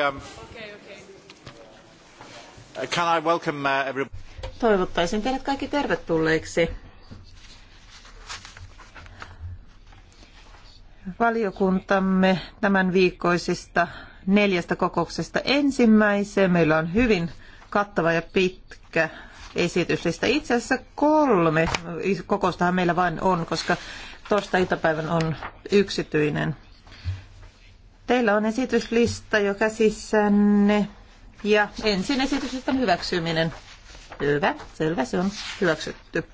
Um, uh, can I welcome uh, everybody? Toivottaisin teidät kaikki tervetulleiksi. Valiokuntamme tämän viikkoisista neljästä kokouksesta ensimmäiseen. Meillä on hyvin kattava ja pitkä esityslista. Itse asiassa kolme kokoustahan meillä vain on, koska torstai-iltapäivän on yksityinen Teillä on esityslista jo käsissänne. Ja ensin esityslistan hyväksyminen. Hyvä, selvä, se on hyväksytty.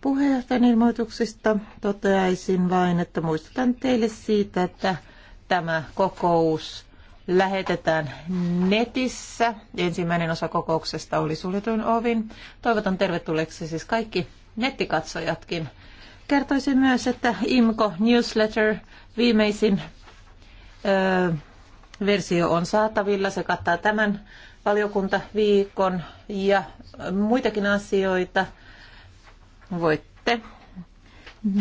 Puheenjohtajan ilmoituksista toteaisin vain, että muistutan teille siitä, että tämä kokous lähetetään netissä. Ensimmäinen osa kokouksesta oli suljetuin ovin. Toivotan tervetulleeksi siis kaikki nettikatsojatkin Kertoisin myös, että IMCO Newsletter viimeisin ö, versio on saatavilla. Se kattaa tämän valiokuntaviikon ja muitakin asioita voitte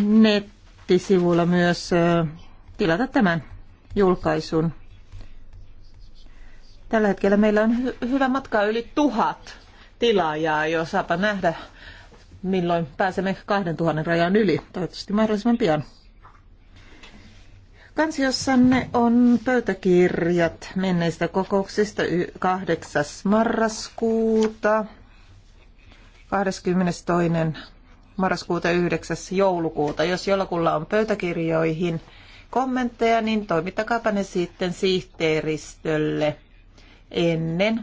nettisivulla myös tilata tämän julkaisun. Tällä hetkellä meillä on hyvä matka yli tuhat tilaajaa, jos saapa nähdä milloin pääsemme 2000 rajan yli, toivottavasti mahdollisimman pian. Kansiossanne on pöytäkirjat menneistä kokouksista 8. marraskuuta, 22. marraskuuta 9. joulukuuta. Jos jollakulla on pöytäkirjoihin kommentteja, niin toimittakaapa ne sitten sihteeristölle ennen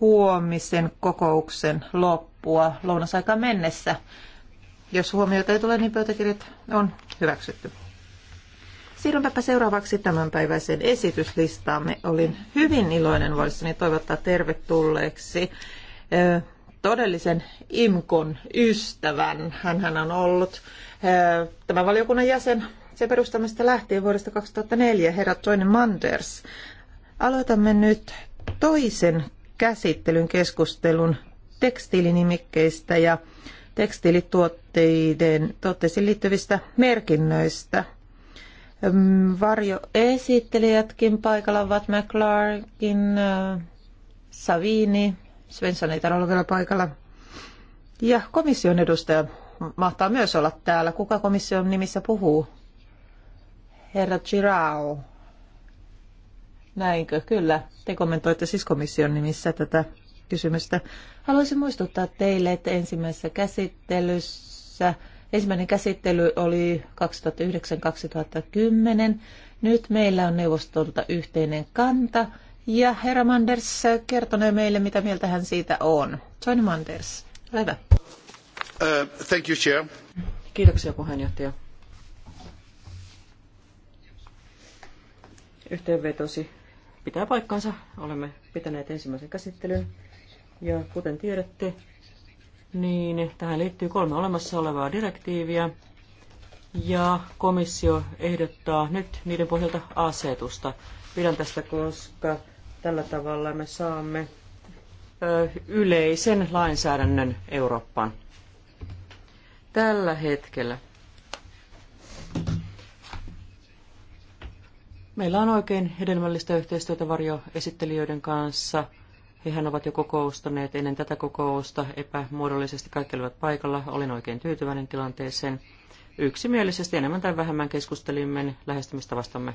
huomisen kokouksen loppua lounasaikaan mennessä. Jos huomiota ei tule, niin pöytäkirjat on hyväksytty. Siirrympäpä seuraavaksi tämänpäiväiseen esityslistaamme. Olin hyvin iloinen voissani toivottaa tervetulleeksi todellisen IMKON ystävän. hän on ollut tämän valiokunnan jäsen sen perustamista lähtien vuodesta 2004, herra Toinen Manders. Aloitamme nyt toisen käsittelyn keskustelun tekstiilinimikkeistä ja tekstiilituotteiden tuotteisiin liittyvistä merkinnöistä. Varjoesittelijätkin paikalla ovat McClarkin, Savini, Svensson ei ole vielä paikalla. Ja komission edustaja mahtaa myös olla täällä. Kuka komission nimissä puhuu? Herra Girao. Näinkö? Kyllä. Te kommentoitte siis komission nimissä tätä kysymystä. Haluaisin muistuttaa teille, että ensimmäisessä käsittelyssä, ensimmäinen käsittely oli 2009-2010. Nyt meillä on neuvostolta yhteinen kanta. Ja herra Manders kertonee meille, mitä mieltä hän siitä on. Johnny Manders, ole hyvä. Uh, thank you, Chair. Kiitoksia puheenjohtaja. Yhteenvetosi pitää paikkansa. Olemme pitäneet ensimmäisen käsittelyn. Ja kuten tiedätte, niin tähän liittyy kolme olemassa olevaa direktiiviä. Ja komissio ehdottaa nyt niiden pohjalta asetusta. Pidän tästä, koska tällä tavalla me saamme yleisen lainsäädännön Eurooppaan. Tällä hetkellä Meillä on oikein hedelmällistä yhteistyötä varjoesittelijöiden kanssa. Hehän ovat jo kokoustaneet ennen tätä kokousta epämuodollisesti. Kaikki olivat paikalla. Olin oikein tyytyväinen tilanteeseen. Yksimielisesti enemmän tai vähemmän keskustelimme lähestymistavastamme.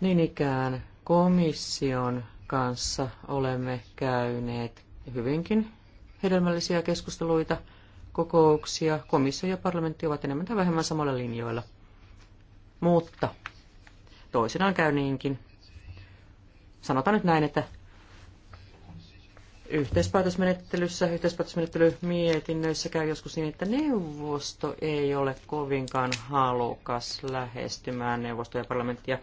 Niin ikään komission kanssa olemme käyneet hyvinkin hedelmällisiä keskusteluita, kokouksia. Komissio ja parlamentti ovat enemmän tai vähemmän samalla linjoilla – mutta toisinaan käy niinkin. Sanotaan nyt näin, että yhteispäätösmenettelyssä, yhteispäätösmenettelymietinnöissä käy joskus niin, että neuvosto ei ole kovinkaan halukas lähestymään neuvosto ja parlamenttia.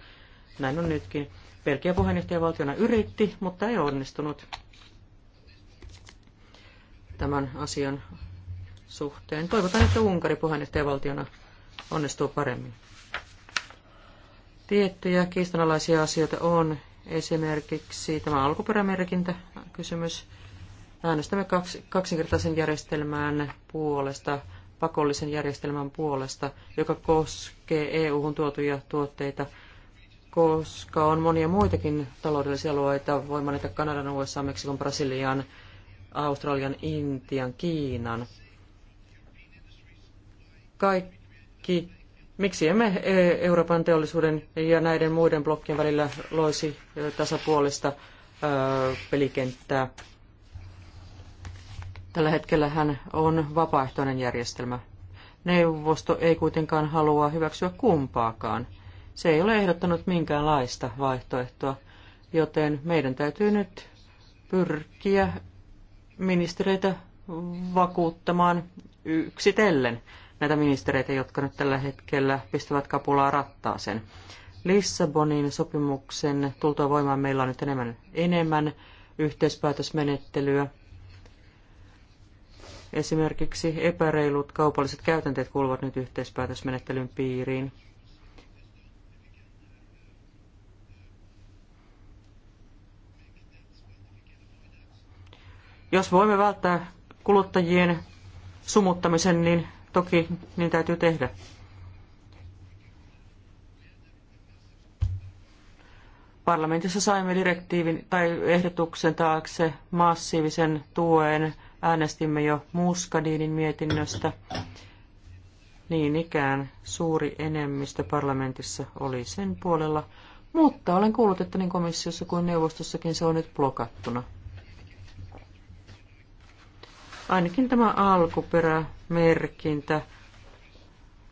Näin on nytkin. Belgia puheenjohtajavaltiona yritti, mutta ei onnistunut tämän asian suhteen. Toivotaan, että Unkari puheenjohtajavaltiona onnistuu paremmin. Tiettyjä kiistanalaisia asioita on esimerkiksi tämä alkuperämerkintä kysymys. Äänestämme kaksi, kaksinkertaisen järjestelmän puolesta, pakollisen järjestelmän puolesta, joka koskee EU-hun tuotuja tuotteita, koska on monia muitakin taloudellisia alueita, voi mainita Kanadan, USA, Meksikon, Brasilian, Australian, Intian, Kiinan. Kaikki miksi emme e, Euroopan teollisuuden ja näiden muiden blokkien välillä loisi e, tasapuolista e, pelikenttää. Tällä hetkellä hän on vapaaehtoinen järjestelmä. Neuvosto ei kuitenkaan halua hyväksyä kumpaakaan. Se ei ole ehdottanut minkäänlaista vaihtoehtoa, joten meidän täytyy nyt pyrkiä ministereitä vakuuttamaan yksitellen näitä ministereitä, jotka nyt tällä hetkellä pistävät kapulaa rattaaseen. Lissabonin sopimuksen tultua voimaan meillä on nyt enemmän, enemmän yhteispäätösmenettelyä. Esimerkiksi epäreilut kaupalliset käytänteet kuuluvat nyt yhteispäätösmenettelyn piiriin. Jos voimme välttää kuluttajien sumuttamisen, niin toki niin täytyy tehdä. Parlamentissa saimme direktiivin tai ehdotuksen taakse massiivisen tuen. Äänestimme jo Muskadiinin mietinnöstä. Niin ikään suuri enemmistö parlamentissa oli sen puolella, mutta olen kuullut, että niin komissiossa kuin neuvostossakin se on nyt blokattuna. Ainakin tämä alkuperämerkintä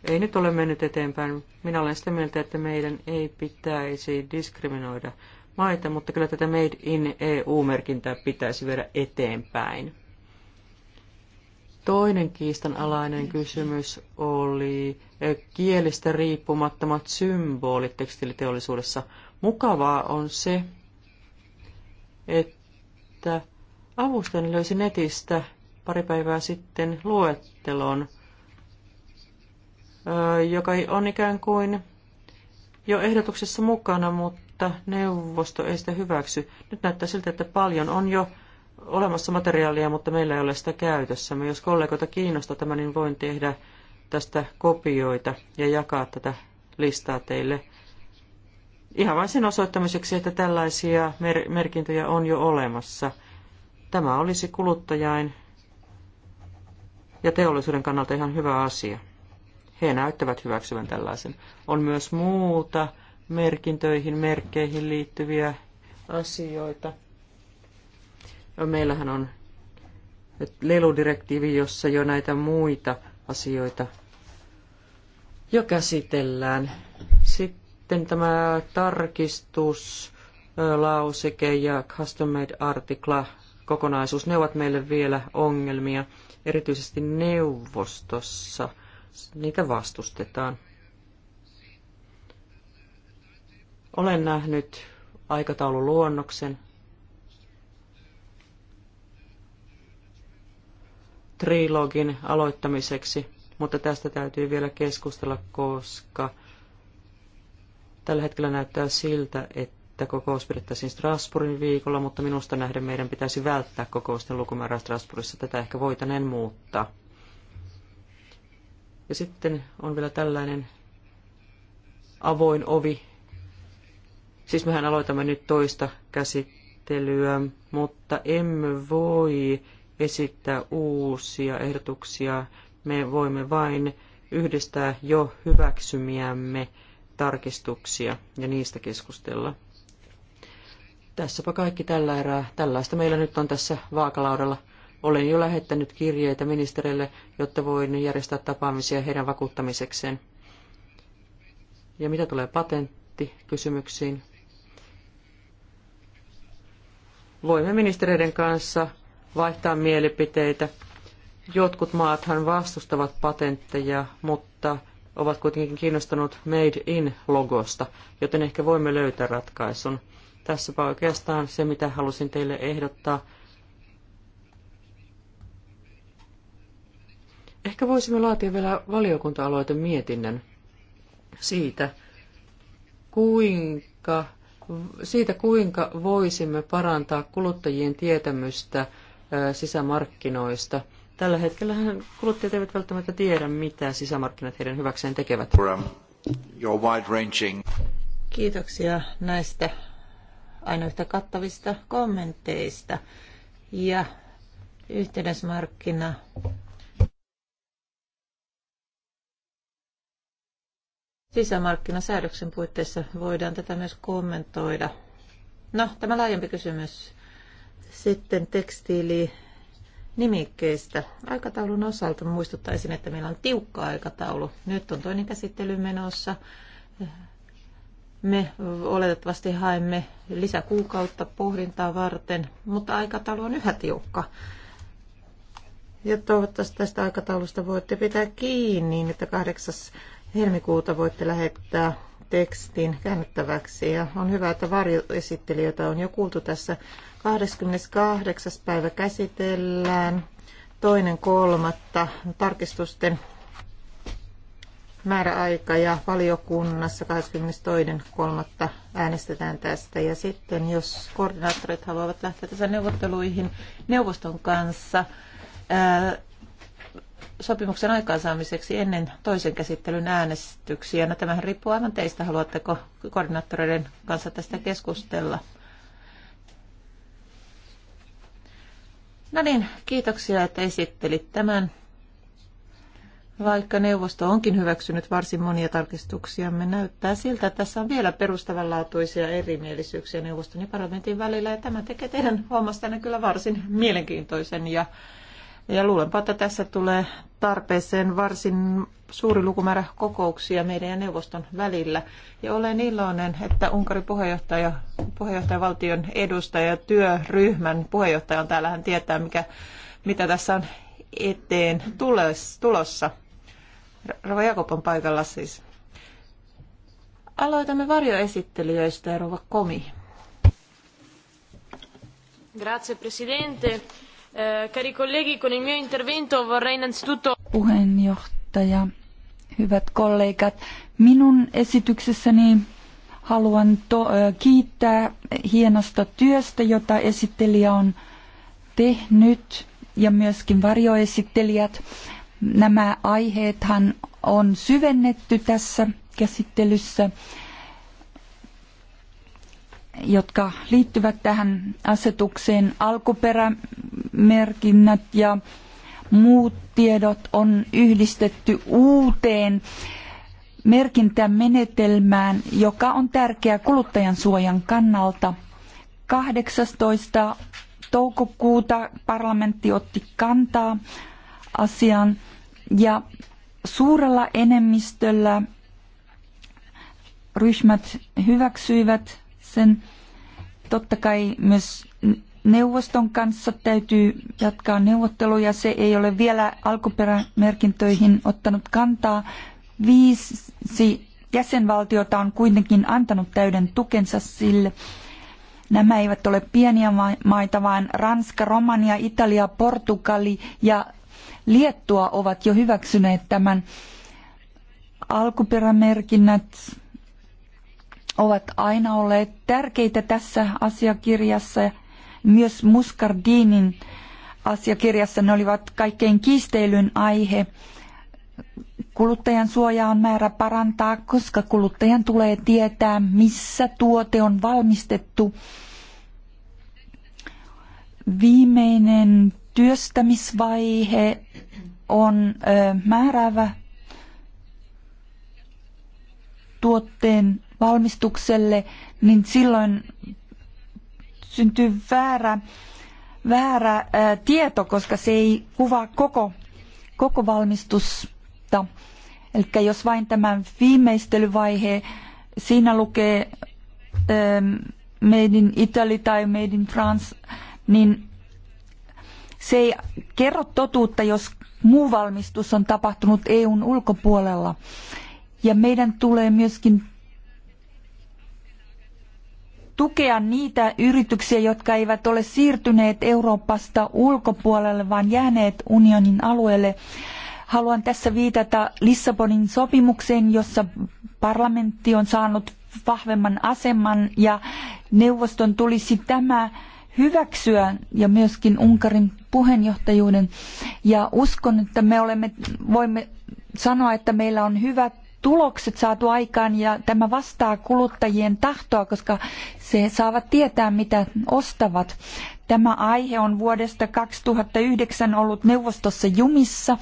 ei nyt ole mennyt eteenpäin. Minä olen sitä mieltä, että meidän ei pitäisi diskriminoida maita, mutta kyllä tätä Made in EU-merkintää pitäisi viedä eteenpäin. Toinen kiistanalainen kysymys oli eh, kielistä riippumattomat symbolit tekstiiliteollisuudessa. Mukavaa on se, että avustajani löysi netistä pari päivää sitten luettelon, joka on ikään kuin jo ehdotuksessa mukana, mutta neuvosto ei sitä hyväksy. Nyt näyttää siltä, että paljon on jo olemassa materiaalia, mutta meillä ei ole sitä Me Jos kollegoita kiinnostaa tämä, niin voin tehdä tästä kopioita ja jakaa tätä listaa teille. Ihan vain sen osoittamiseksi, että tällaisia mer- merkintöjä on jo olemassa. Tämä olisi kuluttajain ja teollisuuden kannalta ihan hyvä asia. He näyttävät hyväksyvän tällaisen. On myös muuta merkintöihin, merkkeihin liittyviä asioita. Meillähän on leludirektiivi, jossa jo näitä muita asioita jo käsitellään. Sitten tämä tarkistuslauseke ja custom made artikla kokonaisuus, ne ovat meille vielä ongelmia erityisesti neuvostossa, niitä vastustetaan. Olen nähnyt aikataululuonnoksen trilogin aloittamiseksi, mutta tästä täytyy vielä keskustella, koska tällä hetkellä näyttää siltä, että että kokous pidettäisiin Strasbourgin viikolla, mutta minusta nähden meidän pitäisi välttää kokousten lukumäärää Strasbourgissa. Tätä ehkä voitaneen muuttaa. Ja sitten on vielä tällainen avoin ovi. Siis mehän aloitamme nyt toista käsittelyä, mutta emme voi esittää uusia ehdotuksia. Me voimme vain yhdistää jo hyväksymiämme tarkistuksia ja niistä keskustella. Tässäpä kaikki tällä erää. Tällaista meillä nyt on tässä vaakalaudella Olen jo lähettänyt kirjeitä ministerille, jotta voin järjestää tapaamisia heidän vakuuttamisekseen. Ja mitä tulee patenttikysymyksiin? Voimme ministereiden kanssa vaihtaa mielipiteitä. Jotkut maathan vastustavat patentteja, mutta ovat kuitenkin kiinnostunut Made in-logosta, joten ehkä voimme löytää ratkaisun. Tässäpä oikeastaan se, mitä halusin teille ehdottaa. Ehkä voisimme laatia vielä valiokunta mietinnän siitä, kuinka, siitä, kuinka voisimme parantaa kuluttajien tietämystä sisämarkkinoista. Tällä hetkellä kuluttajat eivät välttämättä tiedä, mitä sisämarkkinat heidän hyväkseen tekevät. Kiitoksia näistä aina yhtä kattavista kommenteista. Ja yhteydesmarkkina sisämarkkinasäädöksen puitteissa voidaan tätä myös kommentoida. No, tämä laajempi kysymys. Sitten tekstiili nimikkeistä. Aikataulun osalta muistuttaisin, että meillä on tiukka aikataulu. Nyt on toinen käsittely menossa. Me oletettavasti haemme lisäkuukautta pohdintaa varten, mutta aikataulu on yhä tiukka. Ja toivottavasti tästä aikataulusta voitte pitää kiinni, niin että 8. helmikuuta voitte lähettää tekstin käännettäväksi. Ja on hyvä, että varjoesittelijöitä on jo kuultu tässä. 28. päivä käsitellään, toinen kolmatta tarkistusten määräaika ja valiokunnassa 22.3. äänestetään tästä. Ja sitten jos koordinaattorit haluavat lähteä tässä neuvotteluihin neuvoston kanssa sopimuksen aikaansaamiseksi ennen toisen käsittelyn äänestyksiä. No tämähän riippuu aivan teistä, haluatteko koordinaattoreiden kanssa tästä keskustella. No niin, kiitoksia, että esittelit tämän. Vaikka neuvosto onkin hyväksynyt varsin monia tarkistuksia, me näyttää siltä, että tässä on vielä perustavanlaatuisia erimielisyyksiä neuvoston ja parlamentin välillä, ja tämä tekee teidän hommastanne kyllä varsin mielenkiintoisen, ja, ja luulenpa, että tässä tulee tarpeeseen varsin suuri lukumäärä kokouksia meidän ja neuvoston välillä. Ja olen iloinen, että Unkarin puheenjohtaja, puheenjohtajavaltion edustaja, työryhmän puheenjohtaja on täällä, hän tietää, mikä, mitä tässä on eteen tulossa. Rova Jakob on paikalla siis. Aloitamme varjoesittelijöistä, Rova Komi. Grazie Presidente. Eh, cari colleghi, con il mio intervento vorrei innanzitutto... Puheenjohtaja, hyvät kollegat, minun esityksessäni haluan eh, kiittää hienosta työstä, jota esittelijä on tehnyt ja myöskin varjoesittelijät. Nämä aiheethan on syvennetty tässä käsittelyssä, jotka liittyvät tähän asetukseen. Alkuperämerkinnät ja muut tiedot on yhdistetty uuteen merkintämenetelmään, joka on tärkeä kuluttajan suojan kannalta. 18. toukokuuta parlamentti otti kantaa asian ja suurella enemmistöllä ryhmät hyväksyivät sen. Totta kai myös neuvoston kanssa täytyy jatkaa neuvotteluja. Se ei ole vielä alkuperämerkintöihin ottanut kantaa. Viisi jäsenvaltiota on kuitenkin antanut täyden tukensa sille. Nämä eivät ole pieniä maita, vaan Ranska, Romania, Italia, Portugali ja Liettua ovat jo hyväksyneet tämän. Alkuperämerkinnät ovat aina olleet tärkeitä tässä asiakirjassa. Myös Muscardinin asiakirjassa ne olivat kaikkein kiisteilyn aihe. Kuluttajan suojaa on määrä parantaa, koska kuluttajan tulee tietää, missä tuote on valmistettu. Viimeinen työstämisvaihe on määräävä tuotteen valmistukselle, niin silloin syntyy väärä, väärä ää, tieto, koska se ei kuvaa koko, koko valmistusta. Eli jos vain tämän viimeistelyvaihe, siinä lukee ää, Made in Italy tai Made in France, niin se ei kerro totuutta, jos muu valmistus on tapahtunut EUn ulkopuolella. Ja meidän tulee myöskin tukea niitä yrityksiä, jotka eivät ole siirtyneet Euroopasta ulkopuolelle, vaan jääneet unionin alueelle. Haluan tässä viitata Lissabonin sopimukseen, jossa parlamentti on saanut vahvemman aseman ja neuvoston tulisi tämä hyväksyä ja myöskin Unkarin puheenjohtajuuden ja uskon, että me olemme, voimme sanoa, että meillä on hyvät tulokset saatu aikaan ja tämä vastaa kuluttajien tahtoa, koska se saavat tietää, mitä ostavat. Tämä aihe on vuodesta 2009 ollut neuvostossa jumissa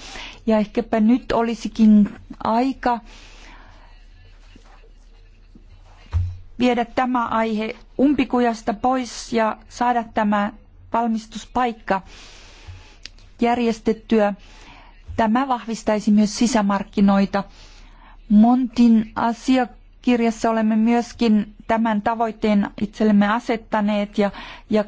ja ehkäpä nyt olisikin aika viedä tämä aihe umpikujasta pois ja saada tämä valmistuspaikka järjestettyä. Tämä vahvistaisi myös sisämarkkinoita. Montin asiakirjassa olemme myöskin tämän tavoitteen itsellemme asettaneet ja, ja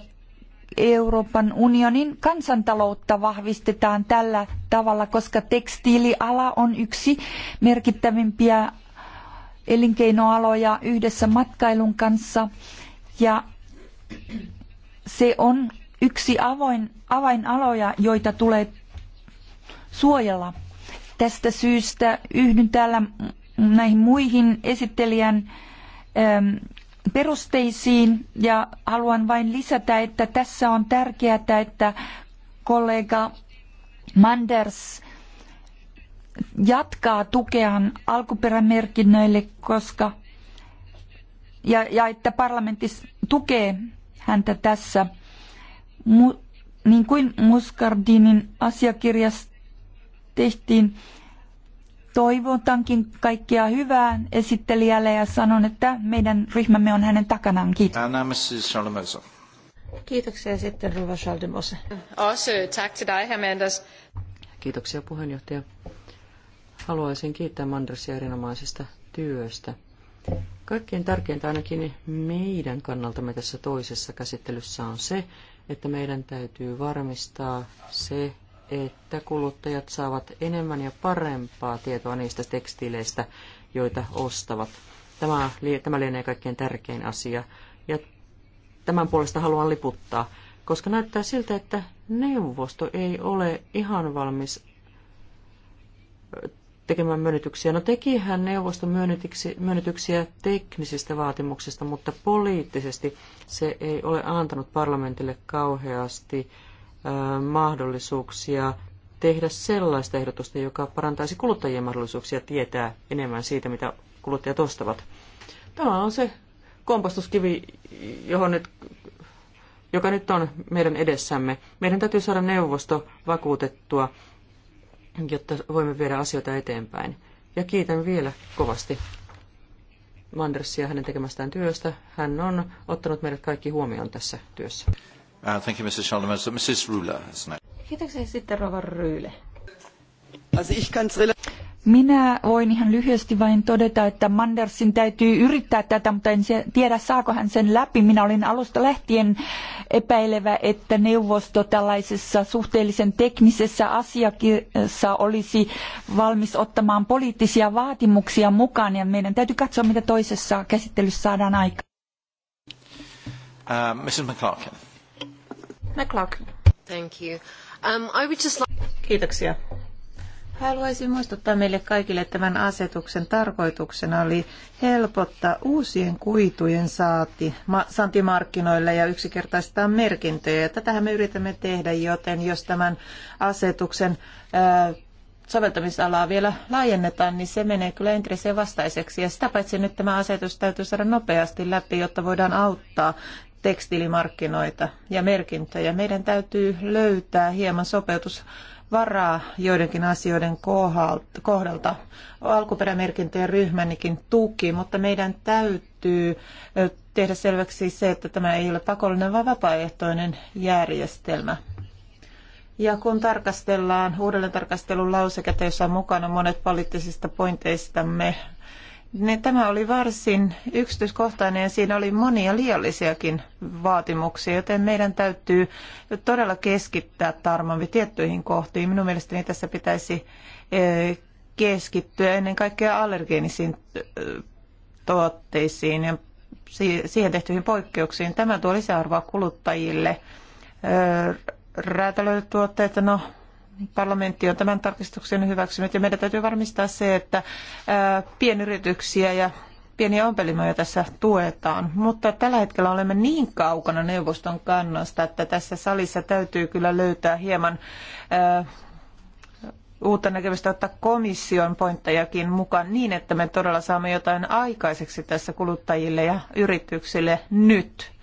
Euroopan unionin kansantaloutta vahvistetaan tällä tavalla, koska tekstiiliala on yksi merkittävimpiä elinkeinoaloja yhdessä matkailun kanssa ja se on yksi avoin, avainaloja, joita tulee suojella. Tästä syystä yhdyn täällä näihin muihin esittelijän ähm, perusteisiin ja haluan vain lisätä, että tässä on tärkeää, että kollega Manders jatkaa tukeaan alkuperämerkinnöille, koska ja, ja että parlamentti tukee häntä tässä Mu- niin kuin Muskardinin asiakirjas tehtiin, toivotankin kaikkea hyvää esittelijälle ja sanon, että meidän ryhmämme on hänen takanaan. Kiitos. Kiitoksia sitten Ruva Schaldemose. Kiitoksia puheenjohtaja. Haluaisin kiittää Mandersia erinomaisesta työstä. Kaikkein tärkeintä ainakin meidän kannaltamme tässä toisessa käsittelyssä on se, että meidän täytyy varmistaa se, että kuluttajat saavat enemmän ja parempaa tietoa niistä tekstiileistä, joita ostavat. Tämä, tämä lienee kaikkein tärkein asia. Ja tämän puolesta haluan liputtaa, koska näyttää siltä, että neuvosto ei ole ihan valmis tekemään myönnytyksiä. No tekihän neuvosto myönnytyksiä teknisistä vaatimuksista, mutta poliittisesti se ei ole antanut parlamentille kauheasti äh, mahdollisuuksia tehdä sellaista ehdotusta, joka parantaisi kuluttajien mahdollisuuksia tietää enemmän siitä, mitä kuluttajat ostavat. Tämä on se kompastuskivi, johon nyt, joka nyt on meidän edessämme. Meidän täytyy saada neuvosto vakuutettua jotta voimme viedä asioita eteenpäin. Ja kiitän vielä kovasti Mandersia hänen tekemästään työstä. Hän on ottanut meidät kaikki huomioon tässä työssä. Uh, thank you, Mrs. Schaldemus. Mrs. Rula, Kiitoksia sitten Rova Ryyle. Minä voin ihan lyhyesti vain todeta, että Mandersin täytyy yrittää tätä, mutta en tiedä saako hän sen läpi. Minä olin alusta lähtien epäilevä, että neuvosto tällaisessa suhteellisen teknisessä asiakirjassa olisi valmis ottamaan poliittisia vaatimuksia mukaan ja meidän täytyy katsoa, mitä toisessa käsittelyssä saadaan aikaan. Uh, Mrs. McClarkin. McClarkin. Thank you. Um, I would just like... Kiitoksia. Haluaisin muistuttaa meille kaikille tämän asetuksen tarkoituksena oli helpottaa uusien kuitujen saati, ma, ja yksinkertaistaa merkintöjä. Ja tätähän me yritämme tehdä, joten jos tämän asetuksen soveltamisalaa vielä laajennetaan, niin se menee kyllä intressien vastaiseksi. Ja sitä paitsi nyt tämä asetus täytyy saada nopeasti läpi, jotta voidaan auttaa tekstiilimarkkinoita ja merkintöjä. Meidän täytyy löytää hieman sopeutus varaa joidenkin asioiden kohdalta. Alkuperämerkintöjen ryhmänikin tuki, mutta meidän täytyy tehdä selväksi se, että tämä ei ole pakollinen, vaan vapaaehtoinen järjestelmä. Ja kun tarkastellaan uudelleen tarkastelun lauseketta, jossa on mukana monet poliittisista pointeistamme, ne, tämä oli varsin yksityiskohtainen ja siinä oli monia liiallisiakin vaatimuksia, joten meidän täytyy todella keskittää tarmamme tiettyihin kohtiin. Minun mielestäni tässä pitäisi e, keskittyä ennen kaikkea allergeenisiin e, tuotteisiin ja siihen tehtyihin poikkeuksiin. Tämä tuo lisäarvoa kuluttajille. E, räätälöidyt tuotteet, no Parlamentti on tämän tarkistuksen hyväksynyt ja meidän täytyy varmistaa se, että pienyrityksiä ja pieniä ompelimoja tässä tuetaan, mutta tällä hetkellä olemme niin kaukana neuvoston kannasta, että tässä salissa täytyy kyllä löytää hieman uutta näkemystä ottaa komission pointtejakin mukaan niin, että me todella saamme jotain aikaiseksi tässä kuluttajille ja yrityksille nyt.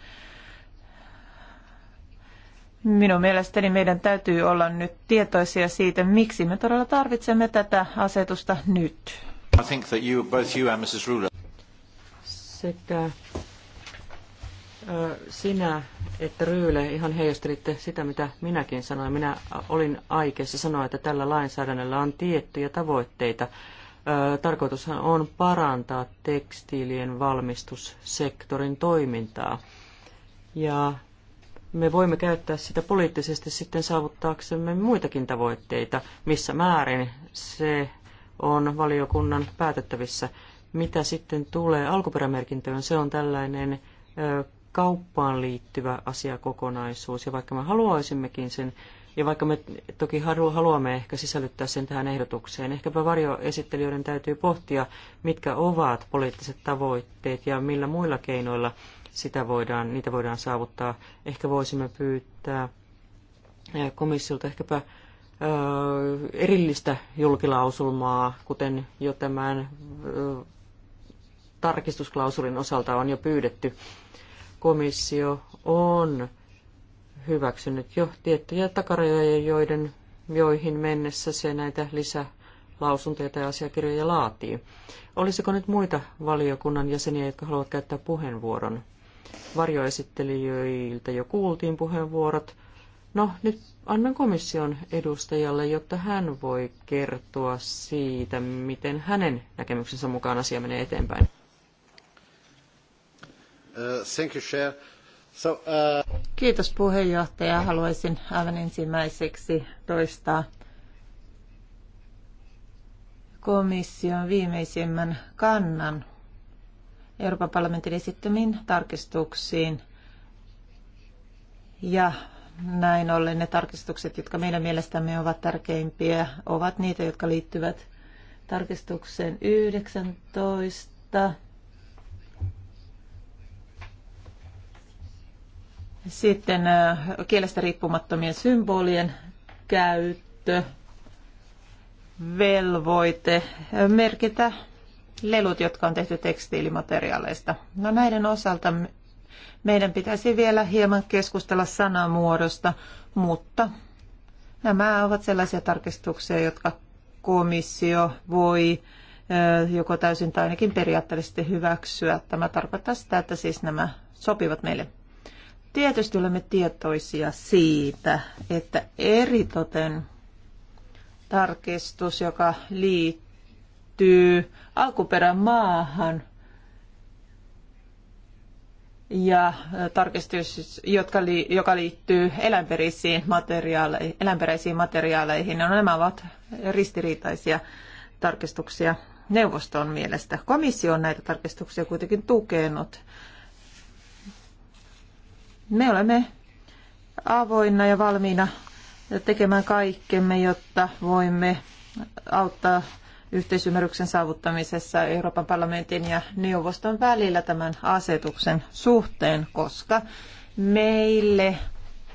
Minun mielestäni meidän täytyy olla nyt tietoisia siitä, miksi me todella tarvitsemme tätä asetusta nyt. I think that you, both you and Mrs. Ruler. Sekä sinä että Ryyle ihan heijastelitte sitä, mitä minäkin sanoin. Minä olin aikeissa sanoa, että tällä lainsäädännöllä on tiettyjä tavoitteita. Tarkoitushan on parantaa tekstiilien valmistussektorin toimintaa. Ja me voimme käyttää sitä poliittisesti sitten saavuttaaksemme muitakin tavoitteita. Missä määrin se on valiokunnan päätettävissä. Mitä sitten tulee alkuperämerkintöön, se on tällainen ö, kauppaan liittyvä asiakokonaisuus. Ja vaikka me haluaisimmekin sen, ja vaikka me toki haluamme ehkä sisällyttää sen tähän ehdotukseen, ehkäpä varjoesittelijöiden täytyy pohtia, mitkä ovat poliittiset tavoitteet ja millä muilla keinoilla sitä voidaan, niitä voidaan saavuttaa. Ehkä voisimme pyytää eh, komissiolta ehkäpä eh, erillistä julkilausulmaa, kuten jo tämän eh, tarkistusklausulin osalta on jo pyydetty. Komissio on hyväksynyt jo tiettyjä takarajoja, joiden, joihin mennessä se näitä lisälausuntoja tai asiakirjoja laatii. Olisiko nyt muita valiokunnan jäseniä, jotka haluavat käyttää puheenvuoron? Varjoesittelijöiltä jo kuultiin puheenvuorot. No, nyt annan komission edustajalle, jotta hän voi kertoa siitä, miten hänen näkemyksensä mukaan asia menee eteenpäin. Uh, thank you, Chair. So, uh... Kiitos puheenjohtaja. Haluaisin aivan ensimmäiseksi toistaa komission viimeisimmän kannan Euroopan parlamentin esittämiin tarkistuksiin. Ja näin ollen ne tarkistukset, jotka meidän mielestämme ovat tärkeimpiä, ovat niitä, jotka liittyvät tarkistukseen 19. Sitten kielestä riippumattomien symbolien käyttö, velvoite merkitä lelut, jotka on tehty tekstiilimateriaaleista. No näiden osalta meidän pitäisi vielä hieman keskustella sanamuodosta, mutta nämä ovat sellaisia tarkistuksia, jotka komissio voi joko täysin tai ainakin periaatteellisesti hyväksyä. Tämä tarkoittaa sitä, että siis nämä sopivat meille. Tietysti olemme tietoisia siitä, että eritoten tarkistus, joka liittyy liittyy maahan ja äh, tarkistus, jotka li, joka liittyy eläinperäisiin materiaaleihin, eläinperäisiin materiaaleihin. No, nämä ovat ristiriitaisia tarkistuksia neuvoston mielestä. Komissio on näitä tarkistuksia kuitenkin tukenut. Me olemme avoinna ja valmiina tekemään kaikkemme, jotta voimme auttaa yhteisymmärryksen saavuttamisessa Euroopan parlamentin ja neuvoston välillä tämän asetuksen suhteen, koska meille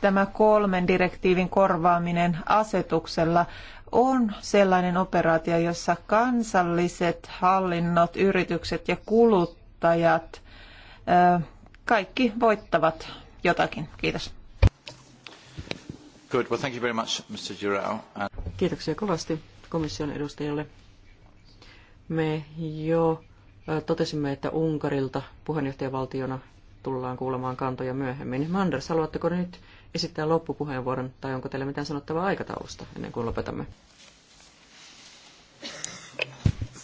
tämä kolmen direktiivin korvaaminen asetuksella on sellainen operaatio, jossa kansalliset hallinnot, yritykset ja kuluttajat, kaikki voittavat jotakin. Kiitos. Good. Well, thank you very much, Mr. Giroux. Kiitoksia kovasti komission edustajalle. Me jo totesimme, että Unkarilta puheenjohtajavaltiona tullaan kuulemaan kantoja myöhemmin. Manders, haluatteko nyt esittää loppupuheenvuoron tai onko teillä mitään sanottavaa aikataulusta ennen kuin lopetamme?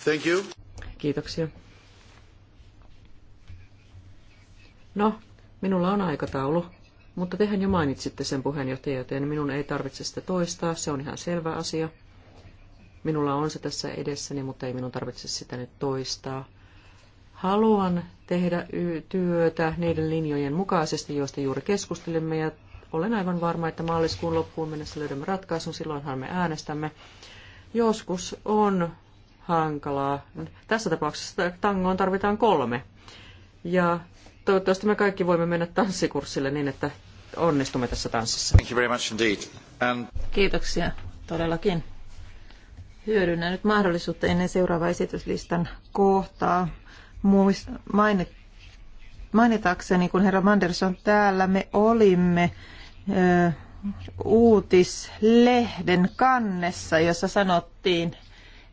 Thank you. Kiitoksia. No, minulla on aikataulu, mutta tehän jo mainitsitte sen puheenjohtajan, joten minun ei tarvitse sitä toistaa, se on ihan selvä asia. Minulla on se tässä edessäni, mutta ei minun tarvitse sitä nyt toistaa. Haluan tehdä työtä niiden linjojen mukaisesti, joista juuri keskustelimme, ja olen aivan varma, että maaliskuun loppuun mennessä löydämme ratkaisun, silloinhan me äänestämme. Joskus on hankalaa. Tässä tapauksessa tangoon tarvitaan kolme. Ja toivottavasti me kaikki voimme mennä tanssikurssille niin, että onnistumme tässä tanssissa. Thank you very much indeed. And... Kiitoksia todellakin hyödynnä nyt mahdollisuutta ennen seuraavaa esityslistan kohtaa mainitakseni, kun herra Manderson täällä me olimme ö, uutislehden kannessa, jossa sanottiin,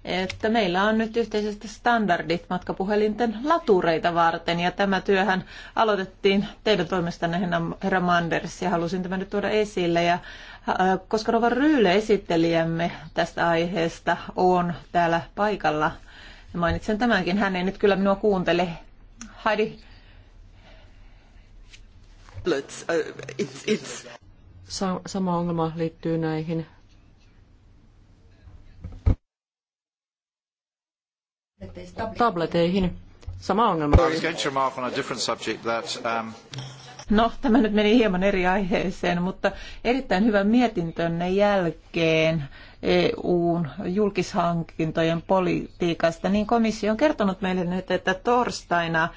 että meillä on nyt yhteisesti standardit matkapuhelinten latureita varten ja tämä työhän aloitettiin teidän toimestanne herra Manders ja halusin tämän nyt tuoda esille ja Äh, koska Rova Ryyle esittelijämme tästä aiheesta on täällä paikalla, ja mainitsen tämänkin, hän ei nyt kyllä minua kuuntele. Heidi. Uh, sama ongelma liittyy näihin tableteihin. Sama ongelma. No, tämä nyt meni hieman eri aiheeseen, mutta erittäin hyvän mietintönne jälkeen EUn julkishankintojen politiikasta, niin komissio on kertonut meille nyt, että torstaina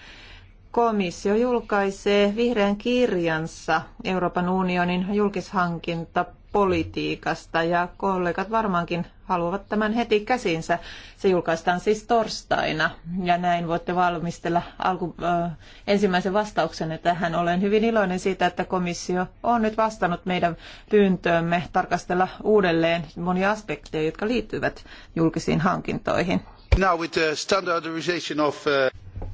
komissio julkaisee vihreän kirjansa Euroopan unionin julkishankinta politiikasta ja kollegat varmaankin haluavat tämän heti käsinsä. Se julkaistaan siis torstaina ja näin voitte valmistella alku, ö, ensimmäisen vastauksen. tähän. Olen hyvin iloinen siitä, että komissio on nyt vastannut meidän pyyntöömme tarkastella uudelleen monia aspekteja, jotka liittyvät julkisiin hankintoihin. Now with the standardization of, uh...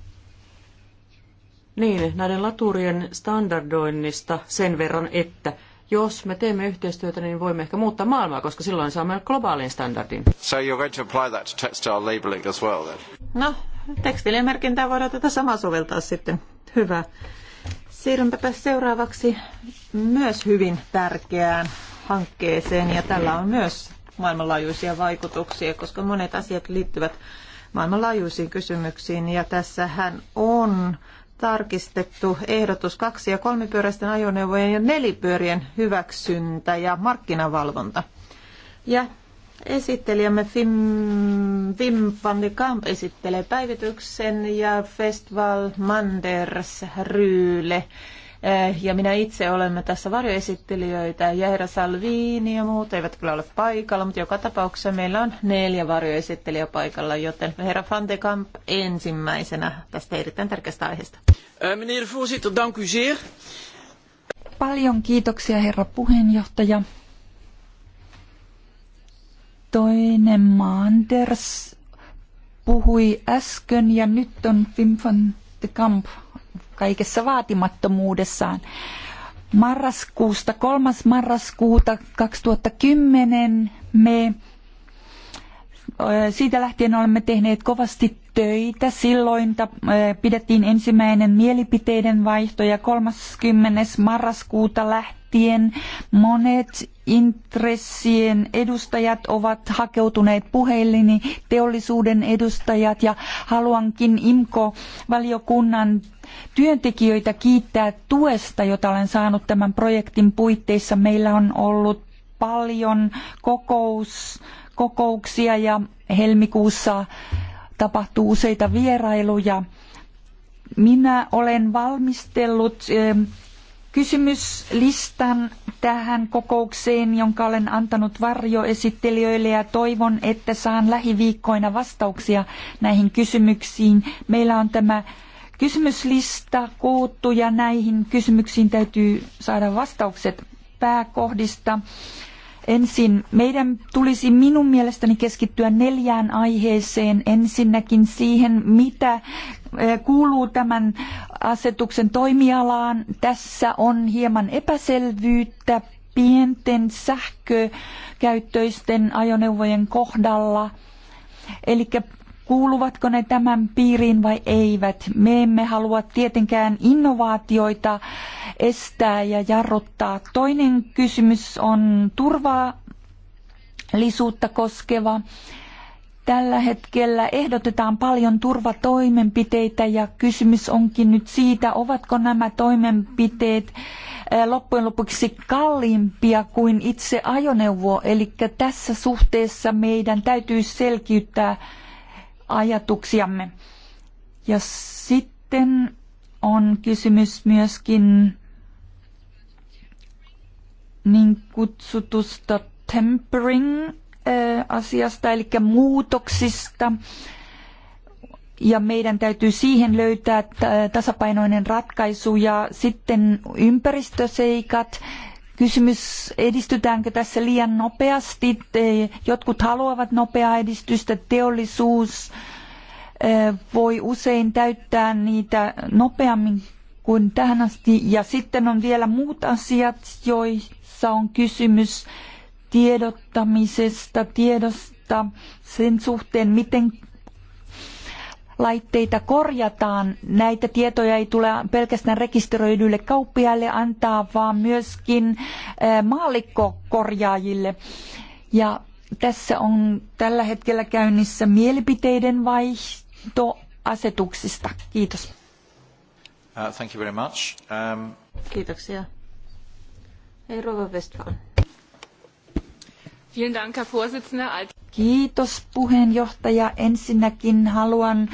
Niin, näiden laturien standardoinnista sen verran, että jos me teemme yhteistyötä, niin voimme ehkä muuttaa maailmaa, koska silloin saamme globaalin standardin. So you're going to apply that to textile labeling as well then? No, tekstiilien merkintää voidaan tätä samaa soveltaa sitten. Hyvä. Siirrympäpä seuraavaksi myös hyvin tärkeään hankkeeseen ja tällä on myös maailmanlaajuisia vaikutuksia, koska monet asiat liittyvät maailmanlaajuisiin kysymyksiin ja tässähän on tarkistettu ehdotus kaksi- ja kolmipyöräisten ajoneuvojen ja nelipyörien hyväksyntä ja markkinavalvonta. Ja esittelijämme Fim, Fim van de Kamp esittelee päivityksen ja Festival Manders Ryyle Eh, ja minä itse olemme tässä varjoesittelijöitä. Jaira herra Salvini ja muut eivät kyllä ole paikalla, mutta joka tapauksessa meillä on neljä varjoesittelijä paikalla, joten herra Van de Kamp ensimmäisenä tästä erittäin tärkeästä aiheesta. Eh, meneer voorzitter, dank u zeer. Paljon kiitoksia herra puheenjohtaja. Toinen Maanders puhui äsken ja nyt on Wim van de Kamp kaikessa vaatimattomuudessaan. Marraskuusta, 3. marraskuuta 2010 me siitä lähtien olemme tehneet kovasti töitä. Silloin pidettiin ensimmäinen mielipiteiden vaihto ja 30. marraskuuta lähtien lähtien monet intressien edustajat ovat hakeutuneet puheilleni, teollisuuden edustajat ja haluankin IMKO-valiokunnan työntekijöitä kiittää tuesta, jota olen saanut tämän projektin puitteissa. Meillä on ollut paljon kokous, kokouksia ja helmikuussa tapahtuu useita vierailuja. Minä olen valmistellut eh, kysymyslistan tähän kokoukseen, jonka olen antanut varjoesittelijöille ja toivon, että saan lähiviikkoina vastauksia näihin kysymyksiin. Meillä on tämä kysymyslista koottu ja näihin kysymyksiin täytyy saada vastaukset pääkohdista. Ensin meidän tulisi minun mielestäni keskittyä neljään aiheeseen. Ensinnäkin siihen, mitä kuuluu tämän asetuksen toimialaan. Tässä on hieman epäselvyyttä pienten sähkökäyttöisten ajoneuvojen kohdalla. Eli kuuluvatko ne tämän piiriin vai eivät. Me emme halua tietenkään innovaatioita estää ja jarruttaa. Toinen kysymys on turvallisuutta koskeva. Tällä hetkellä ehdotetaan paljon turvatoimenpiteitä ja kysymys onkin nyt siitä, ovatko nämä toimenpiteet loppujen lopuksi kalliimpia kuin itse ajoneuvo. Eli tässä suhteessa meidän täytyy selkiyttää ajatuksiamme. Ja sitten on kysymys myöskin niin kutsutusta tempering asiasta, eli muutoksista. Ja meidän täytyy siihen löytää tasapainoinen ratkaisu ja sitten ympäristöseikat, kysymys, edistytäänkö tässä liian nopeasti. Jotkut haluavat nopeaa edistystä, teollisuus voi usein täyttää niitä nopeammin kuin tähän asti. Ja sitten on vielä muut asiat, joissa on kysymys tiedottamisesta, tiedosta sen suhteen, miten laitteita korjataan. Näitä tietoja ei tule pelkästään rekisteröidyille kauppiaille antaa, vaan myöskin maallikkokorjaajille. Ja tässä on tällä hetkellä käynnissä mielipiteiden vaihto asetuksista. Kiitos. Uh, thank you very much. Um... Kiitoksia. Hei Rova Westfalen. Kiitos puheenjohtaja. Ensinnäkin haluan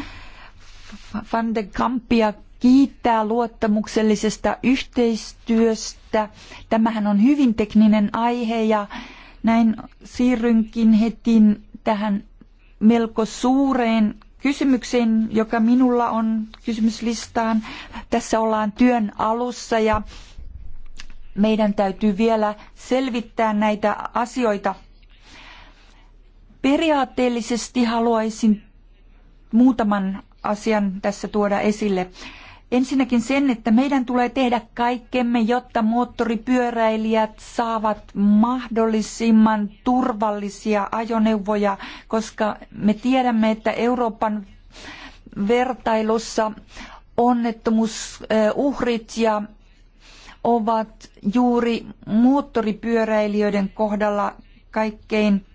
Van de Kampia kiittää luottamuksellisesta yhteistyöstä. Tämähän on hyvin tekninen aihe ja näin siirrynkin heti tähän melko suureen kysymykseen, joka minulla on kysymyslistaan. Tässä ollaan työn alussa ja meidän täytyy vielä selvittää näitä asioita Periaatteellisesti haluaisin muutaman asian tässä tuoda esille. Ensinnäkin sen, että meidän tulee tehdä kaikkemme, jotta moottoripyöräilijät saavat mahdollisimman turvallisia ajoneuvoja, koska me tiedämme, että Euroopan vertailussa onnettomuusuhrit ja ovat juuri moottoripyöräilijöiden kohdalla kaikkein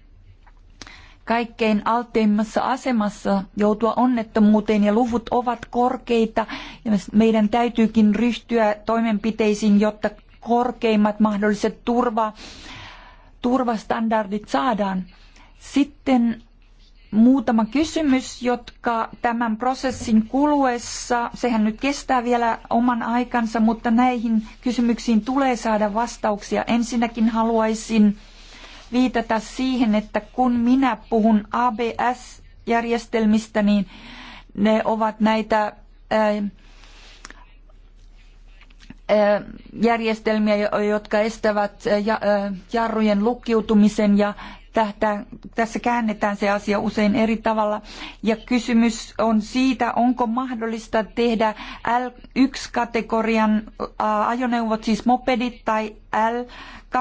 kaikkein alteimmassa asemassa joutua onnettomuuteen ja luvut ovat korkeita. Ja meidän täytyykin ryhtyä toimenpiteisiin, jotta korkeimmat mahdolliset turva, turvastandardit saadaan. Sitten muutama kysymys, jotka tämän prosessin kuluessa, sehän nyt kestää vielä oman aikansa, mutta näihin kysymyksiin tulee saada vastauksia. Ensinnäkin haluaisin viitata siihen, että kun minä puhun ABS-järjestelmistä, niin ne ovat näitä äh, äh, järjestelmiä, jotka estävät äh, jarrujen lukkiutumisen ja tässä käännetään se asia usein eri tavalla. Ja kysymys on siitä, onko mahdollista tehdä L1-kategorian ajoneuvot, siis mopedit tai L2,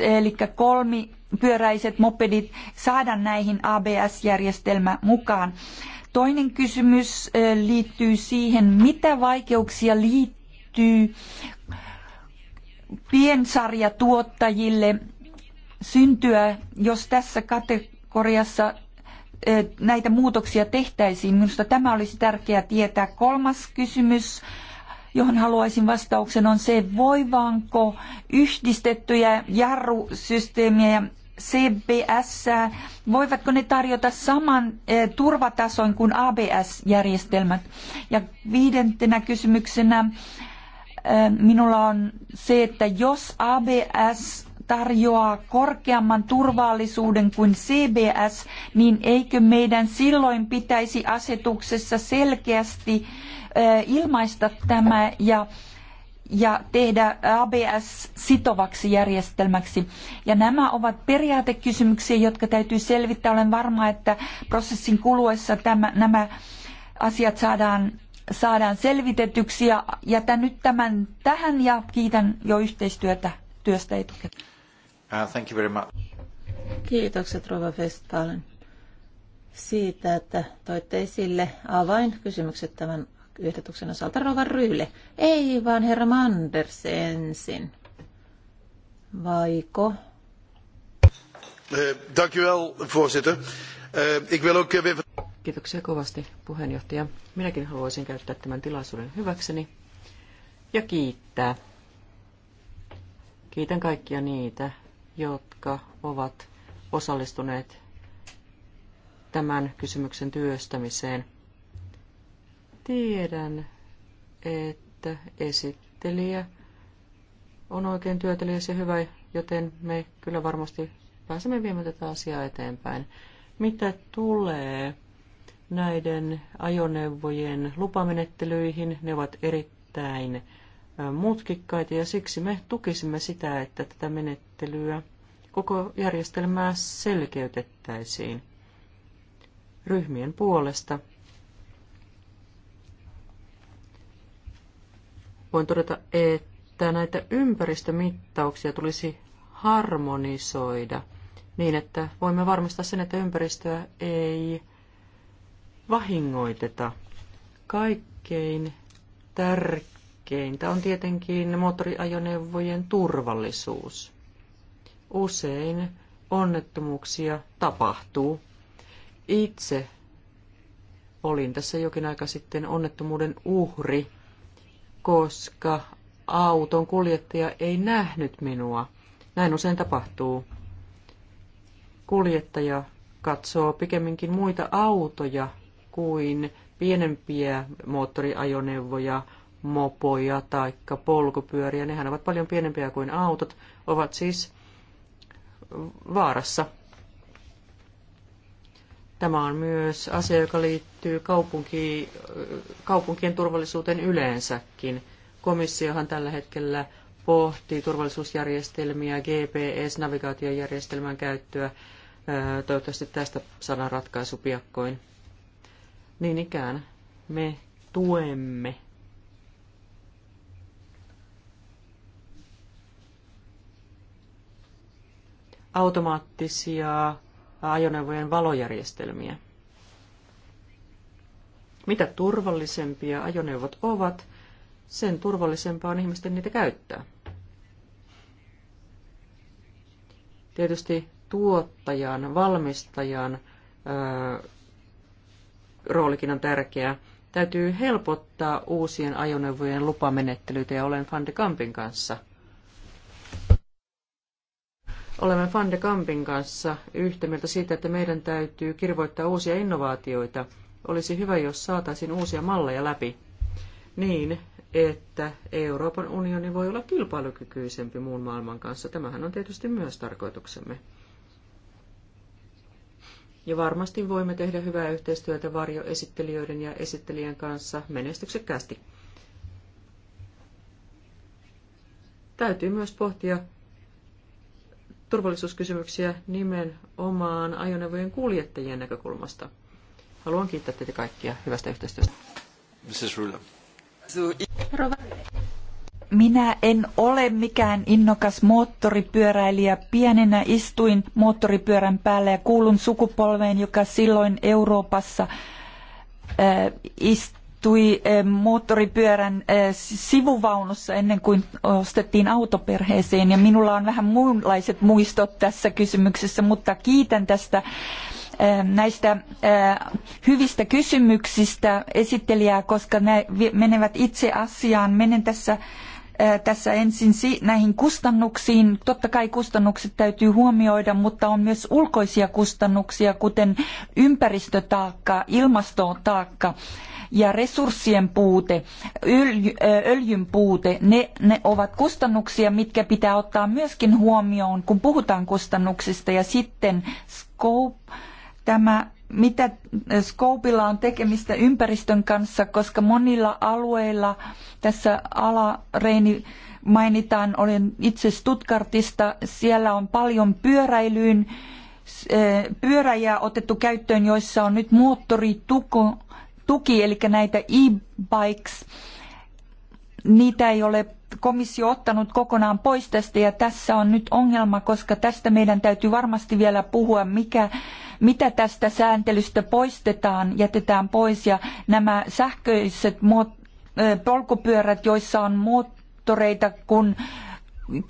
eli kolmi pyöräiset mopedit saada näihin ABS-järjestelmä mukaan. Toinen kysymys liittyy siihen, mitä vaikeuksia liittyy piensarjatuottajille syntyä, jos tässä kategoriassa näitä muutoksia tehtäisiin. Minusta tämä olisi tärkeää tietää. Kolmas kysymys, johon haluaisin vastauksen, on se, voivaanko yhdistettyjä jarrusysteemiä ja CBS, voivatko ne tarjota saman eh, turvatason kuin ABS-järjestelmät? Ja viidentenä kysymyksenä eh, minulla on se, että jos ABS tarjoaa korkeamman turvallisuuden kuin CBS, niin eikö meidän silloin pitäisi asetuksessa selkeästi eh, ilmaista tämä ja ja tehdä ABS sitovaksi järjestelmäksi. Ja nämä ovat periaatekysymyksiä, jotka täytyy selvittää. Olen varma, että prosessin kuluessa tämä, nämä asiat saadaan, saadaan selvitetyksi. Ja jätän nyt tämän tähän ja kiitän jo yhteistyötä työstä etukäteen. Uh, thank you very much. Kiitokset Rova Vestalen siitä, että toitte esille avainkysymykset tämän ehdotuksen osalta Rova Ryyle. Ei, vaan herra Manders ensin. Vaiko? Eh, dank voorzitter. Eh, ik wil ook eh, Kiitoksia kovasti, puheenjohtaja. Minäkin haluaisin käyttää tämän tilaisuuden hyväkseni ja kiittää. Kiitän kaikkia niitä, jotka ovat osallistuneet tämän kysymyksen työstämiseen – Tiedän, että esittelijä on oikein työtelijäs ja hyvä, joten me kyllä varmasti pääsemme viemään tätä asiaa eteenpäin. Mitä tulee näiden ajoneuvojen lupamenettelyihin, ne ovat erittäin mutkikkaita ja siksi me tukisimme sitä, että tätä menettelyä koko järjestelmää selkeytettäisiin ryhmien puolesta voin todeta, että näitä ympäristömittauksia tulisi harmonisoida niin, että voimme varmistaa sen, että ympäristöä ei vahingoiteta. Kaikkein tärkeintä on tietenkin moottoriajoneuvojen turvallisuus. Usein onnettomuuksia tapahtuu. Itse olin tässä jokin aika sitten onnettomuuden uhri koska auton kuljettaja ei nähnyt minua. Näin usein tapahtuu. Kuljettaja katsoo pikemminkin muita autoja kuin pienempiä moottoriajoneuvoja, mopoja tai polkupyöriä. Nehän ovat paljon pienempiä kuin autot, ovat siis vaarassa Tämä on myös asia, joka liittyy kaupunki, kaupunkien turvallisuuteen yleensäkin. Komissiohan tällä hetkellä pohtii turvallisuusjärjestelmiä, GPS-navigaatiojärjestelmän käyttöä. Toivottavasti tästä saadaan ratkaisu piakkoin. Niin ikään me tuemme automaattisia ajoneuvojen valojärjestelmiä. Mitä turvallisempia ajoneuvot ovat, sen turvallisempaa on ihmisten niitä käyttää. Tietysti tuottajan, valmistajan ää, roolikin on tärkeä. Täytyy helpottaa uusien ajoneuvojen lupamenettelyitä ja olen Van kanssa – Olemme Van de Kampin kanssa yhtä mieltä siitä, että meidän täytyy kirvoittaa uusia innovaatioita. Olisi hyvä, jos saataisiin uusia malleja läpi niin, että Euroopan unioni voi olla kilpailukykyisempi muun maailman kanssa. Tämähän on tietysti myös tarkoituksemme. Ja varmasti voimme tehdä hyvää yhteistyötä varjoesittelijöiden ja esittelijän kanssa menestyksekkäästi. Täytyy myös pohtia turvallisuuskysymyksiä nimenomaan ajoneuvojen kuljettajien näkökulmasta. Haluan kiittää teitä kaikkia hyvästä yhteistyöstä. Minä en ole mikään innokas moottoripyöräilijä. Pienenä istuin moottoripyörän päällä ja kuulun sukupolveen, joka silloin Euroopassa äh, ist, tapahtui eh, moottoripyörän eh, sivuvaunussa ennen kuin ostettiin autoperheeseen. Ja minulla on vähän muunlaiset muistot tässä kysymyksessä, mutta kiitän tästä eh, näistä hyvistä kysymyksistä esittelijää, koska ne menevät itse asiaan. Menen tässä tässä ensin näihin kustannuksiin. Totta kai kustannukset täytyy huomioida, mutta on myös ulkoisia kustannuksia, kuten ympäristötaakka, ilmastotaakka ja resurssien puute, öljyn puute, ne, ne ovat kustannuksia, mitkä pitää ottaa myöskin huomioon, kun puhutaan kustannuksista. Ja sitten scope, tämä mitä skoopilla on tekemistä ympäristön kanssa, koska monilla alueilla tässä ala reini mainitaan, olen itse Stuttgartista, siellä on paljon pyöräilyyn, eh, pyöräjää otettu käyttöön, joissa on nyt tuki eli näitä e-bikes, niitä ei ole komissio ottanut kokonaan pois tästä ja tässä on nyt ongelma, koska tästä meidän täytyy varmasti vielä puhua, mikä, mitä tästä sääntelystä poistetaan, jätetään pois ja nämä sähköiset muot, polkupyörät, joissa on moottoreita, kun äh,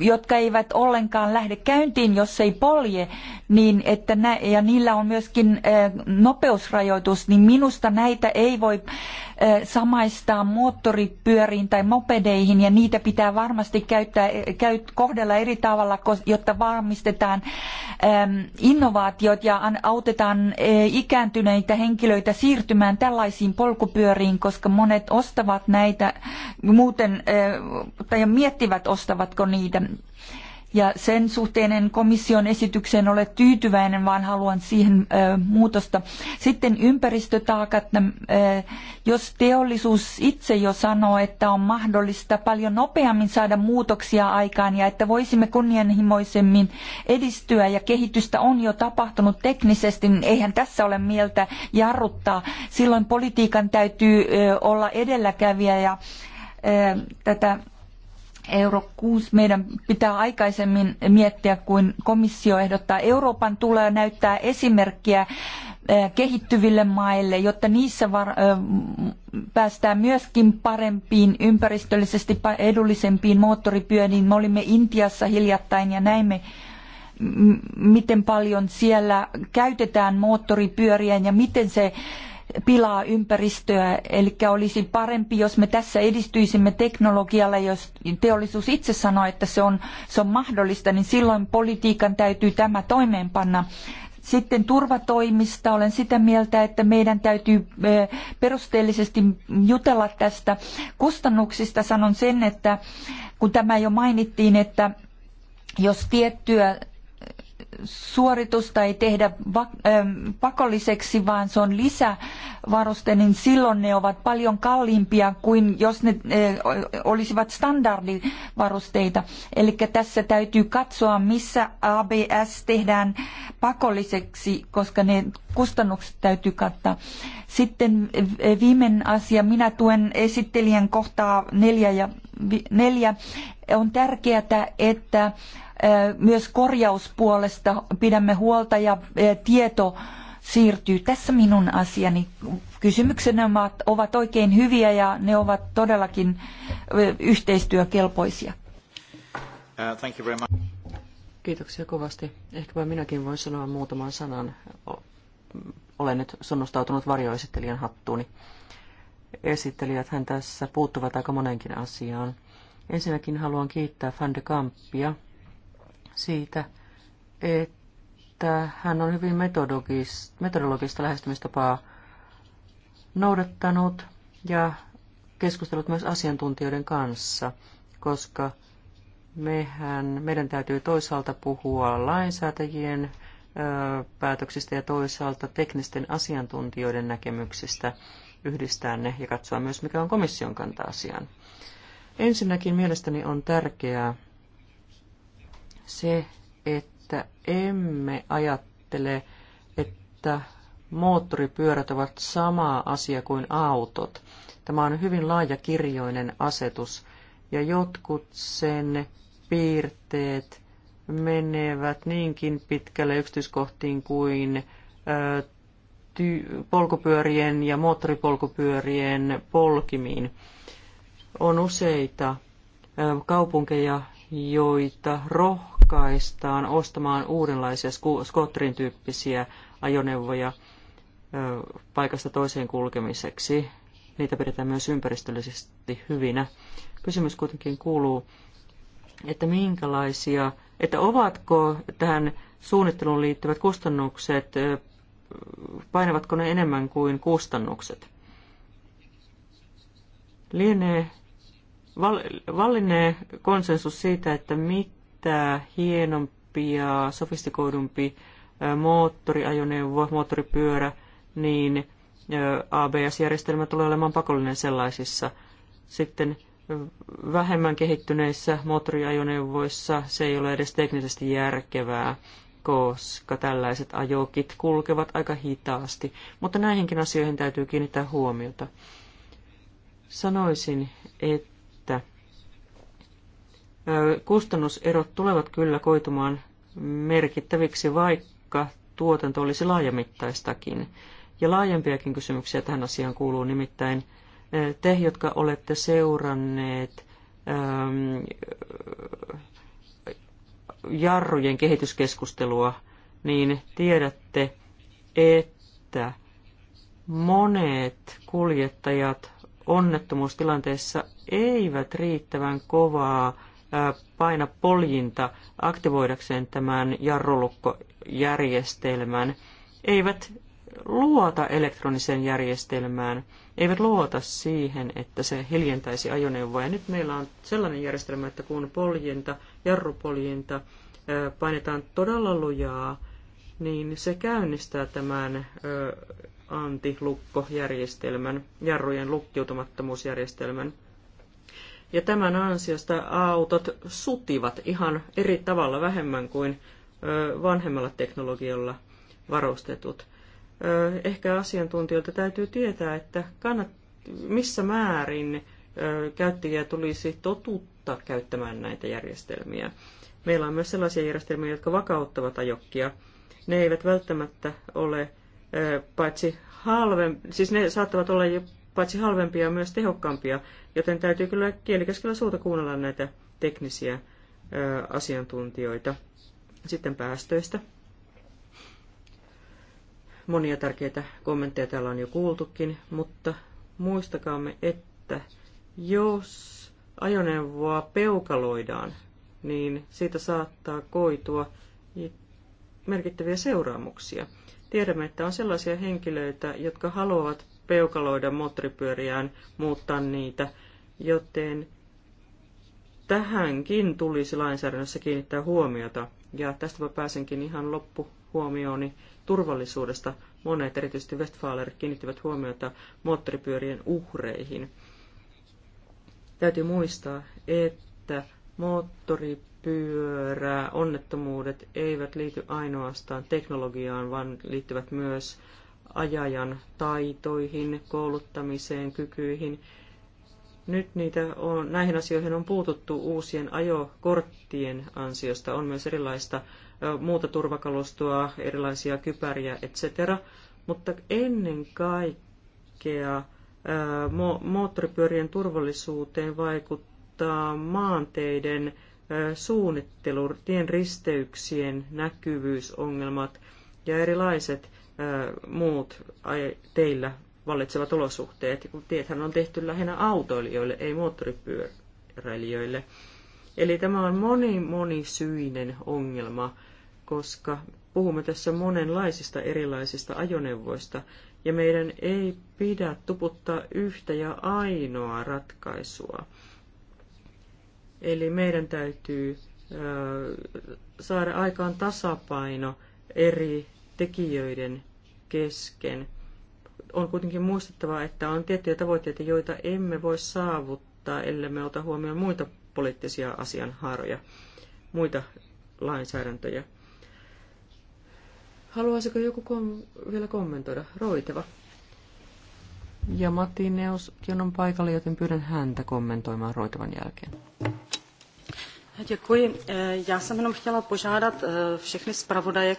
jotka eivät ollenkaan lähde käyntiin, jos ei polje, niin että nä, ja niillä on myöskin nopeusrajoitus, niin minusta näitä ei voi samaistaa moottoripyöriin tai mopedeihin, ja niitä pitää varmasti käyttää, e, käyt, kohdella eri tavalla, jotta varmistetaan innovaatiot ja autetaan e, ikääntyneitä henkilöitä siirtymään tällaisiin polkupyöriin, koska monet ostavat näitä muuten, tai miettivät ostavatko niitä, siitä. Ja sen suhteen en komission esitykseen ole tyytyväinen, vaan haluan siihen muutosta. Sitten ympäristötaakat. jos teollisuus itse jo sanoo, että on mahdollista paljon nopeammin saada muutoksia aikaan ja että voisimme kunnianhimoisemmin edistyä ja kehitystä on jo tapahtunut teknisesti, niin eihän tässä ole mieltä jarruttaa. Silloin politiikan täytyy olla edelläkävijä ja tätä Euro 6 meidän pitää aikaisemmin miettiä, kuin komissio ehdottaa. Euroopan tulee näyttää esimerkkiä eh, kehittyville maille, jotta niissä var, eh, päästään myöskin parempiin, ympäristöllisesti edullisempiin moottoripyöriin. Me olimme Intiassa hiljattain ja näimme, miten paljon siellä käytetään moottoripyöriä ja miten se pilaa ympäristöä, eli olisi parempi, jos me tässä edistyisimme teknologialla, jos teollisuus itse sanoo, että se on, se on mahdollista, niin silloin politiikan täytyy tämä toimeenpanna. Sitten turvatoimista olen sitä mieltä, että meidän täytyy perusteellisesti jutella tästä kustannuksista. Sanon sen, että kun tämä jo mainittiin, että jos tiettyä suoritusta ei tehdä ähm, pakolliseksi, vaan se on lisävaruste, niin silloin ne ovat paljon kalliimpia kuin jos ne äh, olisivat standardivarusteita. Eli tässä täytyy katsoa, missä ABS tehdään pakolliseksi, koska ne kustannukset täytyy kattaa. Sitten viimeinen asia, minä tuen esittelijän kohtaa neljä ja neljä. On tärkeää, että myös korjauspuolesta pidämme huolta ja tieto siirtyy. Tässä minun asiani. Kysymyksenne ovat, ovat oikein hyviä ja ne ovat todellakin yhteistyökelpoisia. Uh, Kiitoksia kovasti. Ehkäpä minäkin voin sanoa muutaman sanan. Olen nyt sonnustautunut varjoesittelijän hattuuni. Esittelijät hän tässä puuttuvat aika monenkin asiaan. Ensinnäkin haluan kiittää Van de Kampia siitä, että hän on hyvin metodologista lähestymistapaa noudattanut ja keskustellut myös asiantuntijoiden kanssa, koska mehän, meidän täytyy toisaalta puhua lainsäätäjien päätöksistä ja toisaalta teknisten asiantuntijoiden näkemyksistä yhdistää ne ja katsoa myös, mikä on komission kanta asiaan. Ensinnäkin mielestäni on tärkeää, se, että emme ajattele, että moottoripyörät ovat sama asia kuin autot. Tämä on hyvin laaja kirjoinen asetus ja jotkut sen piirteet menevät niinkin pitkälle yksityiskohtiin kuin ö, ty- polkupyörien ja moottoripolkupyörien polkimiin. On useita ö, kaupunkeja, joita roh rohkaistaan ostamaan uudenlaisia skotterin tyyppisiä ajoneuvoja paikasta toiseen kulkemiseksi. Niitä pidetään myös ympäristöllisesti hyvinä. Kysymys kuitenkin kuuluu, että minkälaisia, että ovatko tähän suunnitteluun liittyvät kustannukset, painavatko ne enemmän kuin kustannukset? Lienee, val, vallinee konsensus siitä, että mit, mitä hienompi ja sofistikoidumpi moottoriajoneuvo, moottoripyörä, niin ABS-järjestelmä tulee olemaan pakollinen sellaisissa. Sitten vähemmän kehittyneissä moottoriajoneuvoissa se ei ole edes teknisesti järkevää, koska tällaiset ajokit kulkevat aika hitaasti. Mutta näihinkin asioihin täytyy kiinnittää huomiota. Sanoisin, että kustannuserot tulevat kyllä koitumaan merkittäviksi, vaikka tuotanto olisi laajamittaistakin. Ja laajempiakin kysymyksiä tähän asiaan kuuluu nimittäin te, jotka olette seuranneet jarrujen kehityskeskustelua, niin tiedätte, että monet kuljettajat onnettomuustilanteessa eivät riittävän kovaa paina poljinta aktivoidakseen tämän jarrulukkojärjestelmän, eivät luota elektroniseen järjestelmään, eivät luota siihen, että se hiljentäisi ajoneuvoa. Ja nyt meillä on sellainen järjestelmä, että kun poljinta, jarrupoljinta painetaan todella lujaa, niin se käynnistää tämän antilukkojärjestelmän, jarrujen lukkiutumattomuusjärjestelmän. Ja tämän ansiosta autot sutivat ihan eri tavalla vähemmän kuin vanhemmalla teknologialla varustetut. Ehkä asiantuntijoilta täytyy tietää, että kannat, missä määrin käyttäjiä tulisi totuttaa käyttämään näitä järjestelmiä. Meillä on myös sellaisia järjestelmiä, jotka vakauttavat ajokkia. Ne eivät välttämättä ole paitsi halvempi. siis ne saattavat olla paitsi halvempia myös tehokkaampia, joten täytyy kyllä kielikeskellä suuta kuunnella näitä teknisiä ö, asiantuntijoita. Sitten päästöistä. Monia tärkeitä kommentteja täällä on jo kuultukin, mutta muistakaamme, että jos ajoneuvoa peukaloidaan, niin siitä saattaa koitua merkittäviä seuraamuksia. Tiedämme, että on sellaisia henkilöitä, jotka haluavat peukaloida moottoripyöriään, muuttaa niitä, joten tähänkin tulisi lainsäädännössä kiinnittää huomiota. Ja tästä pääsenkin ihan loppuhuomiooni turvallisuudesta. Monet, erityisesti Westfaler, kiinnittivät huomiota moottoripyörien uhreihin. Täytyy muistaa, että moottoripyörää onnettomuudet eivät liity ainoastaan teknologiaan, vaan liittyvät myös ajajan taitoihin, kouluttamiseen, kykyihin. Nyt niitä on, näihin asioihin on puututtu uusien ajokorttien ansiosta. On myös erilaista muuta turvakalustoa, erilaisia kypäriä, etc. Mutta ennen kaikkea moottoripyörien turvallisuuteen vaikuttaa maanteiden suunnittelu, tien risteyksien näkyvyysongelmat ja erilaiset muut teillä vallitsevat olosuhteet, kun tiethän on tehty lähinnä autoilijoille, ei moottoripyöräilijöille. Eli tämä on moni monisyinen ongelma, koska puhumme tässä monenlaisista erilaisista ajoneuvoista, ja meidän ei pidä tuputtaa yhtä ja ainoa ratkaisua. Eli meidän täytyy saada aikaan tasapaino eri tekijöiden kesken. On kuitenkin muistettava, että on tiettyjä tavoitteita, joita emme voi saavuttaa, ellei me ota huomioon muita poliittisia asianhaaroja, muita lainsäädäntöjä. Haluaisiko joku kom- vielä kommentoida? Roiteva. Ja Matti Neuskin on paikalla, joten pyydän häntä kommentoimaan Roitevan jälkeen. Děkuji. Já jsem jenom chtěla požádat eh, všechny zpravodaje.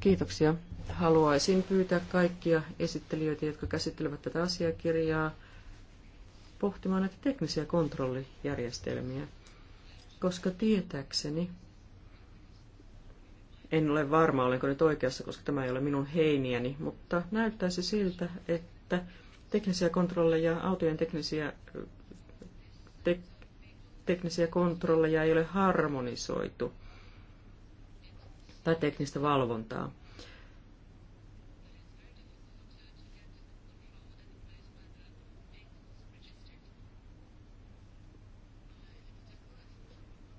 Kiitoksia. Haluaisin pyytää kaikkia esittelijöitä, jotka käsittelevät tätä asiakirjaa, pohtimaan näitä teknisiä kontrollijärjestelmiä, koska tietääkseni, en ole varma, olenko nyt oikeassa, koska tämä ei ole minun heiniäni, mutta näyttäisi siltä, että teknisiä kontrolleja, autojen teknisiä, te, teknisiä kontrolleja ei ole harmonisoitu tai teknistä valvontaa.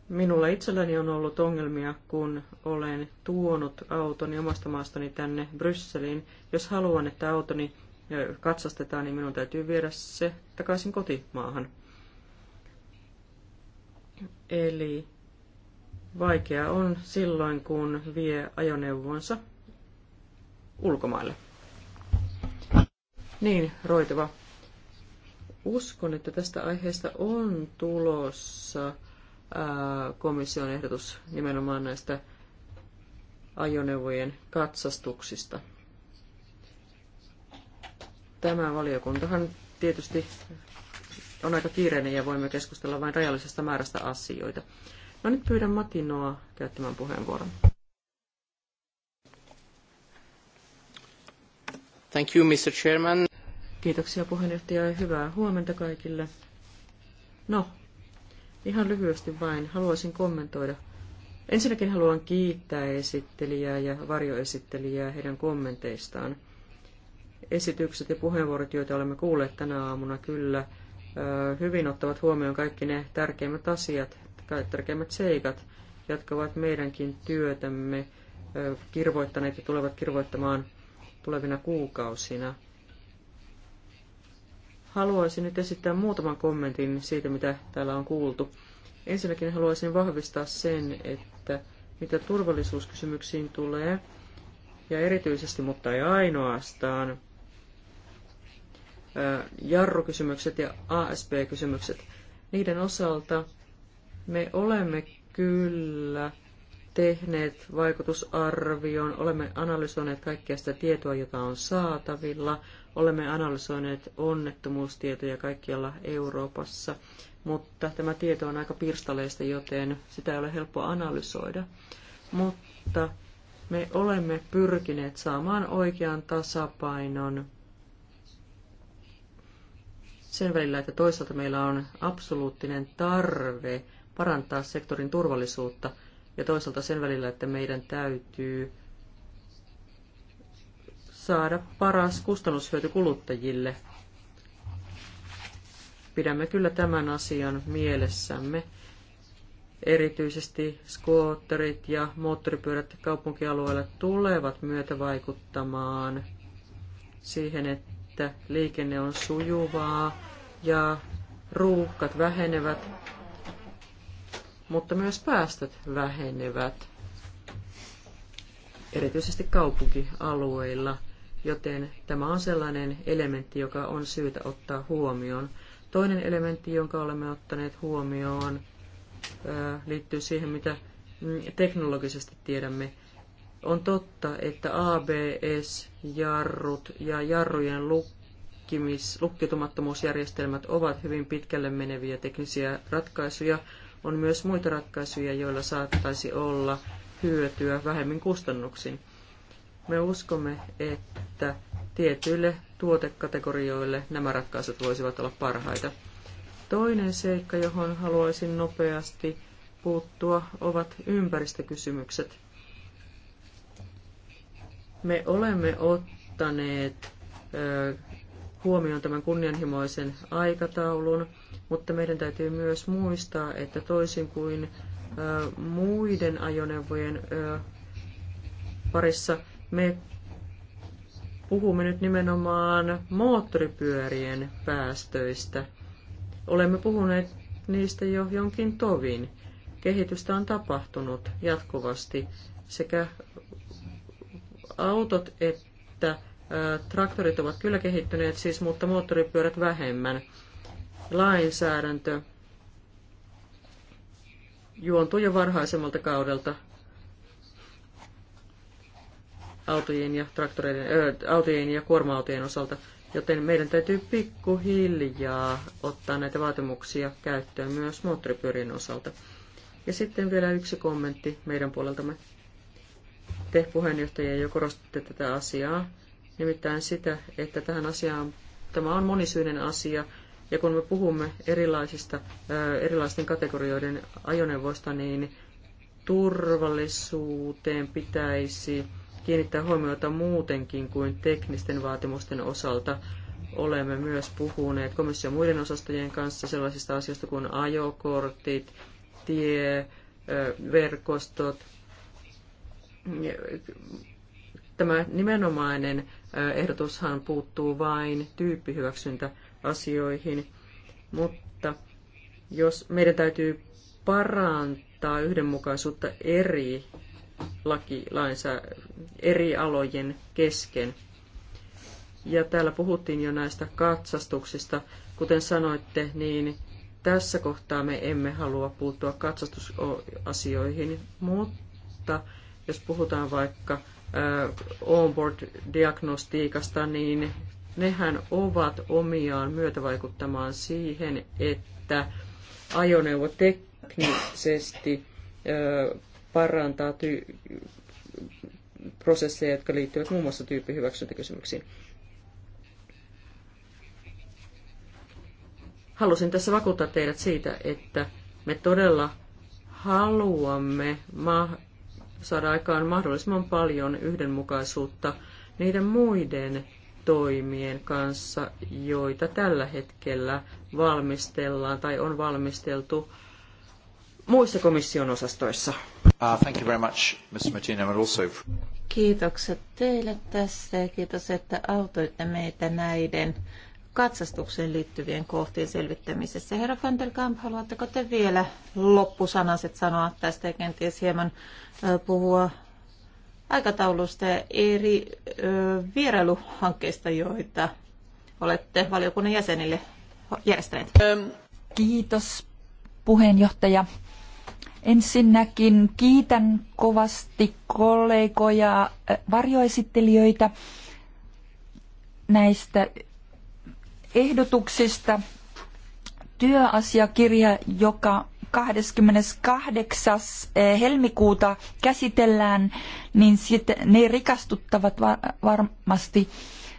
Minulla itselläni on ollut ongelmia, kun olen tuonut autoni omasta maastani tänne Brysseliin. Jos haluan, että autoni katsastetaan, niin minun täytyy viedä se takaisin kotimaahan. Eli vaikea on silloin, kun vie ajoneuvonsa ulkomaille. Niin, roitava. Uskon, että tästä aiheesta on tulossa komission ehdotus nimenomaan näistä ajoneuvojen katsastuksista. Tämä valiokuntahan tietysti on aika kiireinen ja voimme keskustella vain rajallisesta määrästä asioita. No nyt pyydän Matinoa käyttämään puheenvuoron. Thank you, Mr. Chairman. Kiitoksia puheenjohtaja ja hyvää huomenta kaikille. No, Ihan lyhyesti vain haluaisin kommentoida. Ensinnäkin haluan kiittää esittelijää ja varjoesittelijää heidän kommenteistaan. Esitykset ja puheenvuorot, joita olemme kuulleet tänä aamuna, kyllä hyvin ottavat huomioon kaikki ne tärkeimmät asiat, tärkeimmät seikat, jotka ovat meidänkin työtämme kirvoittaneet ja tulevat kirvoittamaan tulevina kuukausina – Haluaisin nyt esittää muutaman kommentin siitä, mitä täällä on kuultu. Ensinnäkin haluaisin vahvistaa sen, että mitä turvallisuuskysymyksiin tulee, ja erityisesti, mutta ei ainoastaan, jarrukysymykset ja ASP-kysymykset, niiden osalta me olemme kyllä tehneet vaikutusarvion, olemme analysoineet kaikkea sitä tietoa, jota on saatavilla, Olemme analysoineet onnettomuustietoja kaikkialla Euroopassa, mutta tämä tieto on aika pirstaleista, joten sitä ei ole helppo analysoida. Mutta me olemme pyrkineet saamaan oikean tasapainon sen välillä, että toisaalta meillä on absoluuttinen tarve parantaa sektorin turvallisuutta ja toisaalta sen välillä, että meidän täytyy saada paras kustannushyöty kuluttajille. Pidämme kyllä tämän asian mielessämme. Erityisesti skootterit ja moottoripyörät kaupunkialueella tulevat vaikuttamaan siihen, että liikenne on sujuvaa ja ruuhkat vähenevät, mutta myös päästöt vähenevät erityisesti kaupunkialueilla joten tämä on sellainen elementti, joka on syytä ottaa huomioon. Toinen elementti, jonka olemme ottaneet huomioon, liittyy siihen, mitä mm, teknologisesti tiedämme. On totta, että ABS-jarrut ja jarrujen lukkimis, lukkitumattomuusjärjestelmät ovat hyvin pitkälle meneviä teknisiä ratkaisuja. On myös muita ratkaisuja, joilla saattaisi olla hyötyä vähemmin kustannuksin. Me uskomme, että tietyille tuotekategorioille nämä ratkaisut voisivat olla parhaita. Toinen seikka, johon haluaisin nopeasti puuttua, ovat ympäristökysymykset. Me olemme ottaneet ö, huomioon tämän kunnianhimoisen aikataulun, mutta meidän täytyy myös muistaa, että toisin kuin ö, muiden ajoneuvojen ö, parissa me puhumme nyt nimenomaan moottoripyörien päästöistä. Olemme puhuneet niistä jo jonkin tovin. Kehitystä on tapahtunut jatkuvasti sekä autot että traktorit ovat kyllä kehittyneet siis, mutta moottoripyörät vähemmän. Lainsäädäntö juontuu jo varhaisemmalta kaudelta autojen ja, traktoreiden, ö, autojen ja kuorma-autojen osalta, joten meidän täytyy pikkuhiljaa ottaa näitä vaatimuksia käyttöön myös moottoripyörien osalta. Ja sitten vielä yksi kommentti meidän puoleltamme. Te puheenjohtajia jo korostitte tätä asiaa, nimittäin sitä, että tähän asiaan tämä on monisyinen asia, ja kun me puhumme erilaisista, erilaisten kategorioiden ajoneuvoista, niin turvallisuuteen pitäisi kiinnittää huomiota muutenkin kuin teknisten vaatimusten osalta. Olemme myös puhuneet komission muiden osastojen kanssa sellaisista asioista kuin ajokortit, tie, verkostot. Tämä nimenomainen ehdotushan puuttuu vain tyyppihyväksyntäasioihin, mutta jos meidän täytyy parantaa yhdenmukaisuutta eri laki, lainsä, eri alojen kesken. Ja täällä puhuttiin jo näistä katsastuksista. Kuten sanoitte, niin tässä kohtaa me emme halua puuttua katsastusasioihin, mutta jos puhutaan vaikka onboard-diagnostiikasta, niin nehän ovat omiaan myötävaikuttamaan siihen, että ajoneuvo teknisesti parantaa ty- prosesseja, jotka liittyvät muun muassa tyyppihyväksyntäkysymyksiin. Halusin tässä vakuuttaa teidät siitä, että me todella haluamme ma- saada aikaan mahdollisimman paljon yhdenmukaisuutta niiden muiden toimien kanssa, joita tällä hetkellä valmistellaan tai on valmisteltu muissa komission osastoissa. Uh, thank you very much, Mr. Martino, and also... Kiitokset teille tässä ja kiitos, että autoitte meitä näiden katsastukseen liittyvien kohtien selvittämisessä. Herra van der Kamp, haluatteko te vielä loppusanaset sanoa tästä ja kenties hieman puhua aikataulusta ja eri vierailuhankkeista, joita olette valiokunnan jäsenille järjestäneet? Kiitos puheenjohtaja. Ensinnäkin kiitän kovasti kollegoja, äh, varjoesittelijöitä näistä ehdotuksista. Työasiakirja, joka 28. Äh, helmikuuta käsitellään, niin sitten ne rikastuttavat varmasti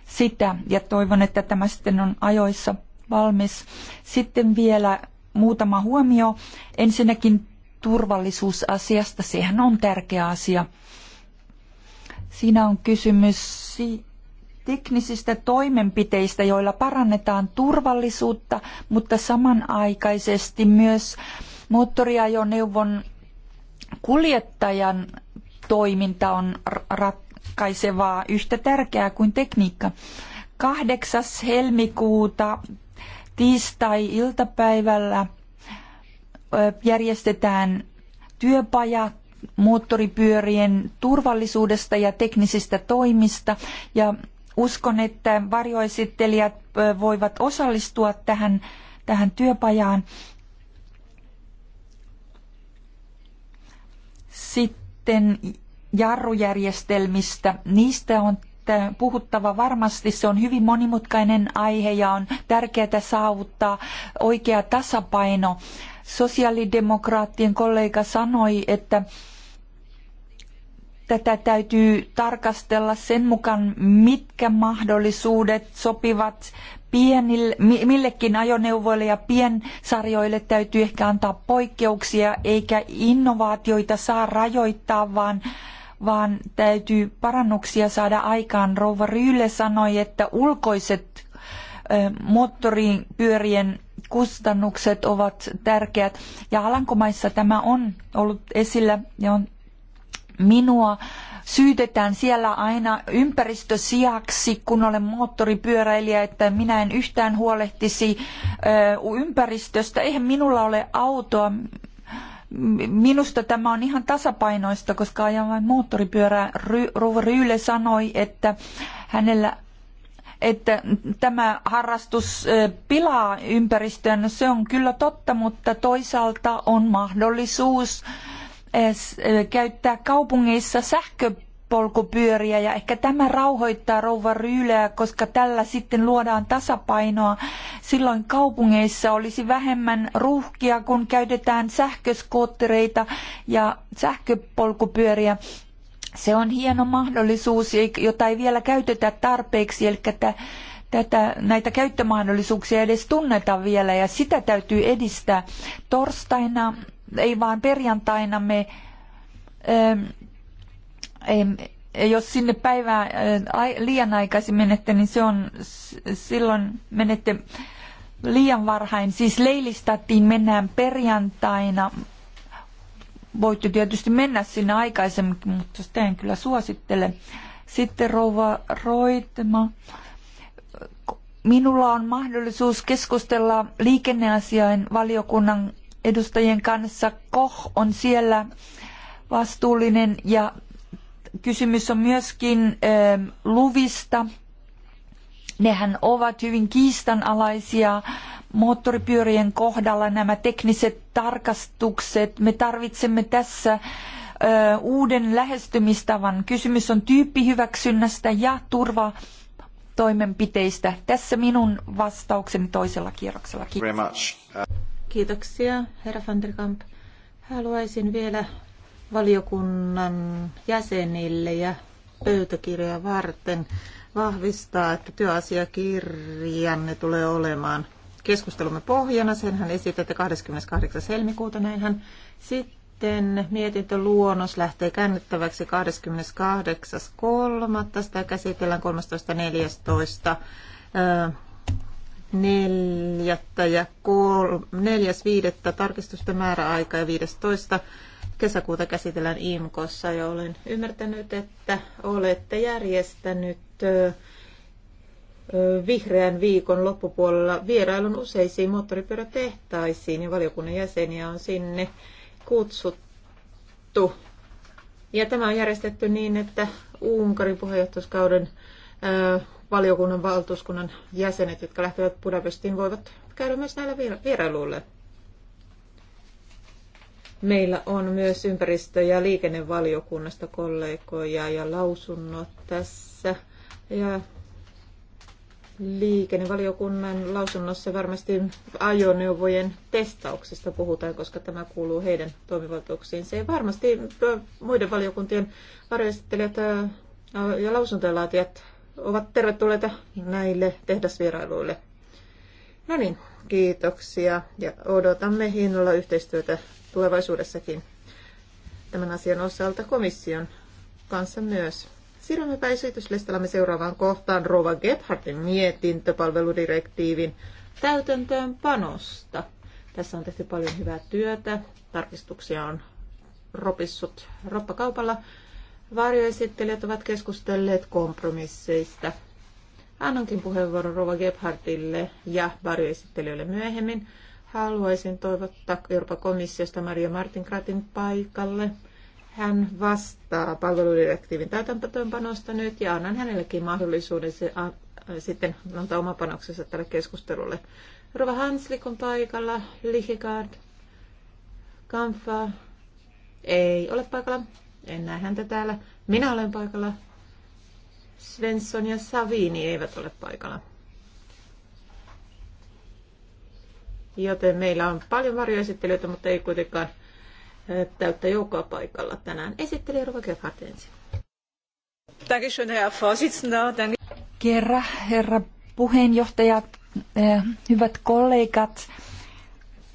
sitä ja toivon, että tämä sitten on ajoissa valmis. Sitten vielä muutama huomio. Ensinnäkin turvallisuusasiasta. Sehän on tärkeä asia. Siinä on kysymys teknisistä toimenpiteistä, joilla parannetaan turvallisuutta, mutta samanaikaisesti myös moottoriajoneuvon kuljettajan toiminta on ratkaisevaa yhtä tärkeää kuin tekniikka. 8. helmikuuta tiistai-iltapäivällä järjestetään työpaja moottoripyörien turvallisuudesta ja teknisistä toimista ja uskon, että varjoesittelijät voivat osallistua tähän, tähän työpajaan. Sitten jarrujärjestelmistä. Niistä on puhuttava varmasti. Se on hyvin monimutkainen aihe ja on tärkeää saavuttaa oikea tasapaino sosiaalidemokraattien kollega sanoi, että tätä täytyy tarkastella sen mukaan, mitkä mahdollisuudet sopivat pienille, millekin ajoneuvoille ja piensarjoille täytyy ehkä antaa poikkeuksia, eikä innovaatioita saa rajoittaa, vaan vaan täytyy parannuksia saada aikaan. Rouva Ryyle sanoi, että ulkoiset moottoripyörien kustannukset ovat tärkeät. Ja Alankomaissa tämä on ollut esillä ja on minua syytetään siellä aina ympäristösijaksi, kun olen moottoripyöräilijä, että minä en yhtään huolehtisi ympäristöstä. Eihän minulla ole autoa. Minusta tämä on ihan tasapainoista, koska ajan vain moottoripyörää. Ry- Ruva Ryyle sanoi, että hänellä että tämä harrastus pilaa ympäristön, se on kyllä totta, mutta toisaalta on mahdollisuus käyttää kaupungeissa sähköpolkupyöriä ja ehkä tämä rauhoittaa rouva Ryyleä, koska tällä sitten luodaan tasapainoa. Silloin kaupungeissa olisi vähemmän ruuhkia, kun käytetään sähköskoottereita ja sähköpolkupyöriä se on hieno mahdollisuus, jota ei vielä käytetä tarpeeksi, eli tätä, näitä käyttömahdollisuuksia edes tunneta vielä ja sitä täytyy edistää. Torstaina, ei vaan perjantaina me, ähm, jos sinne päivää äh, liian aikaisin menette, niin se on, silloin menette liian varhain. Siis Leilistattiin mennään perjantaina voitte tietysti mennä sinne aikaisemmin, mutta sitä en kyllä suosittele. Sitten rouva Roitema, minulla on mahdollisuus keskustella liikenneasiain valiokunnan edustajien kanssa. Koh on siellä vastuullinen ja kysymys on myöskin ähm, luvista. Nehän ovat hyvin kiistanalaisia, moottoripyörien kohdalla nämä tekniset tarkastukset. Me tarvitsemme tässä uuden lähestymistavan. Kysymys on tyyppihyväksynnästä ja turva toimenpiteistä. Tässä minun vastaukseni toisella kierroksella. Kiitos. Kiitoksia, herra van der Kamp. Haluaisin vielä valiokunnan jäsenille ja pöytäkirjaa varten vahvistaa, että työasiakirjanne tulee olemaan – keskustelumme pohjana. Senhän esitätte 28. helmikuuta näinhän. Sitten mietintöluonnos lähtee käännettäväksi 28.3. Sitä käsitellään 13.14. Neljättä ja kol- neljäs viidettä tarkistusten määräaika ja 15. kesäkuuta käsitellään IMKossa ja olen ymmärtänyt, että olette järjestänyt vihreän viikon loppupuolella vierailun useisiin moottoripyörätehtaisiin ja valiokunnan jäseniä on sinne kutsuttu. Ja tämä on järjestetty niin, että Unkarin puheenjohtajuuskauden valiokunnan valtuuskunnan jäsenet, jotka lähtevät Budapestiin, voivat käydä myös näillä vierailuilla. Meillä on myös ympäristö- ja liikennevaliokunnasta kollegoja ja lausunnot tässä. Ja liikennevaliokunnan lausunnossa varmasti ajoneuvojen testauksesta puhutaan, koska tämä kuuluu heidän toimivaltuuksiin. Se varmasti äh, muiden valiokuntien varjoistelijat äh, ja lausuntojenlaatijat ovat tervetulleita näille tehdasvierailuille. No niin, kiitoksia ja odotamme hinnolla yhteistyötä tulevaisuudessakin tämän asian osalta komission kanssa myös. Siirrymme esityslistallamme seuraavaan kohtaan Rova Gebhardin mietintöpalveludirektiivin palveludirektiivin täytäntöönpanosta. Tässä on tehty paljon hyvää työtä. Tarkistuksia on ropissut roppakaupalla. Varjoesittelijät ovat keskustelleet kompromisseista. Annankin puheenvuoron Rova Gebhardille ja varjoesittelijöille myöhemmin. Haluaisin toivottaa Euroopan komissiosta Maria Martin Kratin paikalle. Hän vastaa palveludirektiivin täytäntöönpanosta nyt ja annan hänellekin mahdollisuuden se, a, sitten antaa oma panoksensa tälle keskustelulle. Rova Hanslik on paikalla, Lihikard, Kampfa, ei ole paikalla, en näe häntä täällä. Minä olen paikalla, Svensson ja Savini eivät ole paikalla. Joten meillä on paljon varjoesittelyitä, mutta ei kuitenkaan Äh, täyttä joukkoa paikalla tänään. Esittelijä Rova Gebhardt ensin. Kerra, herra puheenjohtaja, äh, hyvät kollegat.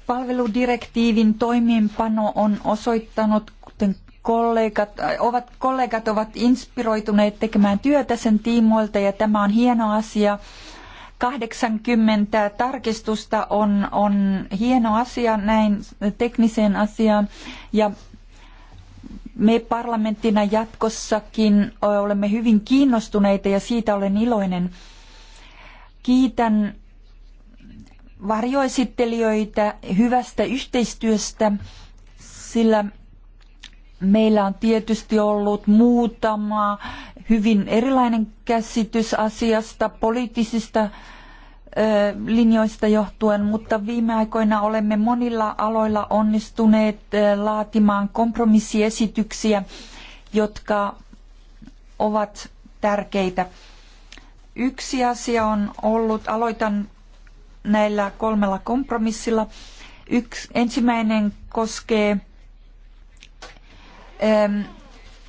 Palveludirektiivin toimeenpano on osoittanut, kuten kollegat, äh, ovat, kollegat ovat inspiroituneet tekemään työtä sen tiimoilta ja tämä on hieno asia. 80 tarkistusta on, on hieno asia näin tekniseen asiaan ja me parlamenttina jatkossakin olemme hyvin kiinnostuneita ja siitä olen iloinen. Kiitän varjoesittelijöitä hyvästä yhteistyöstä, sillä meillä on tietysti ollut muutama hyvin erilainen käsitys asiasta poliittisista linjoista johtuen, mutta viime aikoina olemme monilla aloilla onnistuneet laatimaan kompromissiesityksiä, jotka ovat tärkeitä. Yksi asia on ollut, aloitan näillä kolmella kompromissilla. ensimmäinen koskee äm,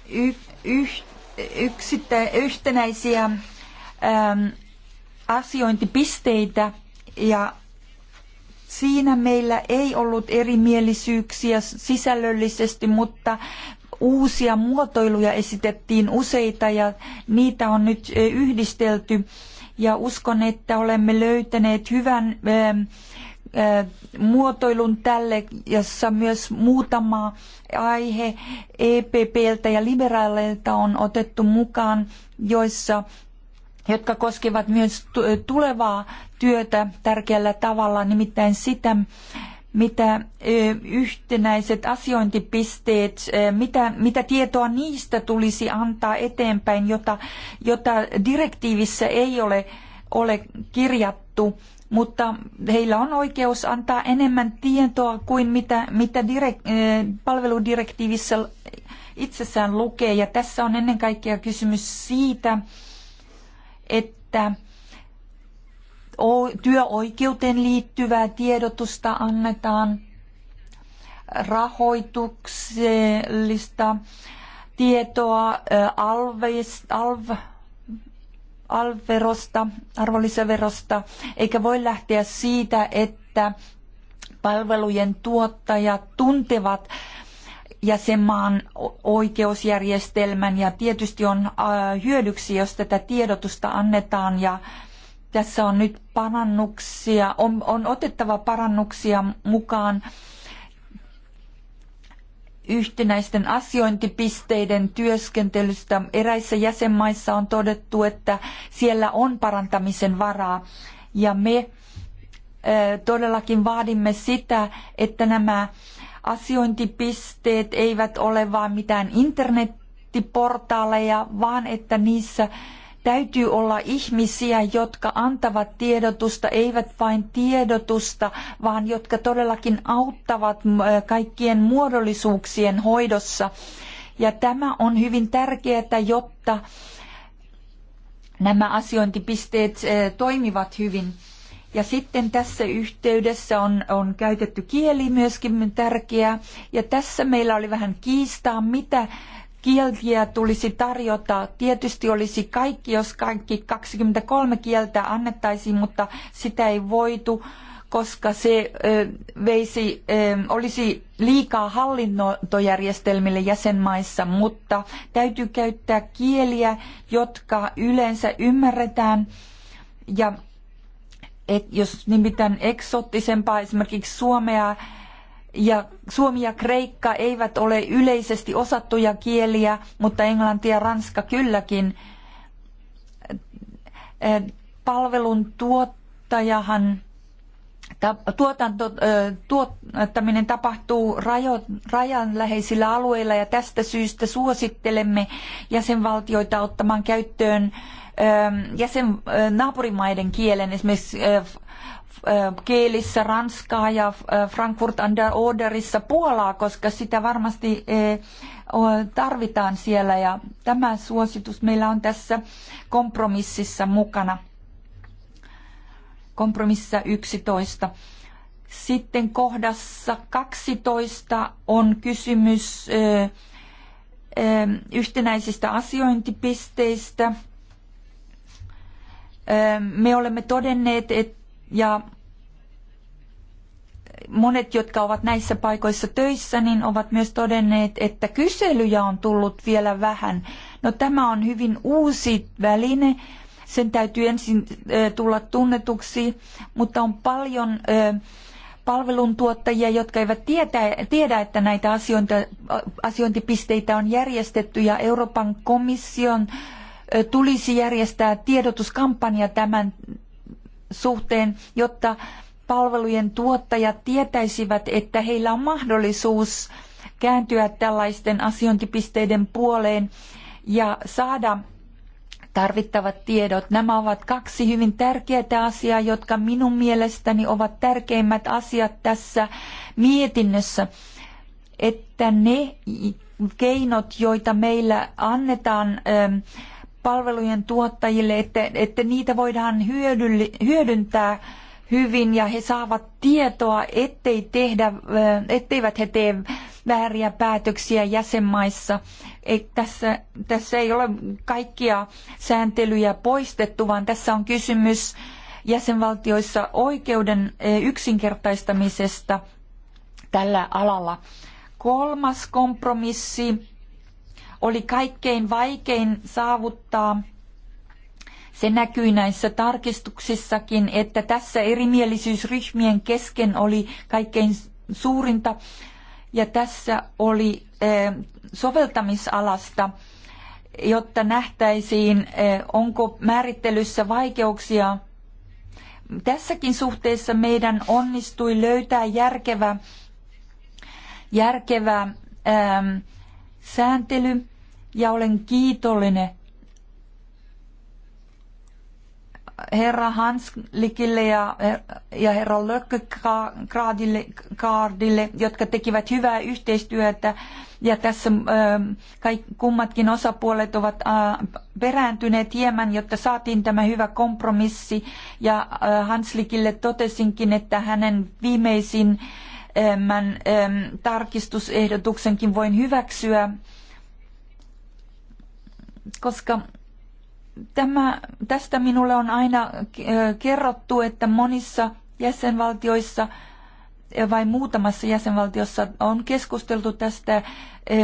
y, yh, yksittä, yhtenäisiä äm, asiointipisteitä ja siinä meillä ei ollut erimielisyyksiä sisällöllisesti, mutta uusia muotoiluja esitettiin useita ja niitä on nyt äh, yhdistelty ja uskon, että olemme löytäneet hyvän ähm, muotoilun tälle, jossa myös muutama aihe EPPltä ja liberaaleilta on otettu mukaan, joissa jotka koskevat myös tulevaa työtä tärkeällä tavalla, nimittäin sitä, mitä yhtenäiset asiointipisteet, mitä, mitä tietoa niistä tulisi antaa eteenpäin, jota, jota direktiivissä ei ole ole kirjattu, mutta heillä on oikeus antaa enemmän tietoa kuin mitä, mitä direk, eh, palveludirektiivissä itsessään lukee. Ja tässä on ennen kaikkea kysymys siitä, että työoikeuteen liittyvää tiedotusta annetaan, rahoituksellista tietoa, eh, alves, alv, alverosta, arvonlisäverosta, eikä voi lähteä siitä, että palvelujen tuottajat tuntevat jäsenmaan oikeusjärjestelmän ja tietysti on äh, hyödyksi, jos tätä tiedotusta annetaan ja tässä on nyt parannuksia, on, on otettava parannuksia mukaan yhtenäisten asiointipisteiden työskentelystä. Eräissä jäsenmaissa on todettu, että siellä on parantamisen varaa ja me todellakin vaadimme sitä, että nämä asiointipisteet eivät ole vain mitään internettiportaaleja, vaan että niissä Täytyy olla ihmisiä, jotka antavat tiedotusta, eivät vain tiedotusta, vaan jotka todellakin auttavat kaikkien muodollisuuksien hoidossa. Ja tämä on hyvin tärkeää, jotta nämä asiointipisteet toimivat hyvin. Ja sitten tässä yhteydessä on, on käytetty kieli myöskin tärkeää. Ja tässä meillä oli vähän kiistaa, mitä kieliä tulisi tarjota. Tietysti olisi kaikki, jos kaikki 23 kieltä annettaisiin, mutta sitä ei voitu, koska se veisi, olisi liikaa hallintojärjestelmille jäsenmaissa, mutta täytyy käyttää kieliä, jotka yleensä ymmärretään ja et jos nimittäin eksoottisempaa esimerkiksi suomea ja suomi ja kreikka eivät ole yleisesti osattuja kieliä, mutta englanti ja ranska kylläkin. Palvelun tuottajahan tuotanto, tuottaminen tapahtuu rajo, läheisillä alueilla ja tästä syystä suosittelemme jäsenvaltioita ottamaan käyttöön jäsen, naapurimaiden kielen, esimerkiksi Äh, kielissä Ranskaa ja äh, Frankfurt under Oderissa Puolaa, koska sitä varmasti äh, tarvitaan siellä ja tämä suositus meillä on tässä kompromississa mukana. Kompromississa 11. Sitten kohdassa 12 on kysymys yhtenäisistä asiointipisteistä. Me olemme todenneet, että ja monet, jotka ovat näissä paikoissa töissä, niin ovat myös todenneet, että kyselyjä on tullut vielä vähän. No tämä on hyvin uusi väline. Sen täytyy ensin tulla tunnetuksi, mutta on paljon palveluntuottajia, jotka eivät tiedä, että näitä asiointipisteitä on järjestetty ja Euroopan komission tulisi järjestää tiedotuskampanja tämän suhteen, jotta palvelujen tuottajat tietäisivät, että heillä on mahdollisuus kääntyä tällaisten asiointipisteiden puoleen ja saada tarvittavat tiedot. Nämä ovat kaksi hyvin tärkeää asiaa, jotka minun mielestäni ovat tärkeimmät asiat tässä mietinnössä, että ne keinot, joita meillä annetaan ähm, palvelujen tuottajille, että, että niitä voidaan hyödylli, hyödyntää hyvin ja he saavat tietoa, ettei tehdä, etteivät he tee vääriä päätöksiä jäsenmaissa. E, tässä, tässä ei ole kaikkia sääntelyjä poistettu, vaan tässä on kysymys jäsenvaltioissa oikeuden yksinkertaistamisesta tällä alalla. Kolmas kompromissi oli kaikkein vaikein saavuttaa. Se näkyi näissä tarkistuksissakin, että tässä erimielisyysryhmien kesken oli kaikkein suurinta. Ja tässä oli eh, soveltamisalasta, jotta nähtäisiin, eh, onko määrittelyssä vaikeuksia. Tässäkin suhteessa meidän onnistui löytää järkevä, järkevä ää, ehm, sääntely ja olen kiitollinen herra Hanslikille ja, ja herra Lökkökaardille, jotka tekivät hyvää yhteistyötä. Ja tässä kaikki, kummatkin osapuolet ovat perääntyneet hieman, jotta saatiin tämä hyvä kompromissi. Ja Hanslikille totesinkin, että hänen viimeisin äh, Tämän tarkistusehdotuksenkin voin hyväksyä, koska tämä, tästä minulle on aina kerrottu, että monissa jäsenvaltioissa vai muutamassa jäsenvaltiossa on keskusteltu tästä,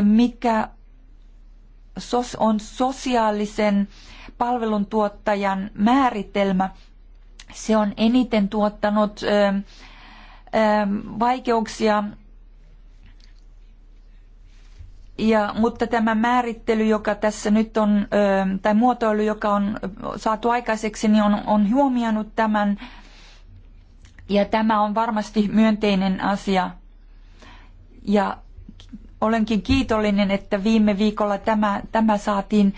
mikä on sosiaalisen palveluntuottajan määritelmä. Se on eniten tuottanut Ähm, vaikeuksia. Ja, mutta tämä määrittely, joka tässä nyt on, ähm, tai muotoilu, joka on saatu aikaiseksi, niin on, on huomioinut tämän. Ja tämä on varmasti myönteinen asia. Ja olenkin kiitollinen, että viime viikolla tämä, tämä saatiin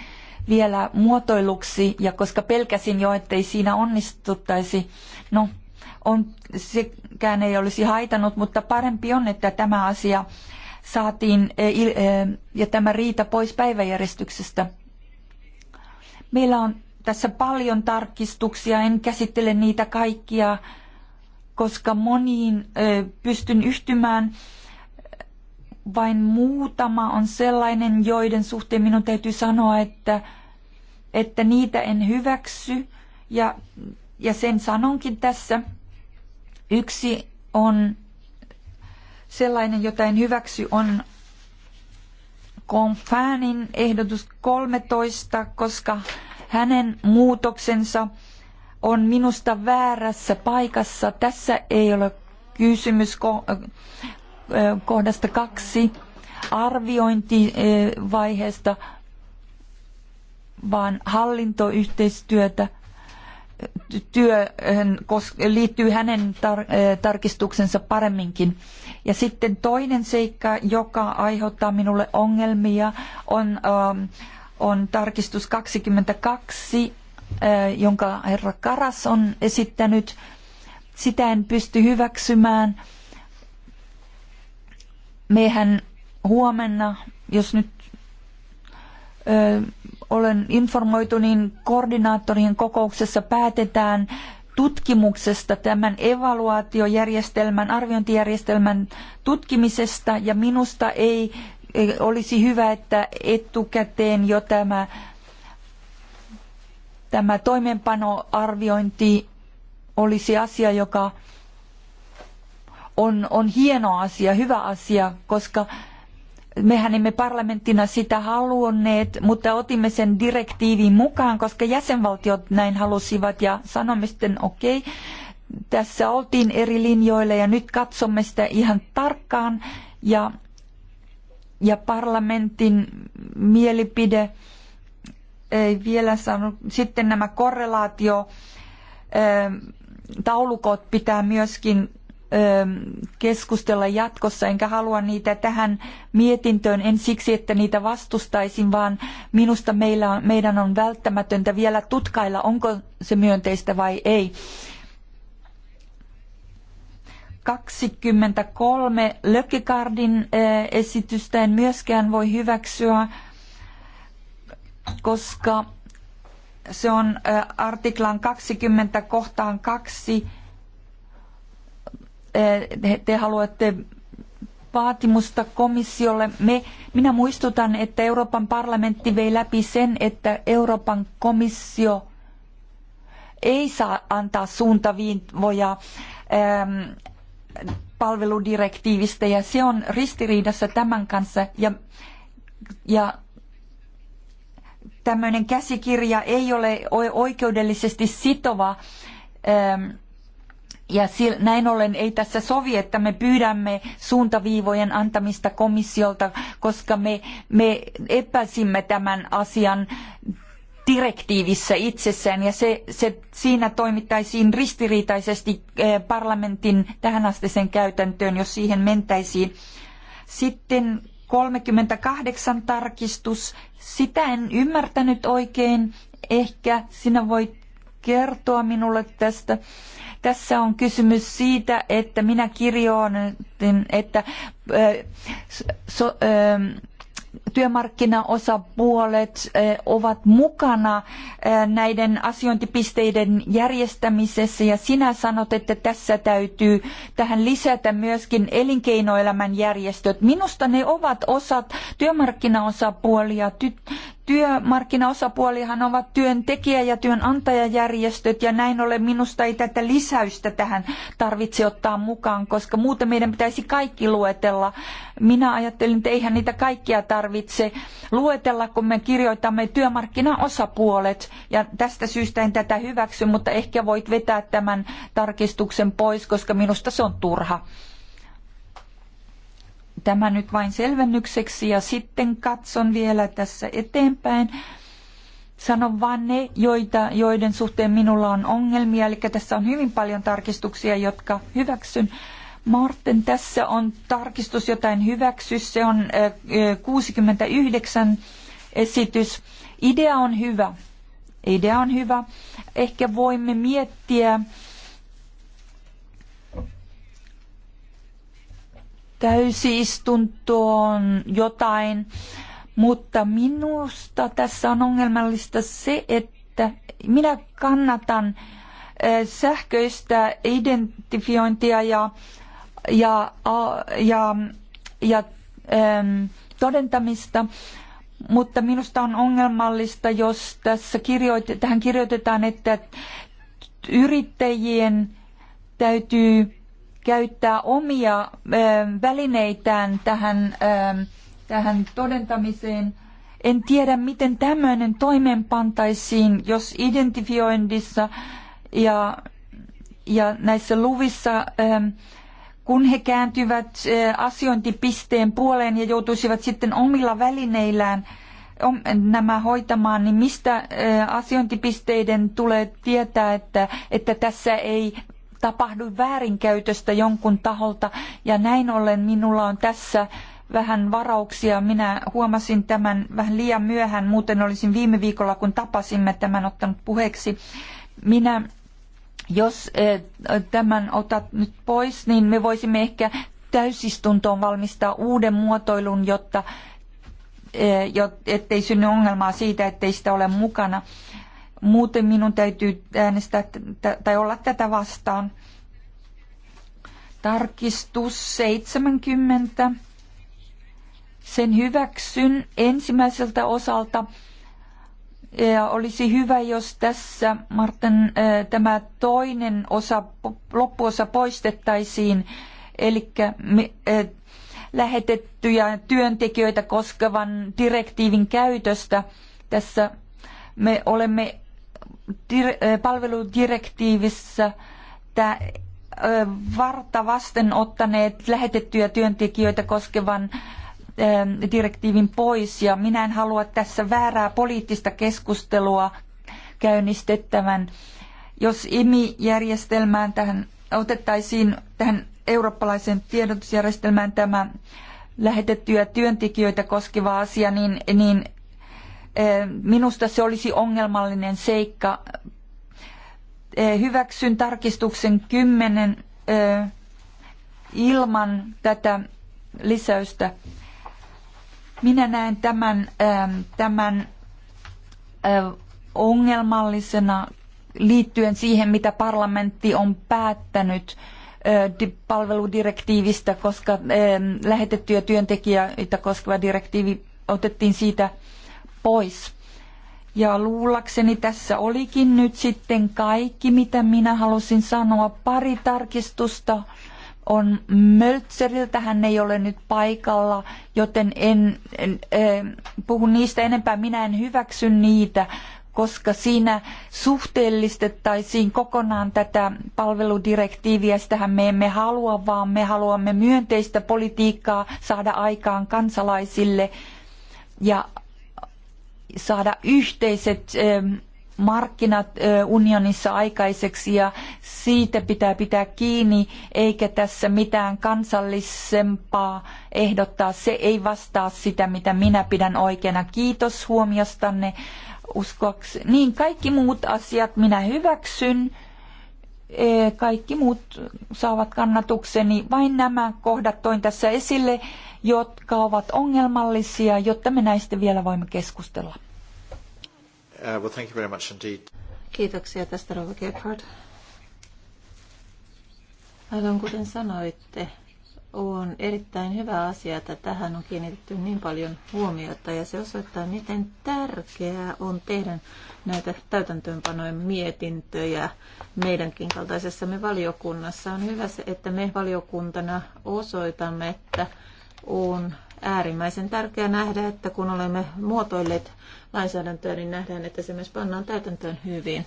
vielä muotoiluksi, ja koska pelkäsin jo, ettei siinä onnistuttaisi, no on, sekään ei olisi haitanut, mutta parempi on, että tämä asia saatiin e, e, ja tämä riita pois päiväjärjestyksestä. Meillä on tässä paljon tarkistuksia, en käsittele niitä kaikkia, koska moniin e, pystyn yhtymään. Vain muutama on sellainen, joiden suhteen minun täytyy sanoa, että, että niitä en hyväksy ja, ja sen sanonkin tässä – Yksi on sellainen, jota en hyväksy, on Confanin ehdotus 13, koska hänen muutoksensa on minusta väärässä paikassa. Tässä ei ole kysymys kohdasta kaksi arviointivaiheesta, vaan hallintoyhteistyötä työhön liittyy hänen eh, tarkistuksensa paremminkin. Ja sitten toinen seikka, joka aiheuttaa minulle ongelmia, on, ähm, on tarkistus 22, eh, jonka herra Karas on esittänyt. Sitä en pysty hyväksymään. Mehän huomenna, jos nyt olen informoitu, niin koordinaattorien kokouksessa päätetään tutkimuksesta, tämän evaluaatiojärjestelmän, arviointijärjestelmän tutkimisesta ja minusta ei, ei olisi hyvä, että etukäteen jo tämä, tämä toimeenpanoarviointi olisi asia, joka on, on hieno asia, hyvä asia, koska Mehän emme parlamenttina sitä halunneet, mutta otimme sen direktiivin mukaan, koska jäsenvaltiot näin halusivat ja sanomme sitten okei. Okay, tässä oltiin eri linjoilla ja nyt katsomme sitä ihan tarkkaan ja, ja parlamentin mielipide ei vielä saanut. Sitten nämä korrelaatio taulukot pitää myöskin Ähm, keskustella jatkossa, enkä halua niitä tähän mietintöön, en siksi, että niitä vastustaisin, vaan minusta meillä on, meidän on välttämätöntä vielä tutkailla, onko se myönteistä vai ei. 23 Lökkikardin äh, esitystä en myöskään voi hyväksyä, koska se on äh, artiklan 20 kohtaan 2 te haluatte vaatimusta komissiolle. Me, minä muistutan, että Euroopan parlamentti vei läpi sen, että Euroopan komissio ei saa antaa suuntaviivoja ähm, palveludirektiivistä ja se on ristiriidassa tämän kanssa ja, ja tämmöinen käsikirja ei ole oikeudellisesti sitova ähm, ja näin ollen ei tässä sovi, että me pyydämme suuntaviivojen antamista komissiolta, koska me, me epäsimme tämän asian direktiivissä itsessään ja se, se, siinä toimittaisiin ristiriitaisesti eh, parlamentin tähänastiseen käytäntöön, jos siihen mentäisiin. Sitten 38 tarkistus, sitä en ymmärtänyt oikein. Ehkä sinä voit kertoa minulle tästä. Tässä on kysymys siitä, että minä kirjoitin, että so, työmarkkinaosapuolet ovat mukana näiden asiointipisteiden järjestämisessä ja sinä sanot, että tässä täytyy tähän lisätä myöskin elinkeinoelämän järjestöt. Minusta ne ovat osat työmarkkinaosapuolia, Työmarkkinaosapuolihan ovat työntekijä- ja työnantajajärjestöt ja näin ollen minusta ei tätä lisäystä tähän tarvitse ottaa mukaan, koska muuten meidän pitäisi kaikki luetella. Minä ajattelin, että eihän niitä kaikkia tarvitse luetella, kun me kirjoitamme työmarkkinaosapuolet ja tästä syystä en tätä hyväksy, mutta ehkä voit vetää tämän tarkistuksen pois, koska minusta se on turha. Tämä nyt vain selvennykseksi ja sitten katson vielä tässä eteenpäin. Sanon vain ne, joita, joiden suhteen minulla on ongelmia. Eli tässä on hyvin paljon tarkistuksia, jotka hyväksyn. Martin tässä on tarkistus en hyväksy. Se on 69 esitys. Idea on hyvä. Idea on hyvä. Ehkä voimme miettiä täysistuntoon jotain, mutta minusta tässä on ongelmallista se, että minä kannatan sähköistä identifiointia ja, ja, ja, ja todentamista, mutta minusta on ongelmallista, jos tässä kirjoit- tähän kirjoitetaan, että yrittäjien täytyy käyttää omia välineitään tähän, tähän todentamiseen. En tiedä, miten tämmöinen toimeenpantaisiin, jos identifioinnissa ja, ja näissä luvissa, kun he kääntyvät asiointipisteen puoleen ja joutuisivat sitten omilla välineillään nämä hoitamaan, niin mistä asiointipisteiden tulee tietää, että, että tässä ei tapahdu väärinkäytöstä jonkun taholta ja näin ollen minulla on tässä vähän varauksia. Minä huomasin tämän vähän liian myöhään, muuten olisin viime viikolla, kun tapasimme tämän ottanut puheeksi. Minä jos eh, tämän otat nyt pois, niin me voisimme ehkä täysistuntoon valmistaa uuden muotoilun, jotta eh, ettei synny ongelmaa siitä, ettei sitä ole mukana. Muuten minun täytyy äänestää tai olla tätä vastaan. Tarkistus 70. Sen hyväksyn ensimmäiseltä osalta. Ja olisi hyvä, jos tässä, Martin, tämä toinen osa, loppuosa poistettaisiin, eli lähetettyjä työntekijöitä koskevan direktiivin käytöstä. Tässä me olemme palveludirektiivissä tämä varta vasten ottaneet lähetettyjä työntekijöitä koskevan direktiivin pois ja minä en halua tässä väärää poliittista keskustelua käynnistettävän. Jos IMI-järjestelmään tähän otettaisiin tähän eurooppalaiseen tiedotusjärjestelmään tämä lähetettyjä työntekijöitä koskeva asia, niin, niin Eh, minusta se olisi ongelmallinen seikka. Eh, hyväksyn tarkistuksen kymmenen eh, ilman tätä lisäystä. Minä näen tämän, tämän ongelmallisena liittyen siihen, mitä parlamentti on päättänyt palveludirektiivistä, koska lähetettyjä työntekijöitä koskeva direktiivi otettiin siitä pois. Ja luullakseni tässä olikin nyt sitten kaikki, mitä minä halusin sanoa. Pari tarkistusta on Möltseriltä, hän ei ole nyt paikalla, joten en, en, en puhu niistä enempää. Minä en hyväksy niitä, koska siinä suhteellistettaisiin kokonaan tätä palveludirektiiviä. Sitähän me emme halua, vaan me haluamme myönteistä politiikkaa saada aikaan kansalaisille ja saada yhteiset markkinat unionissa aikaiseksi ja siitä pitää pitää kiinni, eikä tässä mitään kansallisempaa ehdottaa. Se ei vastaa sitä, mitä minä pidän oikeana. Kiitos huomiostanne. Uskoakseni. Niin, kaikki muut asiat minä hyväksyn. E, kaikki muut saavat kannatukseni. Vain nämä kohdat toin tässä esille, jotka ovat ongelmallisia, jotta me näistä vielä voimme keskustella. Uh, well, thank you very much indeed. Kiitoksia tästä, Rova Gebhard. Aivan kuten sanoitte, on erittäin hyvä asia, että tähän on kiinnitetty niin paljon huomiota ja se osoittaa, miten tärkeää on tehdä näitä täytäntöönpanojen mietintöjä meidänkin kaltaisessamme valiokunnassa. On hyvä se, että me valiokuntana osoitamme, että on äärimmäisen tärkeää nähdä, että kun olemme muotoilleet lainsäädäntöä, niin nähdään, että se myös pannaan täytäntöön hyvin.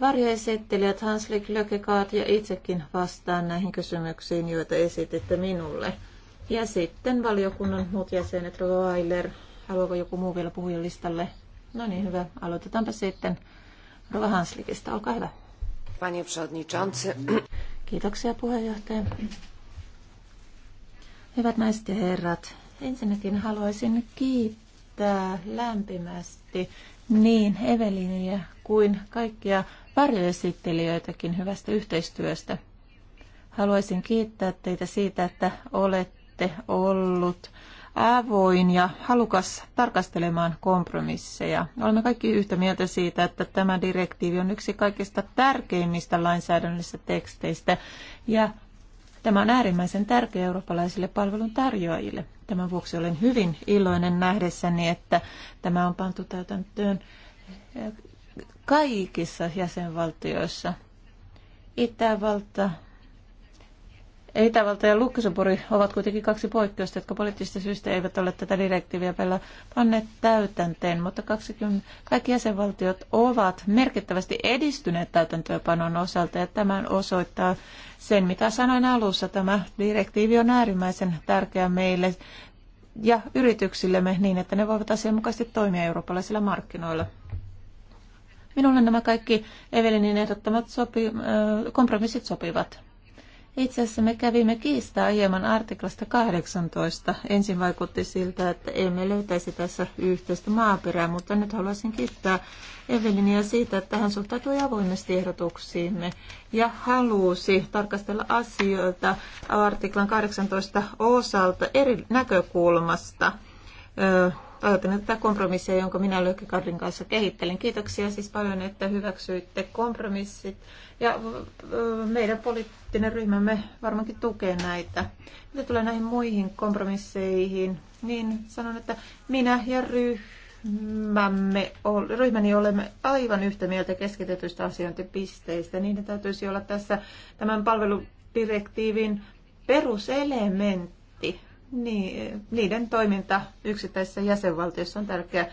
Varjoesittelijät Hanslik Lökekaat ja itsekin vastaan näihin kysymyksiin, joita esititte minulle. Ja sitten valiokunnan muut jäsenet, Roailer, haluaako joku muu vielä puhujalistalle? No niin, hyvä. Aloitetaanpa sitten Rova Hanslikista. Olkaa hyvä. Kiitoksia puheenjohtaja. Hyvät naiset ja herrat, ensinnäkin haluaisin kiittää kiittää lämpimästi niin Eveliniä kuin kaikkia varjoesittelijöitäkin hyvästä yhteistyöstä. Haluaisin kiittää teitä siitä, että olette ollut avoin ja halukas tarkastelemaan kompromisseja. Olemme kaikki yhtä mieltä siitä, että tämä direktiivi on yksi kaikista tärkeimmistä lainsäädännöllisistä teksteistä ja tämä on äärimmäisen tärkeä eurooppalaisille palveluntarjoajille. Tämän vuoksi olen hyvin iloinen nähdessäni, että tämä on pantu täytäntöön kaikissa jäsenvaltioissa. Itävalta, Itävalta ja Luxemburg ovat kuitenkin kaksi poikkeusta, jotka poliittisista syistä eivät ole tätä direktiiviä vielä panneet täytänteen, mutta 20, kaikki jäsenvaltiot ovat merkittävästi edistyneet täytäntöönpanon osalta ja tämän osoittaa sen, mitä sanoin alussa. Tämä direktiivi on äärimmäisen tärkeä meille ja yrityksillemme niin, että ne voivat asianmukaisesti toimia eurooppalaisilla markkinoilla. Minulle nämä kaikki Evelinin ehdottamat sopi, äh, kompromissit sopivat. Itse asiassa me kävimme kiistaa hieman artiklasta 18. Ensin vaikutti siltä, että emme löytäisi tässä yhteistä maaperää, mutta nyt haluaisin kiittää Evelinia siitä, että hän suhtautui avoimesti ehdotuksiimme ja halusi tarkastella asioita artiklan 18 osalta eri näkökulmasta Toivotan tätä kompromissia, jonka minä Karlin kanssa kehittelen. Kiitoksia siis paljon, että hyväksyitte kompromissit. Ja meidän poliittinen ryhmämme varmaankin tukee näitä. Mitä tulee näihin muihin kompromisseihin, niin sanon, että minä ja ryhmämme, ryhmäni olemme aivan yhtä mieltä keskitetyistä asiointipisteistä. ne täytyisi olla tässä tämän palveludirektiivin peruselementti niin, niiden toiminta yksittäisissä jäsenvaltioissa on tärkeää.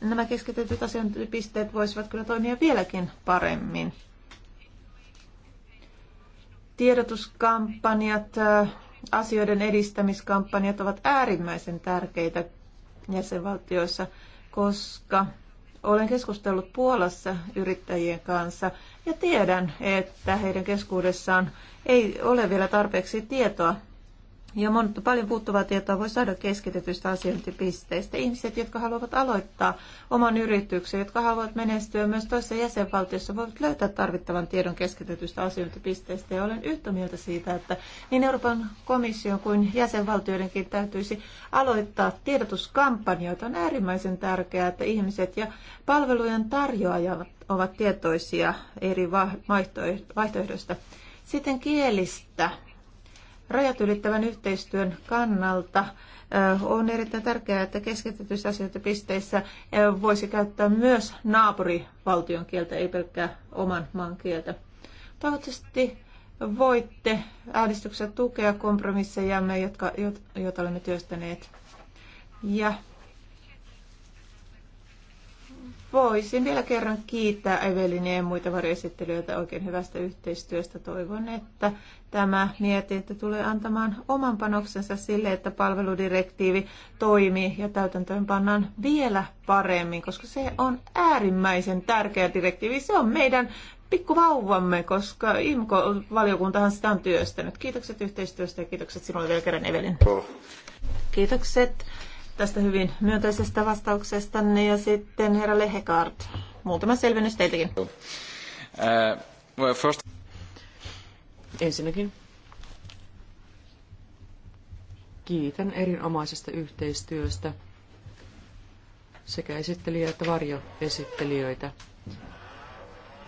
nämä keskitetyt asiointipisteet voisivat kyllä toimia vieläkin paremmin. Tiedotuskampanjat, asioiden edistämiskampanjat ovat äärimmäisen tärkeitä jäsenvaltioissa, koska olen keskustellut Puolassa yrittäjien kanssa ja tiedän, että heidän keskuudessaan ei ole vielä tarpeeksi tietoa ja mon, paljon puuttuvaa tietoa voi saada keskitetyistä asiointipisteistä. Ihmiset, jotka haluavat aloittaa oman yrityksen, jotka haluavat menestyä myös toisessa jäsenvaltiossa, voivat löytää tarvittavan tiedon keskitetyistä asiointipisteistä. Ja olen yhtä mieltä siitä, että niin Euroopan komission kuin jäsenvaltioidenkin täytyisi aloittaa tiedotuskampanjoita. On äärimmäisen tärkeää, että ihmiset ja palvelujen tarjoajat ovat tietoisia eri vaihtoehdoista. Sitten kielistä rajat ylittävän yhteistyön kannalta on erittäin tärkeää, että keskitetyissä pisteissä voisi käyttää myös naapurivaltion kieltä, ei pelkkää oman maan kieltä. Toivottavasti voitte äänestyksessä tukea kompromissejamme, jotka, joita olemme työstäneet. Ja voisin vielä kerran kiittää Evelinia ja muita varjoesittelijöitä oikein hyvästä yhteistyöstä. Toivon, että tämä mietintö tulee antamaan oman panoksensa sille, että palveludirektiivi toimii ja täytäntöön pannaan vielä paremmin, koska se on äärimmäisen tärkeä direktiivi. Se on meidän pikkuvauvamme, koska IMKO-valiokuntahan sitä on työstänyt. Kiitokset yhteistyöstä ja kiitokset sinulle vielä kerran Evelin. Kiitokset tästä hyvin myönteisestä vastauksestanne ja sitten herra Lehekard. Muutama selvennys teiltäkin. Uh, well, first... Ensinnäkin kiitän erinomaisesta yhteistyöstä sekä esittelijä että varjoesittelijöitä.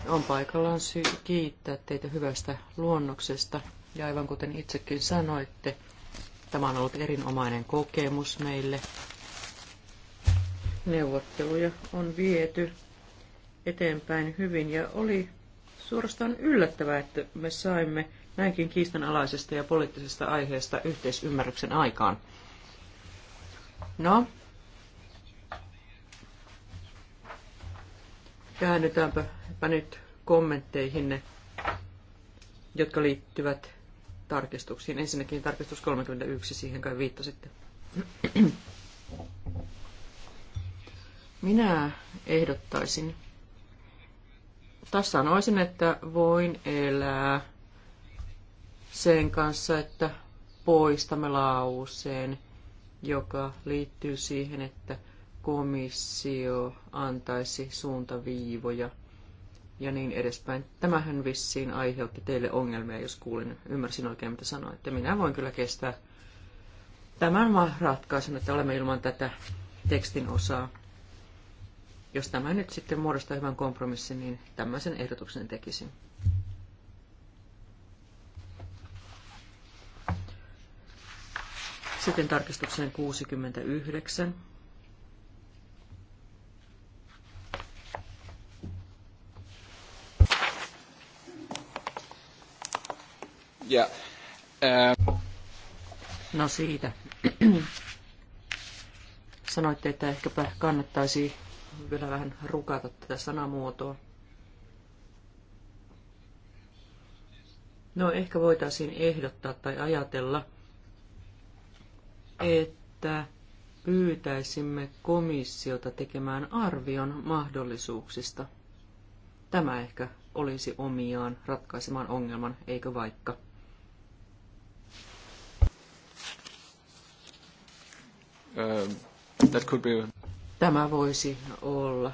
On paikallaan syy kiittää teitä hyvästä luonnoksesta ja aivan kuten itsekin sanoitte – Tämä on ollut erinomainen kokemus meille. Neuvotteluja on viety eteenpäin hyvin ja oli suorastaan yllättävää, että me saimme näinkin kiistanalaisesta ja poliittisesta aiheesta yhteisymmärryksen aikaan. No, käännytäänpä nyt kommentteihinne, jotka liittyvät tarkistuksiin. Ensinnäkin tarkistus 31, siihen kai viittasitte. Minä ehdottaisin, tässä sanoisin, että voin elää sen kanssa, että poistamme lauseen, joka liittyy siihen, että komissio antaisi suuntaviivoja – ja niin edespäin. Tämähän vissiin aiheutti teille ongelmia, jos kuulin, ymmärsin oikein mitä sanoitte. Minä voin kyllä kestää tämän mä ratkaisun, että olemme ilman tätä tekstin osaa. Jos tämä nyt sitten muodostaa hyvän kompromissin, niin tämmöisen ehdotuksen tekisin. Sitten tarkistukseen 69. No siitä. Sanoitte, että ehkäpä kannattaisi vielä vähän rukata tätä sanamuotoa. No ehkä voitaisiin ehdottaa tai ajatella, että pyytäisimme komissiota tekemään arvion mahdollisuuksista. Tämä ehkä olisi omiaan ratkaisemaan ongelman, eikö vaikka? Um, that could be... Tämä voisi olla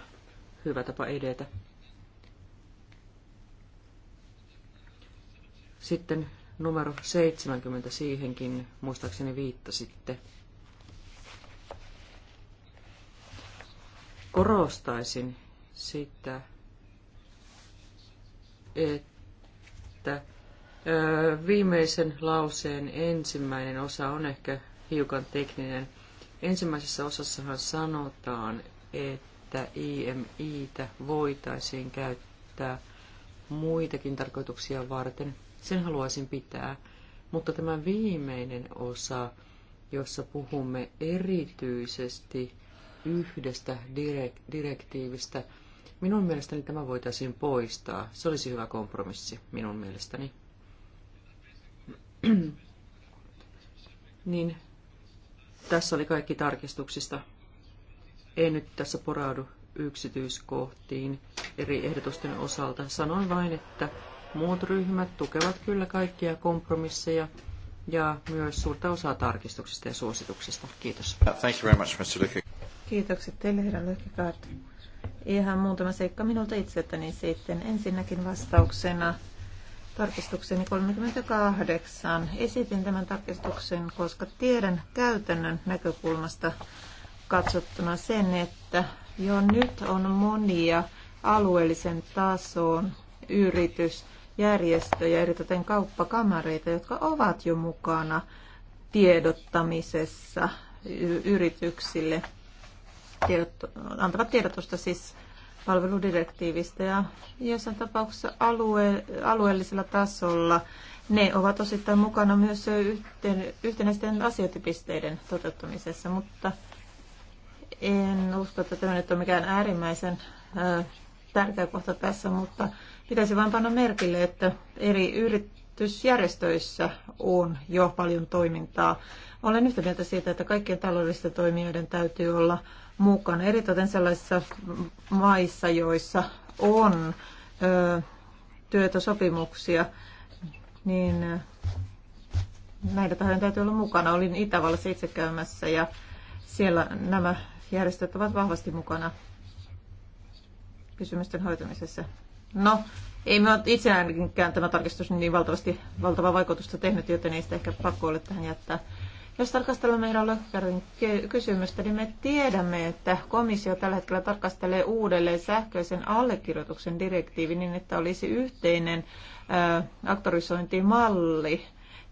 hyvä tapa edetä. Sitten numero 70 siihenkin muistaakseni viittasitte. Korostaisin sitä, että viimeisen lauseen ensimmäinen osa on ehkä hiukan tekninen – Ensimmäisessä osassahan sanotaan, että IMItä voitaisiin käyttää muitakin tarkoituksia varten. Sen haluaisin pitää. Mutta tämä viimeinen osa, jossa puhumme erityisesti yhdestä direktiivistä, minun mielestäni tämä voitaisiin poistaa. Se olisi hyvä kompromissi, minun mielestäni. niin tässä oli kaikki tarkistuksista. Ei nyt tässä poraudu yksityiskohtiin eri ehdotusten osalta. Sanon vain, että muut ryhmät tukevat kyllä kaikkia kompromisseja ja myös suurta osaa tarkistuksista ja suosituksista. Kiitos. Thank you very much, Mr. Kiitokset teille, herra Lökkikaart. Ihan muutama seikka minulta itseltäni sitten. Ensinnäkin vastauksena tarkistukseni 38. Esitin tämän tarkistuksen, koska tiedän käytännön näkökulmasta katsottuna sen, että jo nyt on monia alueellisen tason yritysjärjestöjä, eritoten kauppakamareita, jotka ovat jo mukana tiedottamisessa yrityksille. Tiedot, antavat tiedotusta siis palveludirektiivistä ja jossain tapauksessa alue, alueellisella tasolla ne ovat osittain mukana myös yhten, yhtenäisten asiointipisteiden toteuttamisessa, mutta en usko, että tämä nyt on mikään äärimmäisen tärkeä kohta tässä, mutta pitäisi vain panna merkille, että eri yrit, Järjestöissä on jo paljon toimintaa. Olen yhtä mieltä siitä, että kaikkien taloudellisten toimijoiden täytyy olla mukana, eritoten sellaisissa maissa, joissa on ö, niin näitä tahojen täytyy olla mukana. Olin Itävallassa itse käymässä ja siellä nämä järjestöt ovat vahvasti mukana kysymysten hoitamisessa. No, ei me ole itseäänkään tämä tarkistus niin valtavasti, valtavaa vaikutusta tehnyt, joten ei sitä ehkä pakko ole tähän jättää. Jos tarkastelemme meidän Lökkärin kysymystä, niin me tiedämme, että komissio tällä hetkellä tarkastelee uudelleen sähköisen allekirjoituksen direktiivin niin, että olisi yhteinen ää, aktorisointimalli,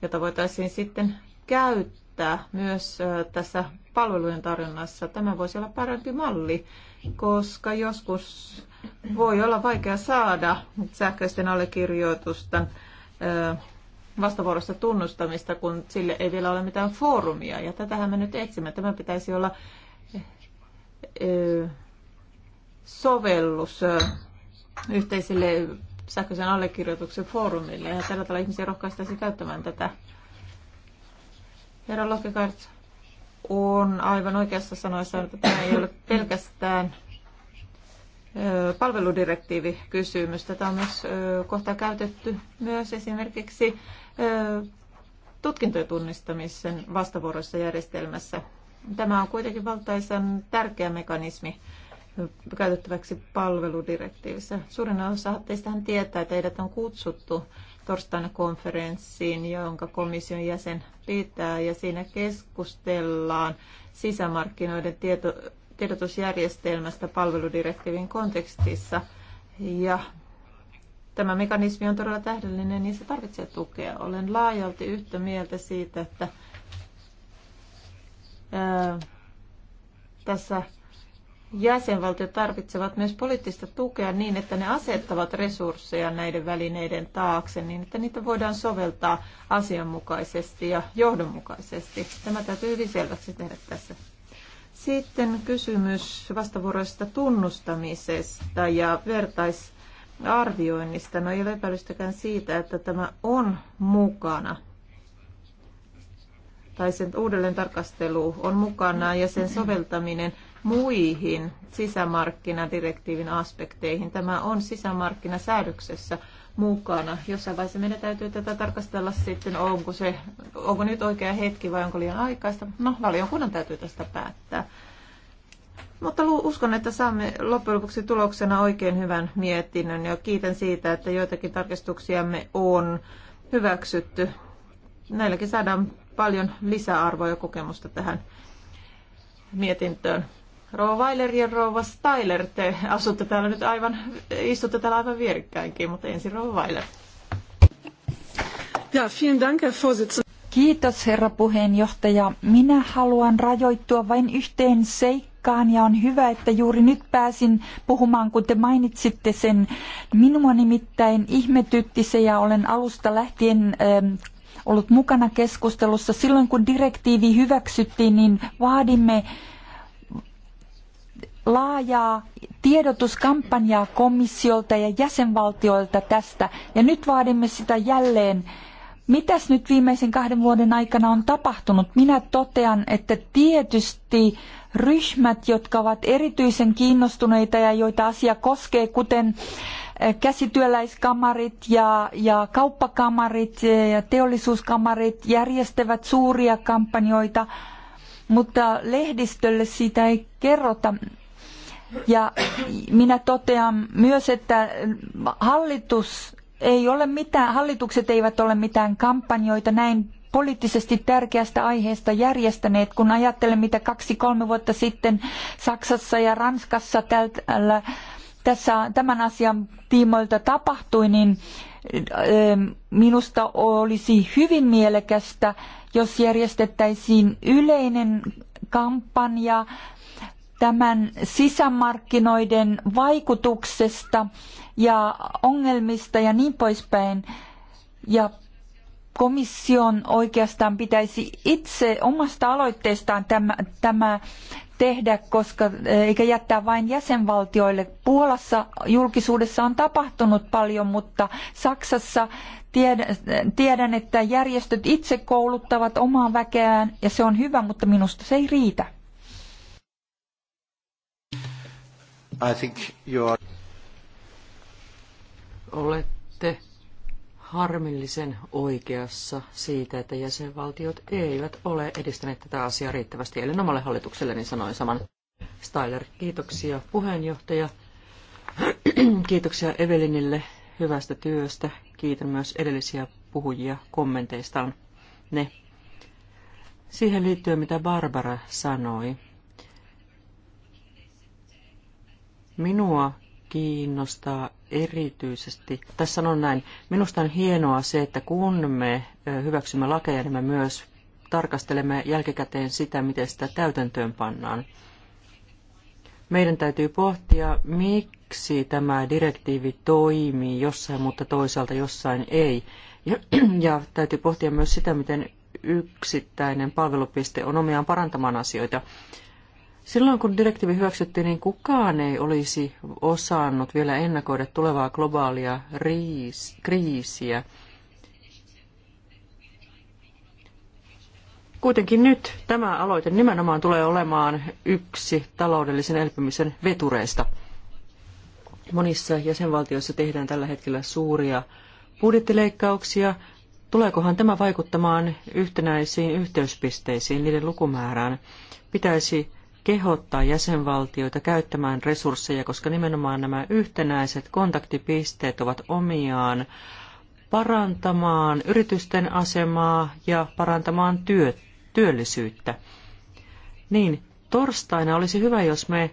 jota voitaisiin sitten käyttää myös tässä palvelujen tarjonnassa. Tämä voisi olla parempi malli, koska joskus voi olla vaikea saada sähköisten allekirjoitusten vastavuorosta tunnustamista, kun sille ei vielä ole mitään foorumia. Ja tätähän me nyt etsimme. Tämä pitäisi olla sovellus yhteisille sähköisen allekirjoituksen foorumille. Ja tällä tavalla ihmisiä rohkaistaisiin käyttämään tätä. Herra Lokekart on aivan oikeassa sanoessa, että tämä ei ole pelkästään palveludirektiivikysymys. Tätä on myös kohta käytetty myös esimerkiksi tutkintojen tunnistamisen vastavuoroisessa järjestelmässä. Tämä on kuitenkin valtaisan tärkeä mekanismi käytettäväksi palveludirektiivissä. Suurin osa teistä tietää, että teidät on kutsuttu torstaina konferenssiin, jonka komission jäsen pitää, ja siinä keskustellaan sisämarkkinoiden tieto, tiedotusjärjestelmästä palveludirektiivin kontekstissa. Ja tämä mekanismi on todella tähdellinen, niin se tarvitsee tukea. Olen laajalti yhtä mieltä siitä, että ää, tässä jäsenvaltiot tarvitsevat myös poliittista tukea niin, että ne asettavat resursseja näiden välineiden taakse niin, että niitä voidaan soveltaa asianmukaisesti ja johdonmukaisesti. Tämä täytyy hyvin selväksi tehdä tässä sitten kysymys vastavuoroisesta tunnustamisesta ja vertaisarvioinnista. No ei ole epäilystäkään siitä, että tämä on mukana tai sen uudelleen tarkastelu on mukana ja sen soveltaminen muihin sisämarkkinadirektiivin aspekteihin. Tämä on sisämarkkinasäädöksessä mukana. Jossain vaiheessa meidän täytyy tätä tarkastella sitten, onko, se, onko nyt oikea hetki vai onko liian aikaista. No, valiokunnan täytyy tästä päättää. Mutta uskon, että saamme loppujen lopuksi tuloksena oikein hyvän mietinnön ja kiitän siitä, että joitakin tarkistuksiamme on hyväksytty. Näilläkin saadaan paljon lisäarvoa ja kokemusta tähän mietintöön. Rouva Weiler ja Rouva Styler, te asutte täällä nyt aivan, istutte täällä aivan vierekkäinkin, mutta ensin Rouva Weiler. Ja, vielen Dank, Herr Vorsitzender. Kiitos herra puheenjohtaja. Minä haluan rajoittua vain yhteen seikkaan ja on hyvä, että juuri nyt pääsin puhumaan, kun te mainitsitte sen. Minua nimittäin ihmetytti se ja olen alusta lähtien ähm, ollut mukana keskustelussa. Silloin kun direktiivi hyväksyttiin, niin vaadimme äh, laajaa tiedotuskampanjaa komissiolta ja jäsenvaltioilta tästä, ja nyt vaadimme sitä jälleen. Mitäs nyt viimeisen kahden vuoden aikana on tapahtunut? Minä totean, että tietysti ryhmät, jotka ovat erityisen kiinnostuneita ja joita asia koskee, kuten eh, käsityöläiskamarit ja, ja kauppakamarit eh, ja teollisuuskamarit järjestävät suuria kampanjoita, mutta lehdistölle siitä ei kerrota. Ja minä totean myös, että hallitus ei ole mitään, hallitukset eivät ole mitään kampanjoita näin poliittisesti tärkeästä aiheesta järjestäneet, kun ajattelen, mitä kaksi-kolme vuotta sitten Saksassa ja Ranskassa tässä, tämän asian tiimoilta tapahtui, niin ähm, minusta olisi hyvin mielekästä, jos järjestettäisiin yleinen kampanja tämän sisämarkkinoiden vaikutuksesta ja ongelmista ja niin poispäin. Ja komission oikeastaan pitäisi itse omasta aloitteestaan tämä, tämä tehdä, koska eh, eikä jättää vain jäsenvaltioille. Puolassa julkisuudessa on tapahtunut paljon, mutta Saksassa tiedän, tiedän että järjestöt itse kouluttavat omaa väkeään ja se on hyvä, mutta minusta se ei riitä. I think you are... Olette harmillisen oikeassa siitä, että jäsenvaltiot eivät ole edistäneet tätä asiaa riittävästi. Eilen omalle hallitukselle niin sanoin saman. Styler, kiitoksia puheenjohtaja. kiitoksia Evelinille hyvästä työstä. Kiitän myös edellisiä puhujia kommenteistaan. Ne. Siihen liittyen, mitä Barbara sanoi, Minua kiinnostaa erityisesti, tässä sanon näin, minusta on hienoa se, että kun me hyväksymme lakeja, niin me myös tarkastelemme jälkikäteen sitä, miten sitä täytäntöön pannaan. Meidän täytyy pohtia, miksi tämä direktiivi toimii jossain, mutta toisaalta jossain ei. Ja, ja täytyy pohtia myös sitä, miten yksittäinen palvelupiste on omiaan parantamaan asioita. Silloin kun direktiivi hyväksyttiin, niin kukaan ei olisi osannut vielä ennakoida tulevaa globaalia riis, kriisiä. Kuitenkin nyt tämä aloite nimenomaan tulee olemaan yksi taloudellisen elpymisen vetureista. Monissa jäsenvaltioissa tehdään tällä hetkellä suuria budjettileikkauksia. Tuleekohan tämä vaikuttamaan yhtenäisiin yhteyspisteisiin, niiden lukumäärään? Pitäisi kehottaa jäsenvaltioita käyttämään resursseja, koska nimenomaan nämä yhtenäiset kontaktipisteet ovat omiaan parantamaan yritysten asemaa ja parantamaan työ, työllisyyttä. Niin, torstaina olisi hyvä, jos me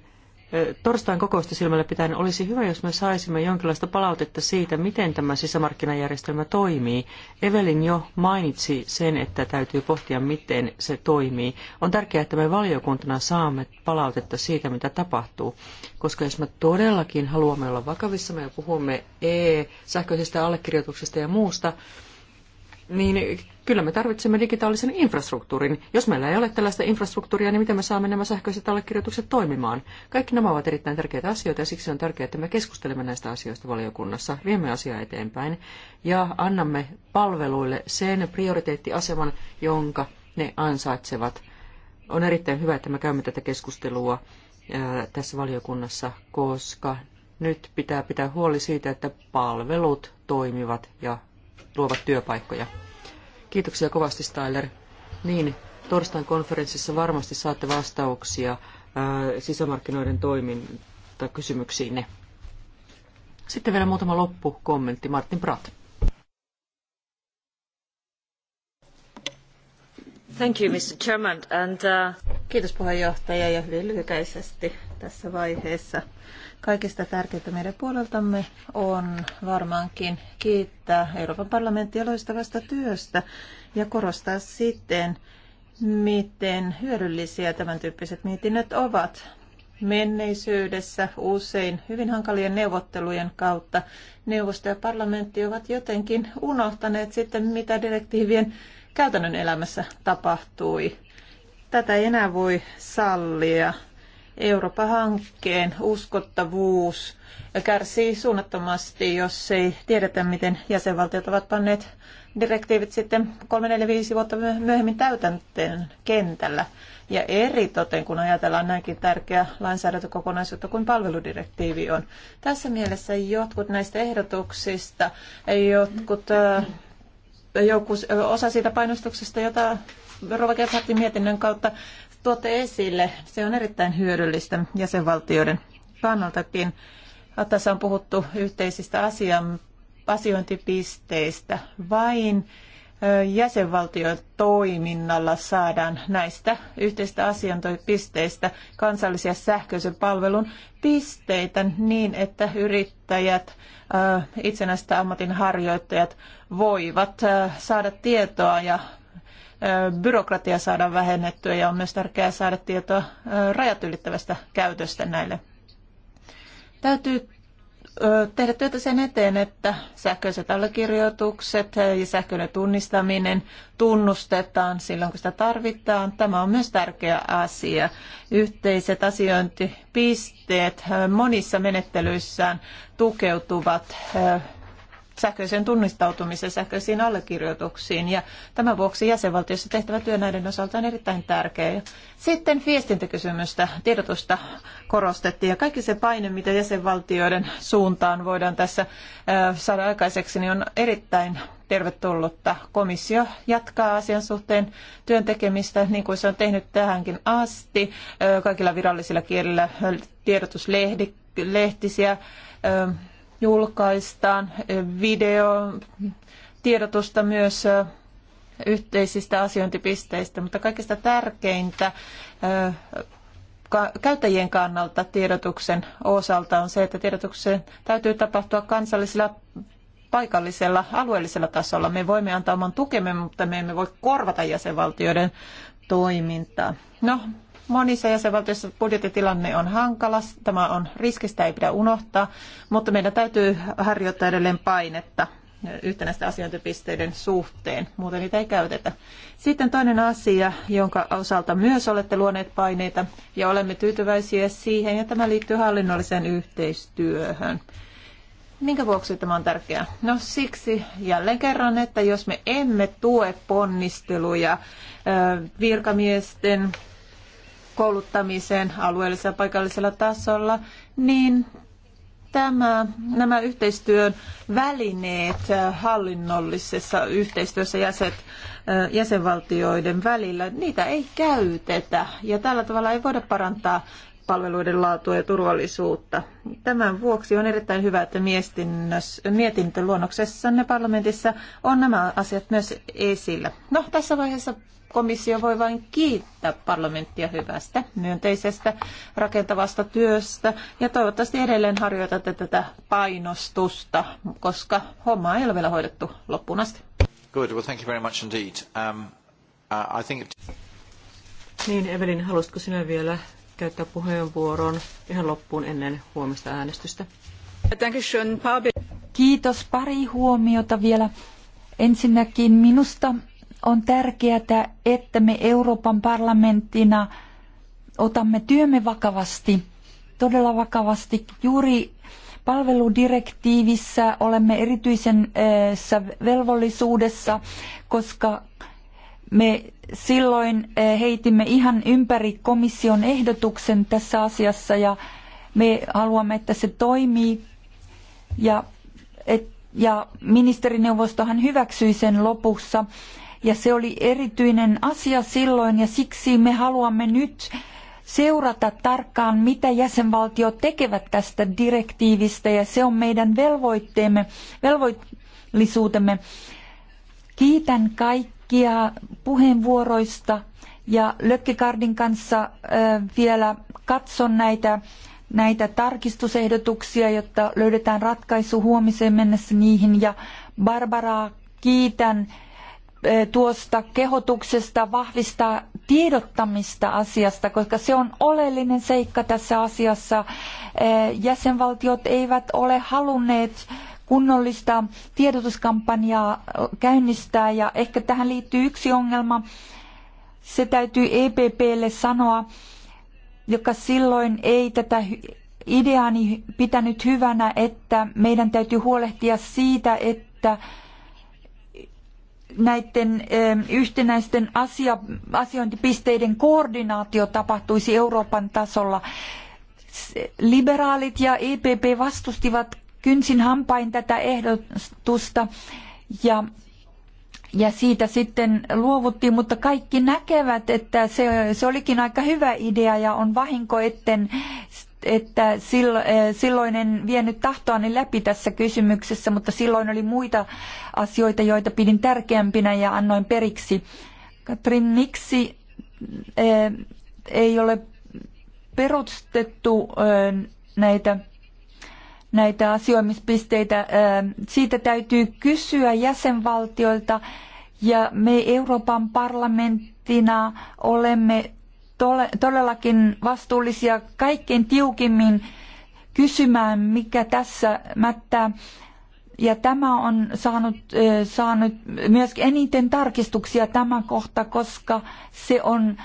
torstain kokousta silmällä pitäen olisi hyvä, jos me saisimme jonkinlaista palautetta siitä, miten tämä sisämarkkinajärjestelmä toimii. Evelin jo mainitsi sen, että täytyy pohtia, miten se toimii. On tärkeää, että me valiokuntana saamme palautetta siitä, mitä tapahtuu. Koska jos me todellakin haluamme olla vakavissamme ja puhumme e-sähköisestä allekirjoituksesta ja muusta, niin kyllä me tarvitsemme digitaalisen infrastruktuurin. Jos meillä ei ole tällaista infrastruktuuria, niin miten me saamme nämä sähköiset allekirjoitukset toimimaan? Kaikki nämä ovat erittäin tärkeitä asioita ja siksi on tärkeää, että me keskustelemme näistä asioista valiokunnassa, viemme asiaa eteenpäin ja annamme palveluille sen prioriteettiaseman, jonka ne ansaitsevat. On erittäin hyvä, että me käymme tätä keskustelua tässä valiokunnassa, koska nyt pitää pitää huoli siitä, että palvelut toimivat ja luovat työpaikkoja. Kiitoksia kovasti, Styler. Niin, torstain konferenssissa varmasti saatte vastauksia äh, sisämarkkinoiden toimintakysymyksiinne. Sitten vielä muutama loppukommentti. Martin Pratt. Thank you, Mr. Chairman. And, uh... Kiitos puheenjohtaja ja hyvin lyhykäisesti tässä vaiheessa. Kaikista tärkeintä meidän puoleltamme on varmaankin kiittää Euroopan parlamenttia loistavasta työstä ja korostaa sitten, miten hyödyllisiä tämän tyyppiset mietinnöt ovat. Menneisyydessä usein hyvin hankalien neuvottelujen kautta neuvosto ja parlamentti ovat jotenkin unohtaneet sitten, mitä direktiivien käytännön elämässä tapahtui. Tätä ei enää voi sallia. Eurooppa-hankkeen uskottavuus kärsii suunnattomasti, jos ei tiedetä, miten jäsenvaltiot ovat panneet direktiivit sitten 3-4-5 vuotta myöhemmin täytäntöön kentällä. Ja eri toten, kun ajatellaan näinkin tärkeää lainsäädäntökokonaisuutta kuin palveludirektiivi on. Tässä mielessä jotkut näistä ehdotuksista, jotkut, äh, joku, osa siitä painostuksesta, jota Rova mietinnön kautta tuotte esille. Se on erittäin hyödyllistä jäsenvaltioiden kannaltakin. Tässä on puhuttu yhteisistä asian, asiointipisteistä. Vain jäsenvaltion toiminnalla saadaan näistä yhteistä asiointipisteistä kansallisia sähköisen palvelun pisteitä niin, että yrittäjät, itsenäiset ammatinharjoittajat voivat saada tietoa ja byrokratia saadaan vähennettyä ja on myös tärkeää saada tietoa rajat ylittävästä käytöstä näille. Täytyy tehdä työtä sen eteen, että sähköiset allekirjoitukset ja sähköinen tunnistaminen tunnustetaan silloin, kun sitä tarvitaan. Tämä on myös tärkeä asia. Yhteiset asiointipisteet monissa menettelyissään tukeutuvat sähköiseen tunnistautumiseen, sähköisiin allekirjoituksiin. Ja tämän vuoksi jäsenvaltiossa tehtävä työ näiden osalta on erittäin tärkeä. Sitten viestintäkysymystä, tiedotusta korostettiin. Ja kaikki se paine, mitä jäsenvaltioiden suuntaan voidaan tässä saada aikaiseksi, niin on erittäin tervetullutta. Komissio jatkaa asian suhteen työn tekemistä, niin kuin se on tehnyt tähänkin asti, kaikilla virallisilla kielillä tiedotuslehtisiä julkaistaan video, tiedotusta myös yhteisistä asiointipisteistä, mutta kaikista tärkeintä käyttäjien kannalta tiedotuksen osalta on se, että tiedotuksen täytyy tapahtua kansallisella paikallisella, alueellisella tasolla. Me voimme antaa oman tukemme, mutta me emme voi korvata jäsenvaltioiden toimintaa. No, Monissa jäsenvaltioissa budjettitilanne on hankala, tämä on riskistä, ei pidä unohtaa, mutta meidän täytyy harjoittaa edelleen painetta yhtenäisten asiointipisteiden suhteen, muuten niitä ei käytetä. Sitten toinen asia, jonka osalta myös olette luoneet paineita ja olemme tyytyväisiä siihen, ja tämä liittyy hallinnolliseen yhteistyöhön. Minkä vuoksi tämä on tärkeää? No siksi jälleen kerran, että jos me emme tue ponnisteluja virkamiesten kouluttamiseen alueellisella ja paikallisella tasolla, niin tämä, nämä yhteistyön välineet äh, hallinnollisessa yhteistyössä jäset, äh, jäsenvaltioiden välillä, niitä ei käytetä. Ja tällä tavalla ei voida parantaa palveluiden laatua ja turvallisuutta. Tämän vuoksi on erittäin hyvä, että mietintöluonnoksessanne parlamentissa on nämä asiat myös esillä. No, tässä vaiheessa komissio voi vain kiittää parlamenttia hyvästä, myönteisestä, rakentavasta työstä ja toivottavasti edelleen harjoitatte tätä painostusta, koska homma ei ole vielä hoidettu loppuun asti. Good, well thank you very much indeed. Um, uh, I think it... Niin, Evelin, haluaisitko sinä vielä käyttää puheenvuoron ihan loppuun ennen huomista äänestystä. Kiitos. Pari huomiota vielä. Ensinnäkin minusta on tärkeää, että me Euroopan parlamenttina otamme työmme vakavasti, todella vakavasti. Juuri palveludirektiivissä olemme erityisessä velvollisuudessa, koska me silloin eh, heitimme ihan ympäri komission ehdotuksen tässä asiassa ja me haluamme, että se toimii ja, et, ja ministerineuvostohan hyväksyi sen lopussa ja se oli erityinen asia silloin ja siksi me haluamme nyt seurata tarkkaan, mitä jäsenvaltiot tekevät tästä direktiivistä ja se on meidän velvoitteemme, velvollisuutemme. Kiitän kaikkia kaikkia puheenvuoroista ja Lökkikardin kanssa vielä katson näitä, näitä tarkistusehdotuksia, jotta löydetään ratkaisu huomiseen mennessä niihin. Ja Barbaraa kiitän tuosta kehotuksesta vahvistaa tiedottamista asiasta, koska se on oleellinen seikka tässä asiassa. Jäsenvaltiot eivät ole halunneet kunnollista tiedotuskampanjaa käynnistää ja ehkä tähän liittyy yksi ongelma. Se täytyy EPPlle sanoa, joka silloin ei tätä ideaani pitänyt hyvänä, että meidän täytyy huolehtia siitä, että näiden yhtenäisten asia, asiointipisteiden koordinaatio tapahtuisi Euroopan tasolla. Liberaalit ja EPP vastustivat kynsin hampain tätä ehdotusta ja ja siitä sitten luovuttiin, mutta kaikki näkevät, että se, se olikin aika hyvä idea ja on vahinko, etten, että eh, silloin en vienyt tahtoani läpi tässä kysymyksessä, mutta silloin oli muita asioita, joita pidin tärkeämpinä ja annoin periksi. Katrin, miksi eh, ei ole perustettu eh, näitä näitä asioimispisteitä. Siitä täytyy kysyä jäsenvaltioilta ja me Euroopan parlamenttina olemme todellakin vastuullisia kaikkein tiukimmin kysymään, mikä tässä mättää. Ja tämä on saanut, saanut myös eniten tarkistuksia tämä kohta, koska se on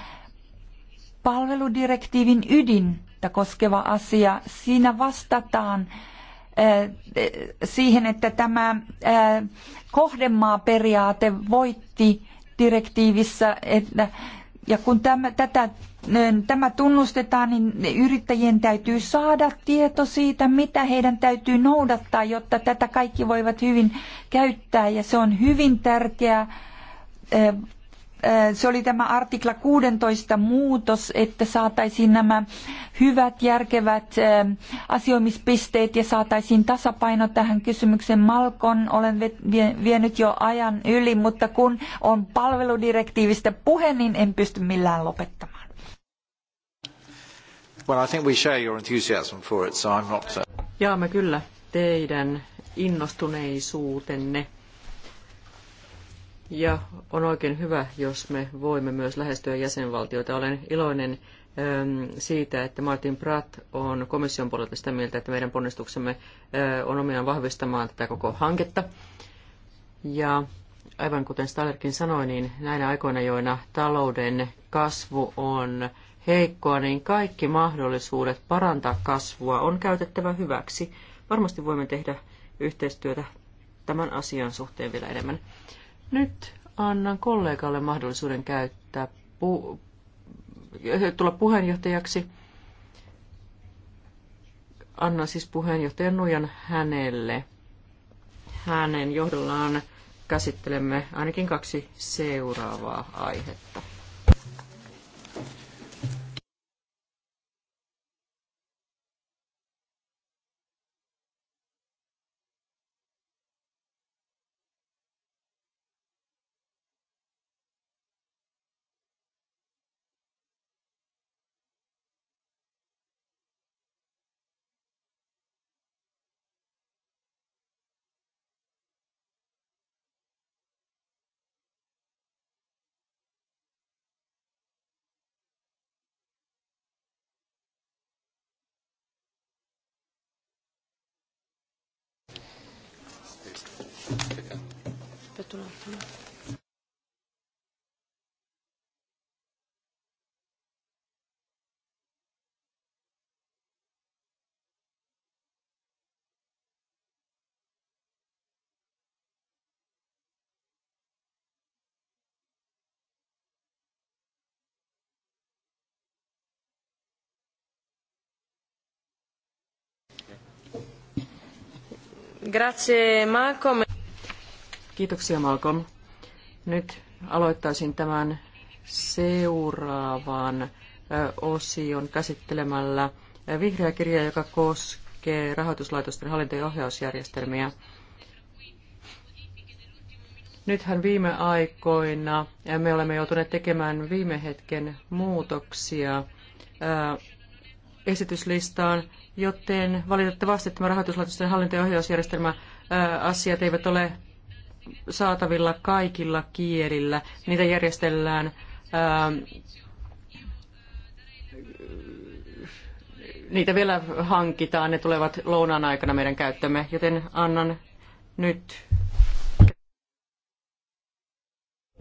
palveludirektiivin ydintä koskeva asia. Siinä vastataan äh, siihen, että tämä kohdemaaperiaate voitti direktiivissä, että, ja kun tämä, tätä, tämä tunnustetaan, niin yrittäjien täytyy saada tieto siitä, mitä heidän täytyy noudattaa, jotta tätä kaikki voivat hyvin käyttää, ja se on hyvin tärkeää Äh, se oli tämä artikla 16 muutos, että saataisiin nämä hyvät, järkevät äh, asioimispisteet ja saataisiin tasapaino tähän kysymykseen. Malkon olen vienyt jo ajan yli, mutta kun on palveludirektiivistä puhe, niin en pysty millään lopettamaan. Well, I think we share your enthusiasm for it, so I'm not... Uh, Jaamme kyllä teidän innostuneisuutenne ja on oikein hyvä, jos me voimme myös lähestyä jäsenvaltioita. Olen iloinen ähm, siitä, että Martin Pratt on komission puolelta sitä mieltä, että meidän ponnistuksemme äh, on omiaan vahvistamaan tätä koko hanketta. Ja aivan kuten Stalerkin sanoi, niin näinä aikoina, joina talouden kasvu on heikkoa, niin kaikki mahdollisuudet parantaa kasvua on käytettävä hyväksi. Varmasti voimme tehdä yhteistyötä tämän asian suhteen vielä enemmän. Nyt annan kollegalle mahdollisuuden käyttää pu- tulla puheenjohtajaksi. Anna siis puheenjohtajan nujan hänelle. Hänen johdollaan käsittelemme ainakin kaksi seuraavaa aihetta. Tarkistettuna. Grazie Malcolm. Kiitoksia Malcolm. Nyt aloittaisin tämän seuraavan osion käsittelemällä vihreä kirja, joka koskee rahoituslaitosten hallinto- ja ohjausjärjestelmiä. Nythän viime aikoina me olemme joutuneet tekemään viime hetken muutoksia esityslistaan, joten valitettavasti tämä rahoituslaitosten hallinto- ja ohjausjärjestelmä asiat eivät ole saatavilla kaikilla kielillä. Niitä järjestellään ää, ähm, niitä vielä hankitaan, ne tulevat lounaan aikana meidän käyttömme, joten annan nyt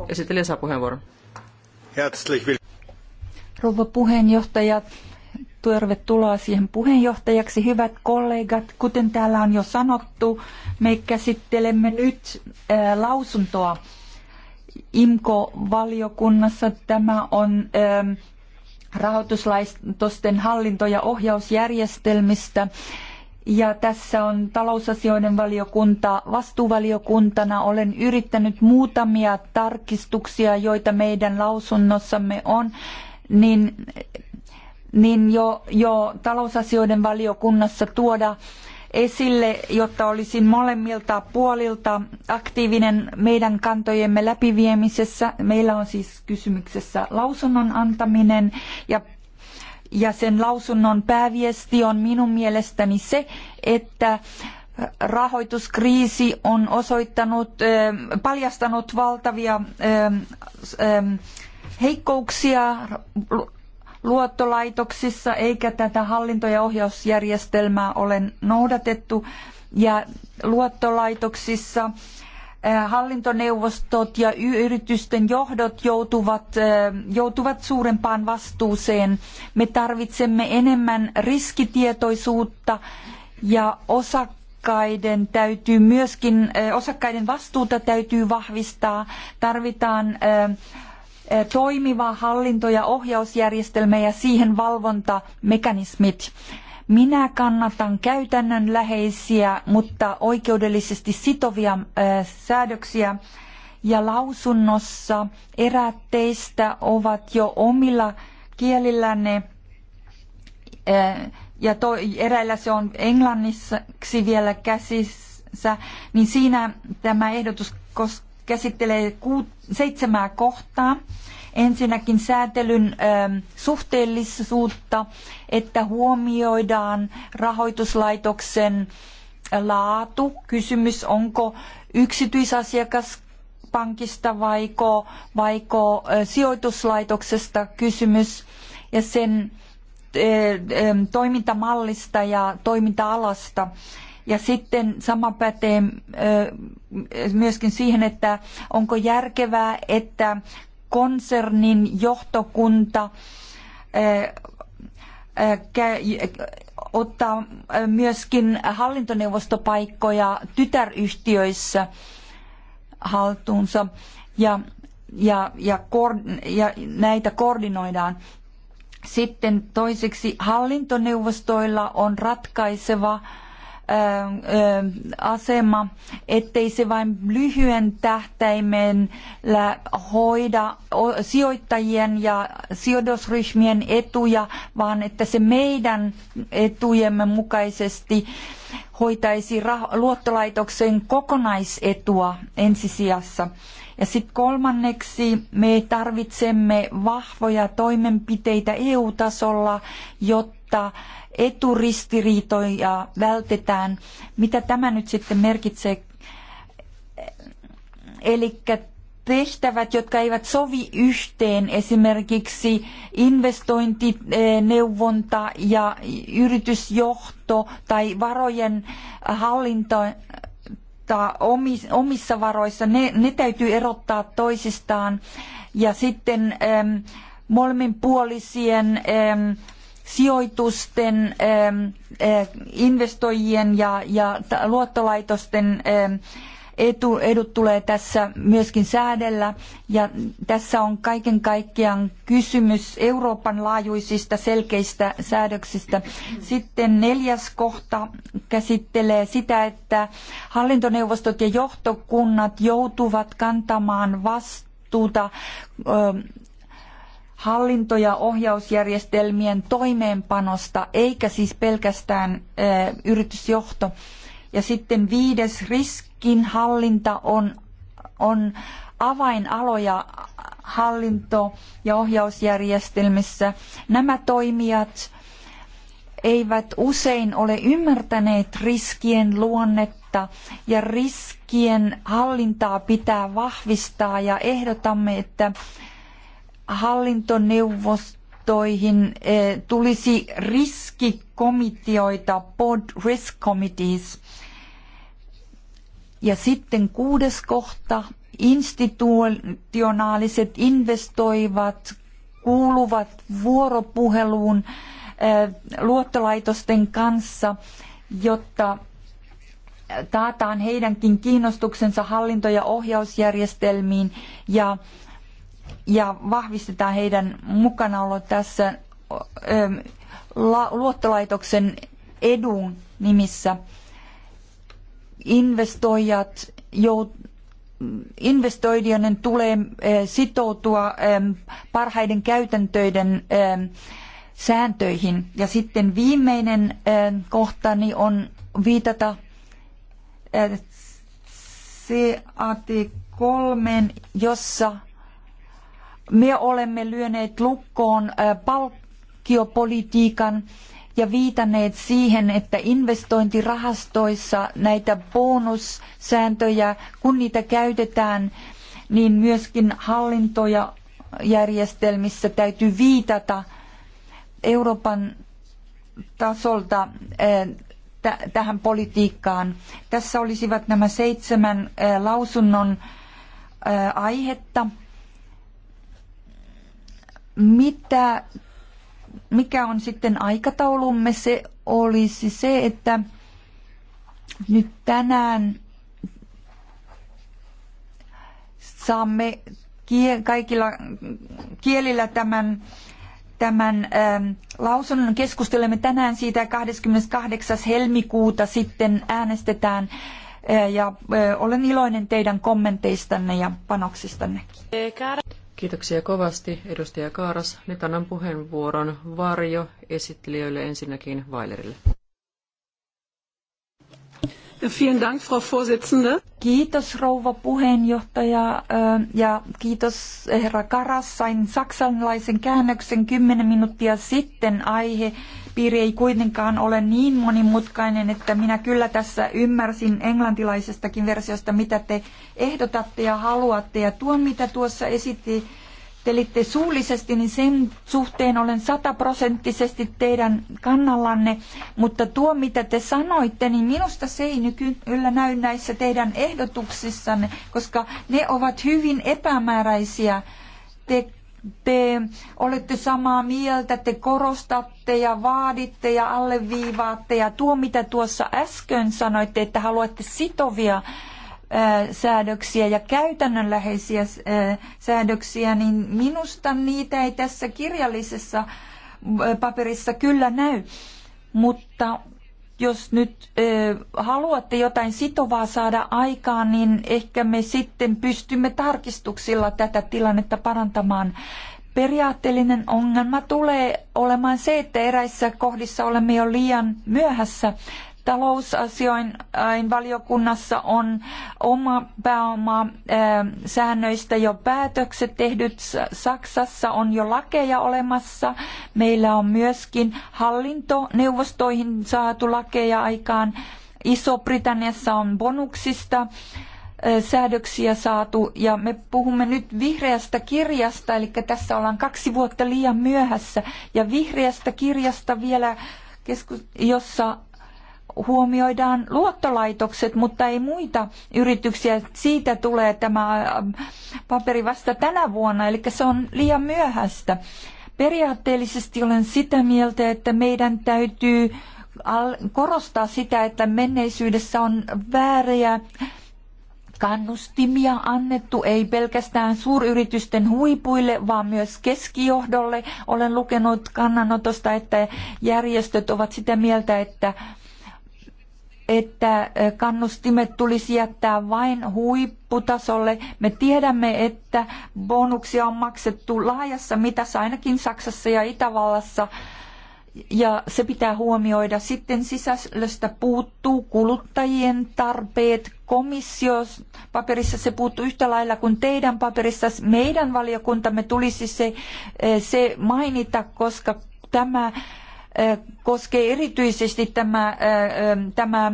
esittelijä saa puheenvuoron. Rouva puheenjohtaja, Tervetuloa siihen puheenjohtajaksi, hyvät kollegat. Kuten täällä on jo sanottu, me käsittelemme nyt ää, äh, lausuntoa IMKO-valiokunnassa. Tämä on ää, ähm, rahoituslaitosten hallinto- ja ohjausjärjestelmistä. Ja tässä on talousasioiden valiokunta vastuuvaliokuntana. Olen yrittänyt muutamia tarkistuksia, joita meidän lausunnossamme on, niin niin jo, jo talousasioiden valiokunnassa tuoda esille, jotta olisin molemmilta puolilta aktiivinen meidän kantojemme läpiviemisessä. Meillä on siis kysymyksessä lausunnon antaminen ja, ja sen lausunnon pääviesti on minun mielestäni se, että rahoituskriisi on osoittanut, paljastanut valtavia heikkouksia luottolaitoksissa eikä tätä hallinto- ja ohjausjärjestelmää ole noudatettu. Ja luottolaitoksissa eh, hallintoneuvostot ja yritysten johdot joutuvat, eh, joutuvat suurempaan vastuuseen. Me tarvitsemme enemmän riskitietoisuutta ja osakkaiden täytyy myöskin, eh, osakkaiden vastuuta täytyy vahvistaa. Tarvitaan toimiva hallinto- ja ohjausjärjestelmä ja siihen valvontamekanismit. Minä kannatan käytännönläheisiä, mutta oikeudellisesti sitovia säädöksiä ja lausunnossa eräät teistä ovat jo omilla kielillänne ja to, eräillä se on englanniksi vielä käsissä, niin siinä tämä ehdotus koskee käsittelee kuut, seitsemää kohtaa. Ensinnäkin säätelyn ö, ähm, suhteellisuutta, että huomioidaan rahoituslaitoksen laatu. Kysymys, onko yksityisasiakas pankista vaiko, vaiko äh, sijoituslaitoksesta kysymys ja sen äh, äh, toimintamallista ja toiminta-alasta. Ja sitten sama pätee myöskin siihen, että onko järkevää, että konsernin johtokunta ottaa myöskin hallintoneuvostopaikkoja tytäryhtiöissä haltuunsa ja, ja, ja, ja näitä koordinoidaan. Sitten toiseksi hallintoneuvostoilla on ratkaiseva äh, asema, ettei se vain lyhyen tähtäimen hoida sijoittajien ja sijoitusryhmien etuja, vaan että se meidän etujemme mukaisesti hoitaisi luottolaitoksen kokonaisetua ensisijassa. Ja sitten kolmanneksi me tarvitsemme vahvoja toimenpiteitä EU-tasolla, jotta jotta eturistiriitoja vältetään. Mitä tämä nyt sitten merkitsee? Eli tehtävät, jotka eivät sovi yhteen, esimerkiksi investointineuvonta ja yritysjohto tai varojen hallinta omissa varoissa, ne, ne täytyy erottaa toisistaan. Ja sitten molemminpuolisien sijoitusten, ähm, äh, investoijien ja, ja luottolaitosten ähm, etu, edut tulee tässä myöskin säädellä. Ja tässä on kaiken kaikkiaan kysymys Euroopan laajuisista selkeistä säädöksistä. Sitten neljäs kohta käsittelee sitä, että hallintoneuvostot ja johtokunnat joutuvat kantamaan vastuuta hallinto- ja ohjausjärjestelmien toimeenpanosta, eikä siis pelkästään yritysjohto. Ja sitten viides riskinhallinta on, on avainaloja hallinto- ja ohjausjärjestelmissä. Nämä toimijat eivät usein ole ymmärtäneet riskien luonnetta ja riskien hallintaa pitää vahvistaa ja ehdotamme, että hallintoneuvostoihin eh, tulisi riskikomiteoita, board risk committees. Ja sitten kuudes kohta, institutionaaliset investoivat kuuluvat vuoropuheluun eh, luottolaitosten kanssa, jotta taataan heidänkin kiinnostuksensa hallinto- ja ohjausjärjestelmiin ja ja vahvistetaan heidän mukanaolo tässä luottolaitoksen edun nimissä. Investoijat joutuvat investoijien tulee sitoutua parhaiden käytäntöiden sääntöihin. Ja sitten viimeinen kohtani niin on viitata CAT3, jossa me olemme lyöneet lukkoon palkkiopolitiikan ja viitanneet siihen, että investointirahastoissa näitä bonussääntöjä, kun niitä käytetään, niin myöskin hallintoja järjestelmissä täytyy viitata Euroopan tasolta tähän politiikkaan. Tässä olisivat nämä seitsemän lausunnon aihetta mitä, mikä on sitten aikataulumme? Se olisi se, että nyt tänään saamme kaikilla kielillä tämän, tämän ähm, lausunnon. Keskustelemme tänään siitä 28. helmikuuta sitten äänestetään äh, ja äh, olen iloinen teidän kommenteistanne ja panoksistanne. Kiitoksia kovasti, edustaja Kaaras. Nyt annan puheenvuoron Varjo esittelijöille ensinnäkin Vailerille. Kiitos rouva puheenjohtaja ja kiitos herra Karas. Sain saksalaisen käännöksen kymmenen minuuttia sitten aihe, piiri ei kuitenkaan ole niin monimutkainen, että minä kyllä tässä ymmärsin englantilaisestakin versiosta, mitä te ehdotatte ja haluatte. Ja tuon, mitä tuossa esitti, telitte suullisesti, niin sen suhteen olen sataprosenttisesti teidän kannallanne, mutta tuo mitä te sanoitte, niin minusta se ei nykyllä näy näissä teidän ehdotuksissanne, koska ne ovat hyvin epämääräisiä. Te te olette samaa mieltä, te korostatte ja vaaditte ja alleviivaatte ja tuo mitä tuossa äsken sanoitte, että haluatte sitovia äh, säädöksiä ja käytännönläheisiä äh, säädöksiä, niin minusta niitä ei tässä kirjallisessa äh, paperissa kyllä näy. Mutta jos nyt haluatte jotain sitovaa saada aikaan, niin ehkä me sitten pystymme tarkistuksilla tätä tilannetta parantamaan. Periaatteellinen ongelma tulee olemaan se, että eräissä kohdissa olemme jo liian myöhässä talousasioin valiokunnassa on oma pääoma säännöistä jo päätökset tehdyt. Saksassa on jo lakeja olemassa. Meillä on myöskin hallintoneuvostoihin saatu lakeja aikaan. Iso-Britanniassa on bonuksista säädöksiä saatu ja me puhumme nyt vihreästä kirjasta, eli tässä ollaan kaksi vuotta liian myöhässä ja vihreästä kirjasta vielä, jossa huomioidaan luottolaitokset, mutta ei muita yrityksiä. Siitä tulee tämä äh, paperi vasta tänä vuonna, eli se on liian myöhäistä. Periaatteellisesti olen sitä mieltä, että meidän täytyy korostaa sitä, että menneisyydessä on vääriä kannustimia annettu ei pelkästään suuryritysten huipuille, vaan myös keskijohdolle. Olen lukenut kannanotosta, että järjestöt ovat sitä mieltä, että että kannustimet tulisi jättää vain huipputasolle. Me tiedämme, että bonuksia on maksettu laajassa mitassa, ainakin Saksassa ja Itävallassa, ja se pitää huomioida. Sitten sisällöstä puuttuu kuluttajien tarpeet. Komission paperissa se puuttuu yhtä lailla kuin teidän paperissa. Meidän valiokuntamme tulisi se, se mainita, koska tämä koskee erityisesti tämä, tämä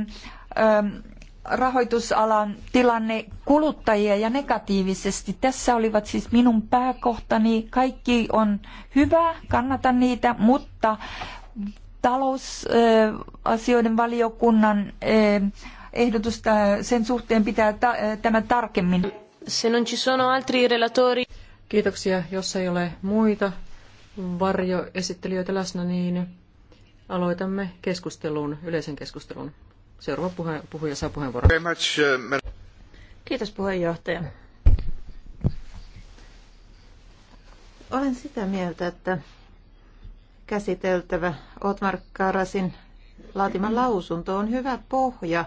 rahoitusalan tilanne kuluttajia ja negatiivisesti. Tässä olivat siis minun pääkohtani. Kaikki on hyvä, kannatan niitä, mutta talousasioiden valiokunnan ehdotusta sen suhteen pitää tämä tarkemmin. Se non ci sono altri relatori. Kiitoksia. Jos ei ole muita varjoesittelijöitä läsnä, niin Aloitamme keskustelun, yleisen keskustelun. Seuraava puhe, puhuja saa puheenvuoron. Uh, Kiitos puheenjohtaja. Olen sitä mieltä, että käsiteltävä Otmar Karasin laatima lausunto on hyvä pohja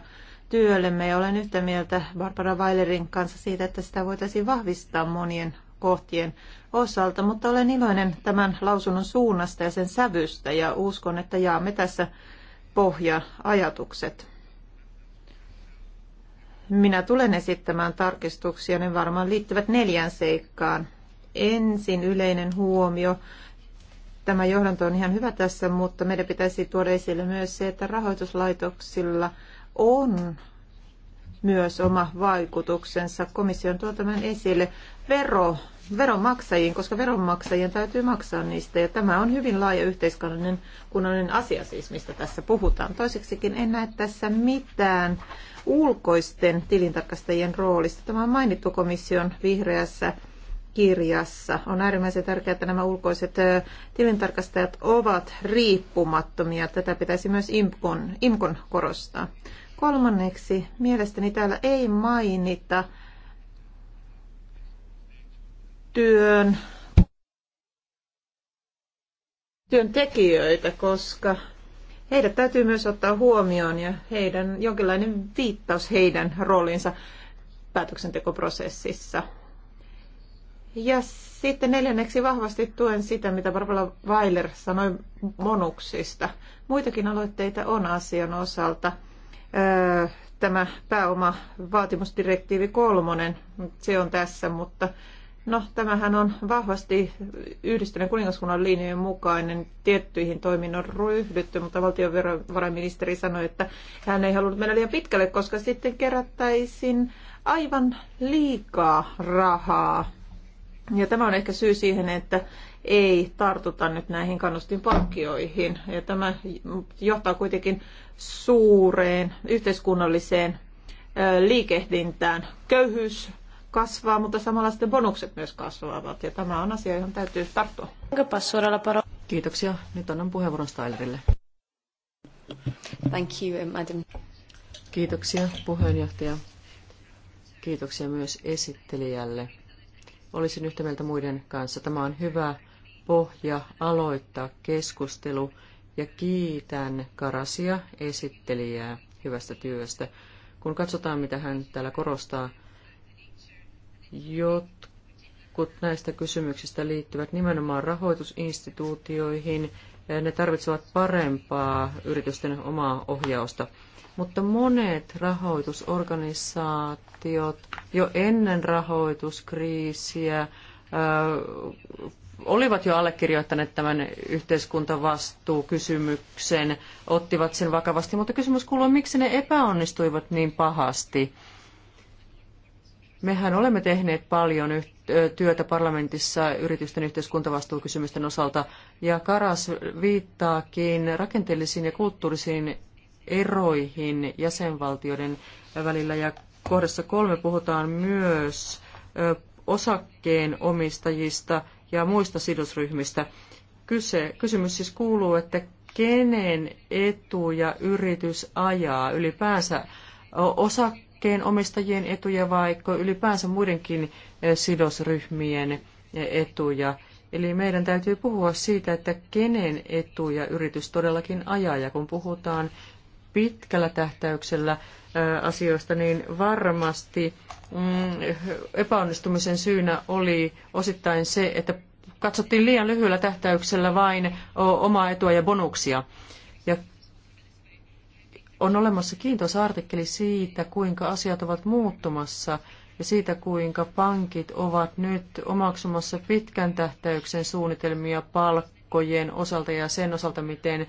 työllemme ja olen yhtä mieltä Barbara Weilerin kanssa siitä, että sitä voitaisiin vahvistaa monien kohtien osalta, mutta olen iloinen tämän lausunnon suunnasta ja sen sävystä ja uskon, että jaamme tässä pohja-ajatukset. Minä tulen esittämään tarkistuksia, ne varmaan liittyvät neljään seikkaan. Ensin yleinen huomio. Tämä johdanto on ihan hyvä tässä, mutta meidän pitäisi tuoda esille myös se, että rahoituslaitoksilla on myös oma vaikutuksensa. Komission tuo tämän esille vero, veronmaksajiin, koska veronmaksajien täytyy maksaa niistä. Ja tämä on hyvin laaja yhteiskunnallinen kunnallinen asia siis, mistä tässä puhutaan. Toiseksikin en näe tässä mitään ulkoisten tilintarkastajien roolista. Tämä on mainittu komission vihreässä kirjassa. On äärimmäisen tärkeää, että nämä ulkoiset tilintarkastajat ovat riippumattomia. Tätä pitäisi myös IMKON, IMKON korostaa. Kolmanneksi, mielestäni täällä ei mainita työn työntekijöitä, koska heidät täytyy myös ottaa huomioon ja heidän jonkinlainen viittaus heidän roolinsa päätöksentekoprosessissa. Ja sitten neljänneksi vahvasti tuen sitä, mitä Barbara Weiler sanoi monuksista. Muitakin aloitteita on asian osalta. Tämä pääoma vaatimusdirektiivi kolmonen, se on tässä, mutta No, tämähän on vahvasti yhdistyneen kuningaskunnan linjojen mukainen. Tiettyihin toiminnon ryhdytty, mutta valtiovarainministeri sanoi, että hän ei halunnut mennä liian pitkälle, koska sitten kerättäisiin aivan liikaa rahaa. Ja tämä on ehkä syy siihen, että ei tartuta nyt näihin kannustinpankkioihin. Ja tämä johtaa kuitenkin suureen yhteiskunnalliseen liikehdintään. Köyhyys kasvaa, mutta samalla sitten bonukset myös kasvavat. Ja tämä on asia, johon täytyy tarttua. Kiitoksia. Nyt annan puheenvuoron Stylerille. Thank you, madam. Um, Kiitoksia puheenjohtaja. Kiitoksia myös esittelijälle. Olisin yhtä mieltä muiden kanssa. Tämä on hyvä pohja aloittaa keskustelu ja kiitän Karasia esittelijää hyvästä työstä. Kun katsotaan, mitä hän täällä korostaa, Jotkut näistä kysymyksistä liittyvät nimenomaan rahoitusinstituutioihin. Ne tarvitsevat parempaa yritysten omaa ohjausta. Mutta monet rahoitusorganisaatiot jo ennen rahoituskriisiä olivat jo allekirjoittaneet tämän yhteiskuntavastuukysymyksen, ottivat sen vakavasti, mutta kysymys kuuluu, miksi ne epäonnistuivat niin pahasti Mehän olemme tehneet paljon työtä parlamentissa yritysten yhteiskuntavastuukysymysten osalta, ja Karas viittaakin rakenteellisiin ja kulttuurisiin eroihin jäsenvaltioiden välillä, ja kohdassa kolme puhutaan myös osakkeen omistajista ja muista sidosryhmistä. Kyse, kysymys siis kuuluu, että kenen etuja yritys ajaa ylipäänsä osakkeen osakkeen omistajien etuja vaikka ylipäänsä muidenkin eh, sidosryhmien eh, etuja. Eli meidän täytyy puhua siitä, että kenen etuja yritys todellakin ajaa. Ja kun puhutaan pitkällä tähtäyksellä eh, asioista, niin varmasti mm, epäonnistumisen syynä oli osittain se, että katsottiin liian lyhyellä tähtäyksellä vain omaa etua ja bonuksia. Ja on olemassa kiintoisa artikkeli siitä, kuinka asiat ovat muuttumassa ja siitä, kuinka pankit ovat nyt omaksumassa pitkän tähtäyksen suunnitelmia palkkojen osalta ja sen osalta, miten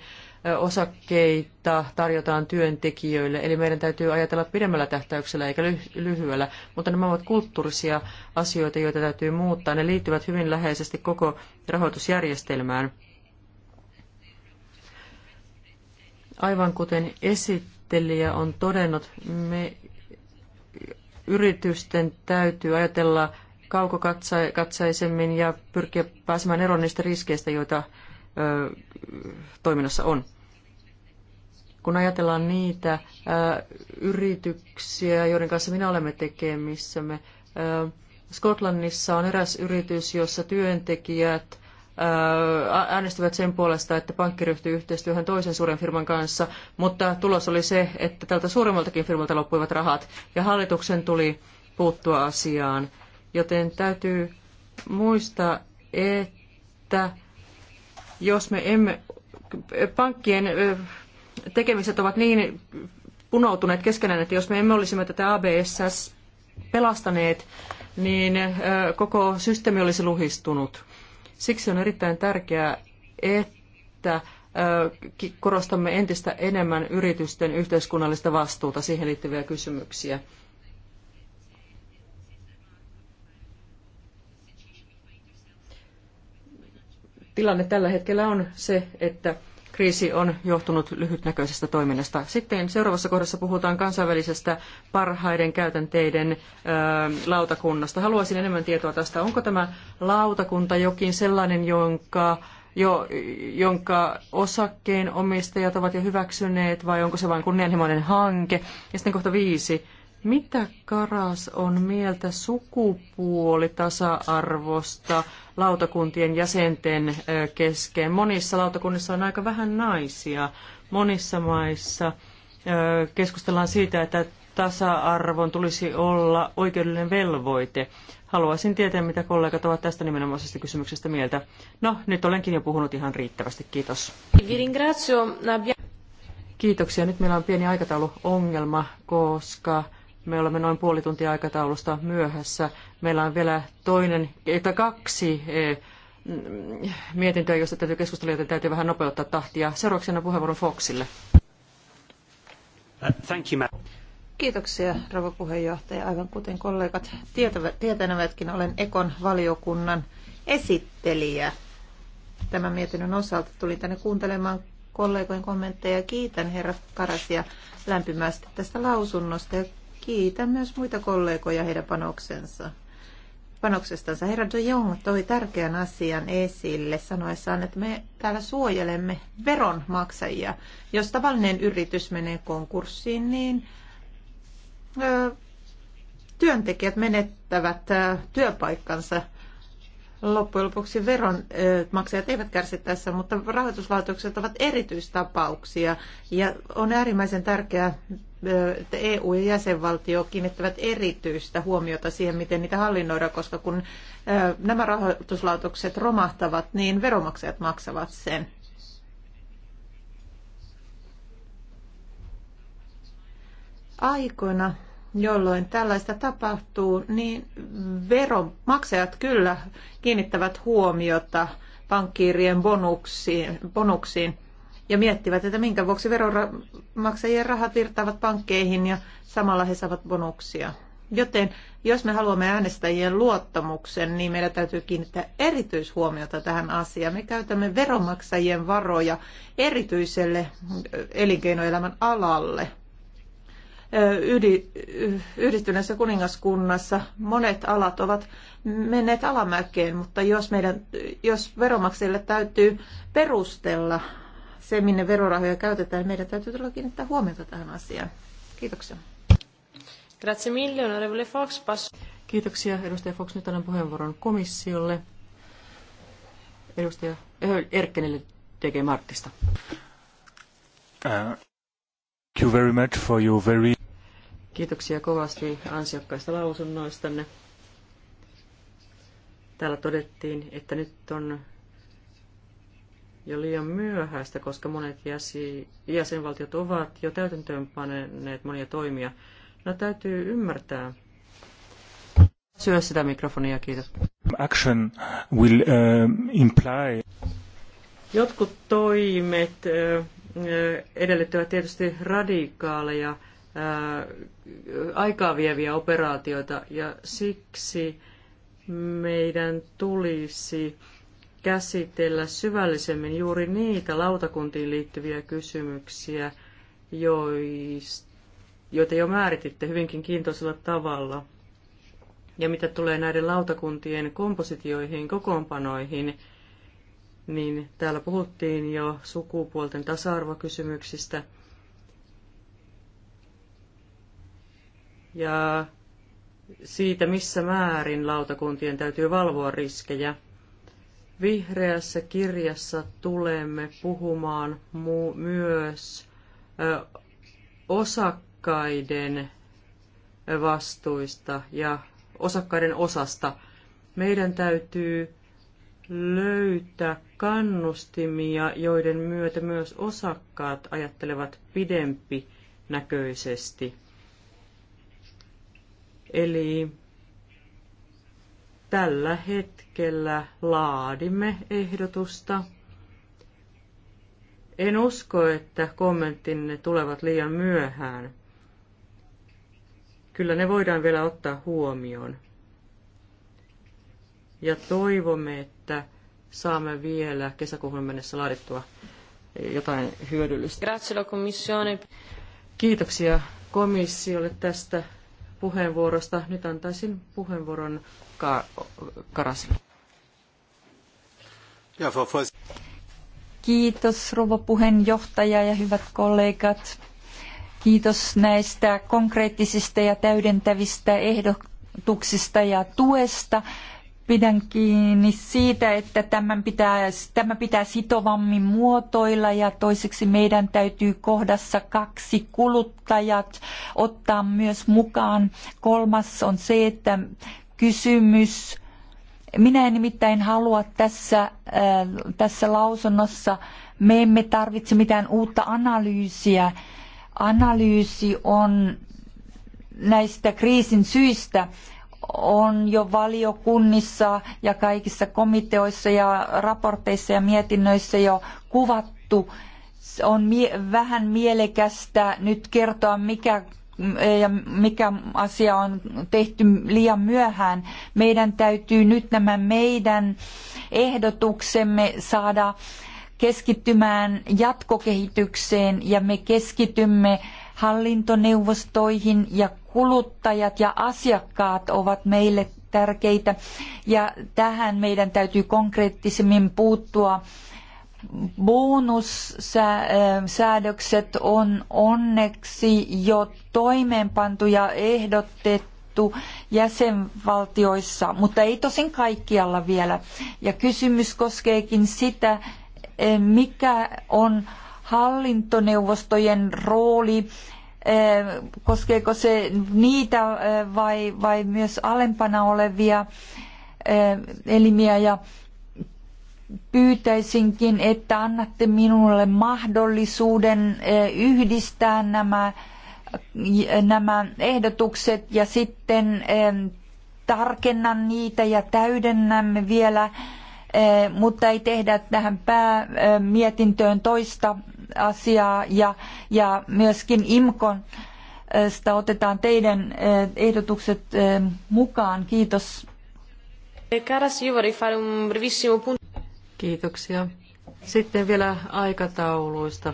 osakkeita tarjotaan työntekijöille. Eli meidän täytyy ajatella pidemmällä tähtäyksellä eikä lyhyellä, mutta nämä ovat kulttuurisia asioita, joita täytyy muuttaa. Ne liittyvät hyvin läheisesti koko rahoitusjärjestelmään. Aivan kuten esittelijä on todennut, me yritysten täytyy ajatella kaukokatsaisemmin ja pyrkiä pääsemään eroon niistä riskeistä, joita ö, toiminnassa on. Kun ajatellaan niitä ö, yrityksiä, joiden kanssa minä olemme tekemissämme, ö, Skotlannissa on eräs yritys, jossa työntekijät äänestivät sen puolesta, että pankki ryhtyi yhteistyöhön toisen suuren firman kanssa, mutta tulos oli se, että tältä suuremmaltakin firmalta loppuivat rahat ja hallituksen tuli puuttua asiaan. Joten täytyy muistaa, että jos me emme, pankkien tekemiset ovat niin punoutuneet keskenään, että jos me emme olisimme tätä ABS pelastaneet, niin koko systeemi olisi luhistunut. Siksi on erittäin tärkeää, että korostamme entistä enemmän yritysten yhteiskunnallista vastuuta, siihen liittyviä kysymyksiä. Tilanne tällä hetkellä on se, että kriisi on johtunut lyhytnäköisestä toiminnasta. Sitten seuraavassa kohdassa puhutaan kansainvälisestä parhaiden käytänteiden ö, lautakunnasta. Haluaisin enemmän tietoa tästä. Onko tämä lautakunta jokin sellainen, jonka, jo, jonka osakkeen omistajat ovat jo hyväksyneet vai onko se vain kunnianhimoinen hanke? Ja sitten kohta viisi mitä Karas on mieltä sukupuolitasa-arvosta lautakuntien jäsenten kesken? Monissa lautakunnissa on aika vähän naisia. Monissa maissa keskustellaan siitä, että tasa-arvon tulisi olla oikeudellinen velvoite. Haluaisin tietää, mitä kollegat ovat tästä nimenomaisesta kysymyksestä mieltä. No, nyt olenkin jo puhunut ihan riittävästi. Kiitos. Kiitoksia. Nyt meillä on pieni aikatauluongelma, koska me olemme noin puoli tuntia aikataulusta myöhässä. Meillä on vielä toinen, tai kaksi eh, mietintöä, joista täytyy keskustella, joten täytyy vähän nopeuttaa tahtia. Seuraavaksi annan puheenvuoron Foxille. Uh, thank you, Kiitoksia, rouva puheenjohtaja. Aivan kuten kollegat tietänevätkin, olen Ekon valiokunnan esittelijä tämän mietinnön osalta. Tulin tänne kuuntelemaan kollegojen kommentteja ja kiitän herra Karasia lämpimästi tästä lausunnosta ja kiitän myös muita kollegoja heidän panoksensa. Panoksestansa herra de Jong toi tärkeän asian esille sanoessaan, että me täällä suojelemme veronmaksajia. Jos tavallinen yritys menee konkurssiin, niin ö, työntekijät menettävät ö, työpaikkansa loppujen lopuksi veronmaksajat eivät kärsi tässä, mutta rahoituslaitokset ovat erityistapauksia ja on äärimmäisen tärkeää että EU ja jäsenvaltio kiinnittävät erityistä huomiota siihen, miten niitä hallinnoidaan, koska kun nämä rahoituslaitokset romahtavat, niin veromaksajat maksavat sen. Aikoina, jolloin tällaista tapahtuu, niin veromaksajat kyllä kiinnittävät huomiota pankkiirien bonuksiin, bonuksiin – ja miettivät, että minkä vuoksi veronmaksajien rahat virtaavat pankkeihin ja samalla he saavat bonuksia. Joten jos me haluamme äänestäjien luottamuksen, niin meidän täytyy kiinnittää erityishuomiota tähän asiaan. Me käytämme veronmaksajien varoja erityiselle äh, elinkeinoelämän alalle. Äh, äh, yhdistyneessä kuningaskunnassa monet alat ovat menneet alamäkeen, mutta jos, meidän, jos veromaksajille täytyy perustella se, minne verorahoja käytetään, meidän täytyy todella kiinnittää huomiota tähän asiaan. Kiitoksia. Grazie mille, onorevole Fox. Kiitoksia, edustaja Fox. Nyt annan puheenvuoron komissiolle. Edustaja eh, Erkkenille DG Marttista. Uh, thank you very much for your very... Kiitoksia kovasti ansiokkaista lausunnoistanne. Täällä todettiin, että nyt on jo liian myöhäistä, koska monet jäsenvaltiot ovat jo täytäntöönpaneneet monia toimia. No täytyy ymmärtää. Syö sitä mikrofonia, kiitos. Action will uh, imply... Jotkut toimet uh, edellyttävät tietysti radikaaleja, uh, aikaa vieviä operaatioita, ja siksi meidän tulisi uh, käsitellä syvällisemmin juuri niitä lautakuntiin liittyviä kysymyksiä, joita jo määrititte hyvinkin kiintoisella tavalla. Ja mitä tulee näiden lautakuntien kompositioihin, kokoonpanoihin, niin täällä puhuttiin jo sukupuolten tasa-arvokysymyksistä. Ja siitä, missä määrin lautakuntien täytyy valvoa riskejä. Vihreässä kirjassa tulemme puhumaan myös osakkaiden vastuista ja osakkaiden osasta. Meidän täytyy löytää kannustimia, joiden myötä myös osakkaat ajattelevat pidempi näköisesti. Eli Tällä hetkellä laadimme ehdotusta. En usko, että kommenttinne tulevat liian myöhään. Kyllä ne voidaan vielä ottaa huomioon. Ja toivomme, että saamme vielä kesäkuuhun mennessä laadittua jotain hyödyllistä. Kiitoksia komissiolle tästä puheenvuorosta. Nyt antaisin puheenvuoron Karas. Kiitos rouva puheenjohtaja ja hyvät kollegat. Kiitos näistä konkreettisista ja täydentävistä ehdotuksista ja tuesta. Pidän kiinni siitä, että tämän pitää, tämä pitää sitovammin muotoilla ja toiseksi meidän täytyy kohdassa kaksi kuluttajat ottaa myös mukaan. Kolmas on se, että kysymys. Minä en nimittäin halua tässä, äh, tässä lausunnossa, me emme tarvitse mitään uutta analyysiä. Analyysi on näistä kriisin syistä on jo valiokunnissa ja kaikissa komiteoissa ja raporteissa ja mietinnöissä jo kuvattu. On mie vähän mielekästä nyt kertoa, mikä ja mikä asia on tehty liian myöhään. Meidän täytyy nyt nämä meidän ehdotuksemme saada keskittymään jatkokehitykseen ja me keskitymme hallintoneuvostoihin ja kuluttajat ja asiakkaat ovat meille tärkeitä ja tähän meidän täytyy konkreettisemmin puuttua bonussäädökset ähm, on onneksi jo toimeenpantu ja ehdotettu jäsenvaltioissa, mutta ei tosin kaikkialla vielä. Ja kysymys koskeekin sitä, ähm, mikä on hallintoneuvostojen rooli, ähm, koskeeko se niitä äh, vai, vai myös alempana olevia elimiä ja pyytäisinkin, että annatte minulle mahdollisuuden eh, yhdistää nämä, nämä ehdotukset ja sitten eh, tarkennan niitä ja täydennämme vielä, eh, mutta ei tehdä tähän päämietintöön toista asiaa ja, ja myöskin IMKON sitä otetaan teidän ehdotukset mukaan. Kiitos. Karas, io vorrei fare un um brevissimo punto. Kiitoksia. Sitten vielä aikatauluista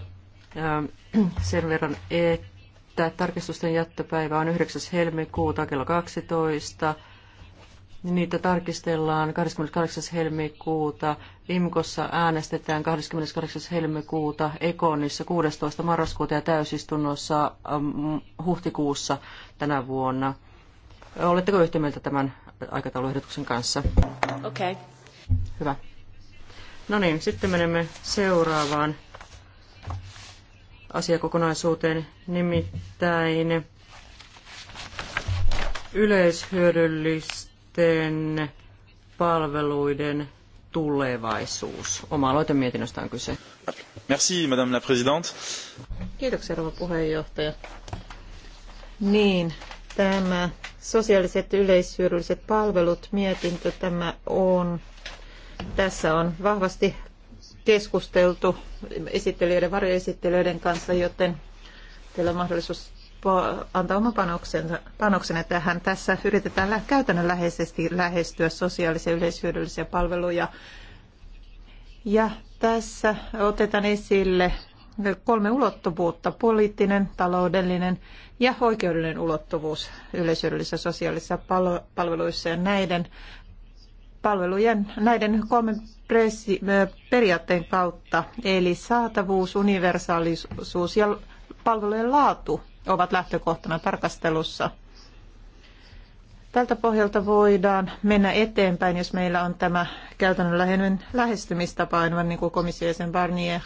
sen verran, että tarkistusten jättöpäivä on 9. helmikuuta kello 12. Niitä tarkistellaan 28. helmikuuta, IMKossa äänestetään 28. helmikuuta, Ekonissa 16. marraskuuta ja täysistunnossa huhtikuussa tänä vuonna. Oletteko yhtä mieltä tämän aikatauluehdotuksen kanssa? Okei. Okay. Hyvä. No niin, sitten menemme seuraavaan asiakokonaisuuteen, nimittäin yleishyödyllisten palveluiden tulevaisuus. Oma aloitemietinnöstä on kyse. Merci, madame la présidente. Kiitoksia, rouva puheenjohtaja. Niin, tämä sosiaaliset yleishyödylliset palvelut mietintö, tämä on tässä on vahvasti keskusteltu esittelijöiden, varjoesittelijöiden kanssa, joten teillä on mahdollisuus antaa oma panoksenne tähän. Tässä yritetään käytännönläheisesti lähestyä sosiaalisia yleishyödyllisiä palveluja. Ja tässä otetaan esille kolme ulottuvuutta, poliittinen, taloudellinen ja oikeudellinen ulottuvuus yleishyödyllisissä sosiaalisissa palveluissa. Ja näiden palvelujen näiden kolmen pressi, periaatteen kautta, eli saatavuus, universaalisuus ja palvelujen laatu ovat lähtökohtana tarkastelussa. Tältä pohjalta voidaan mennä eteenpäin, jos meillä on tämä käytännönläheinen lähestymistapa, aivan niin kuin komissiojäsen Barnier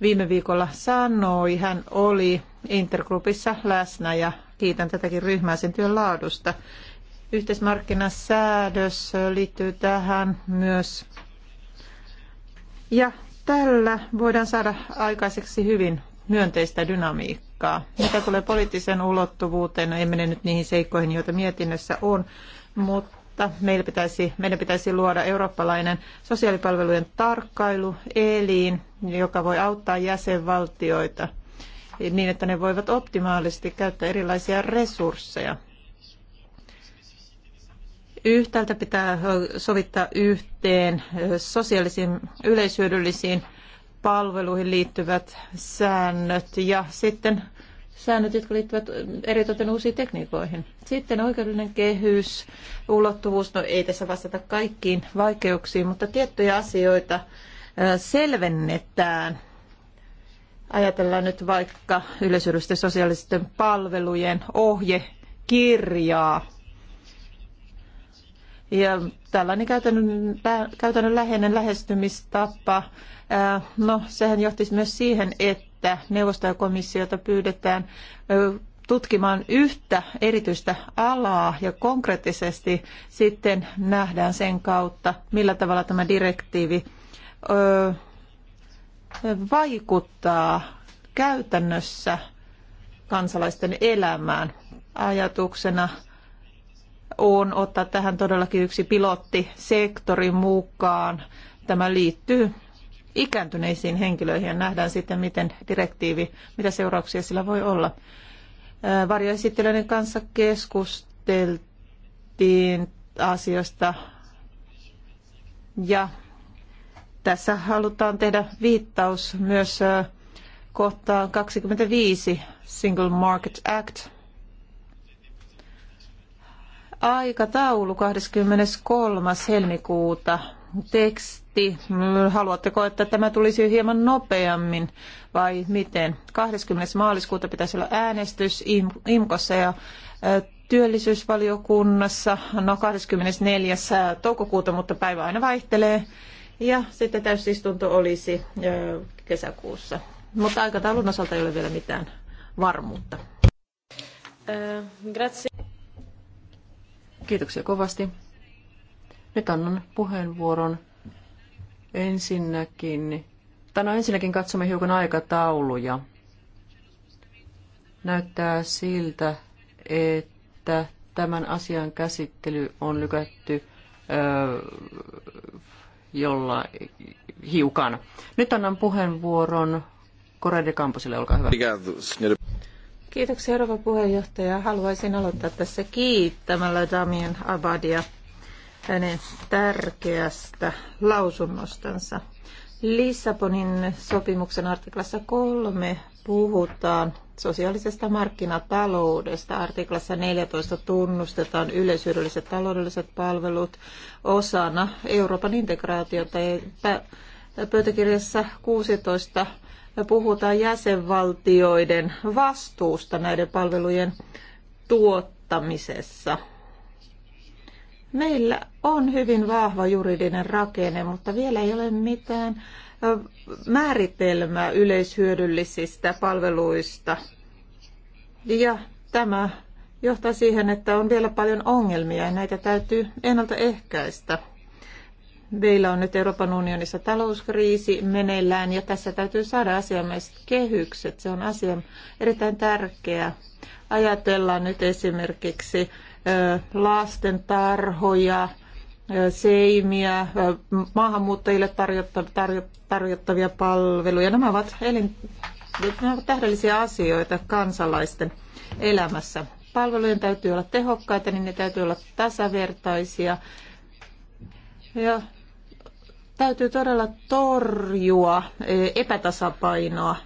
viime viikolla sanoi. Hän oli intergrupissa läsnä ja kiitän tätäkin ryhmää sen työn laadusta. Yhteismarkkinasäädös liittyy tähän myös. Ja tällä voidaan saada aikaiseksi hyvin myönteistä dynamiikkaa. Mitä tulee poliittiseen ulottuvuuteen, no en mene nyt niihin seikkoihin, joita mietinnössä on, mutta meillä pitäisi, meidän pitäisi luoda eurooppalainen sosiaalipalvelujen tarkkailuelin, joka voi auttaa jäsenvaltioita niin, että ne voivat optimaalisesti käyttää erilaisia resursseja. Yhtäältä pitää sovittaa yhteen sosiaalisiin yleishyödyllisiin palveluihin liittyvät säännöt ja sitten säännöt, jotka liittyvät eritoten uusiin tekniikoihin. Sitten oikeudellinen kehys, ulottuvuus, no ei tässä vastata kaikkiin vaikeuksiin, mutta tiettyjä asioita selvennetään. Ajatellaan nyt vaikka yleisyydellisten sosiaalisten palvelujen ohjekirjaa. Ja tällainen käytännön, käytännönläheinen lähestymistapa, no sehän johti myös siihen, että neuvosto ja komissiota pyydetään tutkimaan yhtä erityistä alaa ja konkreettisesti sitten nähdään sen kautta, millä tavalla tämä direktiivi vaikuttaa käytännössä kansalaisten elämään. Ajatuksena on ottaa tähän todellakin yksi pilottisektori mukaan. Tämä liittyy ikääntyneisiin henkilöihin ja nähdään sitten, miten direktiivi, mitä seurauksia sillä voi olla. Äh, varjoesittelyiden kanssa keskusteltiin asioista ja tässä halutaan tehdä viittaus myös äh, kohtaan 25 Single Market Act – Aikataulu 23. helmikuuta. Teksti. Haluatteko, että tämä tulisi hieman nopeammin vai miten? 20. maaliskuuta pitäisi olla äänestys IMKossa ja työllisyysvaliokunnassa, no 24. toukokuuta, mutta päivä aina vaihtelee. Ja sitten täysistunto olisi kesäkuussa. Mutta aikataulun osalta ei ole vielä mitään varmuutta. Grazie. Kiitoksia kovasti. Nyt annan puheenvuoron ensinnäkin, Tänä no ensinnäkin katsomme hiukan aikatauluja. Näyttää siltä, että tämän asian käsittely on lykätty öö, jolla hiukan. Nyt annan puheenvuoron Korede Kamposille. olkaa hyvä. Kiitoksia rouva puheenjohtaja. Haluaisin aloittaa tässä kiittämällä Damien Abadia hänen tärkeästä lausunnostansa. Lissabonin sopimuksen artiklassa kolme puhutaan sosiaalisesta markkinataloudesta. Artiklassa 14 tunnustetaan yleishyödylliset taloudelliset palvelut osana Euroopan integraatiota. Pöytäkirjassa 16 puhutaan jäsenvaltioiden vastuusta näiden palvelujen tuottamisessa. Meillä on hyvin vahva juridinen rakenne, mutta vielä ei ole mitään määritelmää yleishyödyllisistä palveluista. Ja tämä johtaa siihen, että on vielä paljon ongelmia ja näitä täytyy ennaltaehkäistä. Meillä on nyt Euroopan unionissa talouskriisi meneillään ja tässä täytyy saada asiamaiset kehykset. Se on asia erittäin tärkeä. Ajatellaan nyt esimerkiksi lasten tarhoja, seimiä, maahanmuuttajille tarjottavia palveluja. Nämä ovat, elin, nämä ovat tähdellisiä asioita kansalaisten elämässä. Palvelujen täytyy olla tehokkaita, niin ne täytyy olla tasavertaisia. Ja Täytyy todella torjua e, epätasapainoa.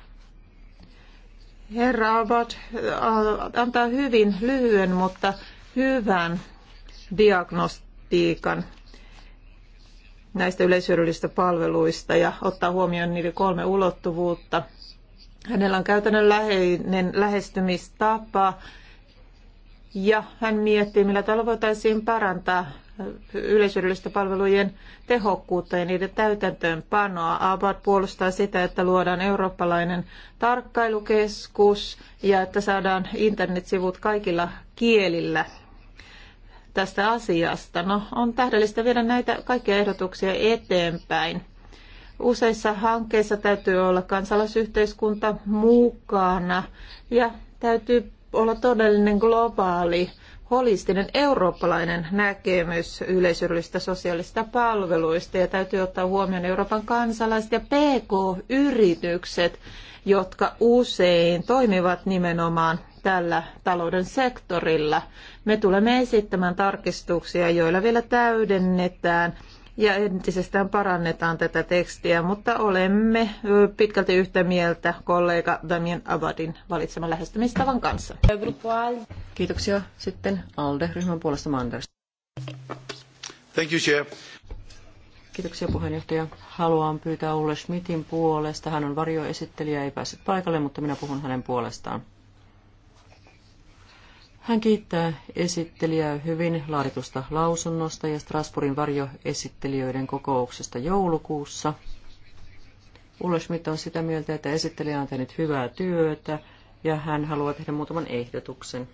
Herra Abad antaa hyvin lyhyen, mutta hyvän diagnostiikan näistä yleishyödyllisistä palveluista ja ottaa huomioon niiden kolme ulottuvuutta. Hänellä on läheinen lähestymistapa ja hän miettii, millä tavalla voitaisiin parantaa yleisöllisten palvelujen tehokkuutta ja niiden täytäntöönpanoa. Abad puolustaa sitä, että luodaan eurooppalainen tarkkailukeskus ja että saadaan internetsivut kaikilla kielillä tästä asiasta. No, on tähdellistä viedä näitä kaikkia ehdotuksia eteenpäin. Useissa hankkeissa täytyy olla kansalaisyhteiskunta mukana ja täytyy olla todellinen globaali, holistinen, eurooppalainen näkemys yleisyrjistä sosiaalista palveluista ja täytyy ottaa huomioon Euroopan kansalaiset ja PK-yritykset, jotka usein toimivat nimenomaan tällä talouden sektorilla. Me tulemme esittämään tarkistuksia, joilla vielä täydennetään ja entisestään parannetaan tätä tekstiä, mutta olemme pitkälti yhtä mieltä kollega Damien Abadin valitseman lähestymistavan kanssa. Kiitoksia. Sitten ALDE-ryhmän puolesta Manders. Thank you, Chair. Kiitoksia puheenjohtaja. Haluan pyytää Ulle Schmidtin puolesta. Hän on varjoesittelijä, ei päässyt paikalle, mutta minä puhun hänen puolestaan. Hän kiittää esittelijää hyvin laaditusta lausunnosta ja Strasbourgin varjoesittelijöiden kokouksesta joulukuussa. Ulle Schmidt on sitä mieltä, että esittelijä on tehnyt hyvää työtä ja hän haluaa tehdä muutaman ehdotuksen.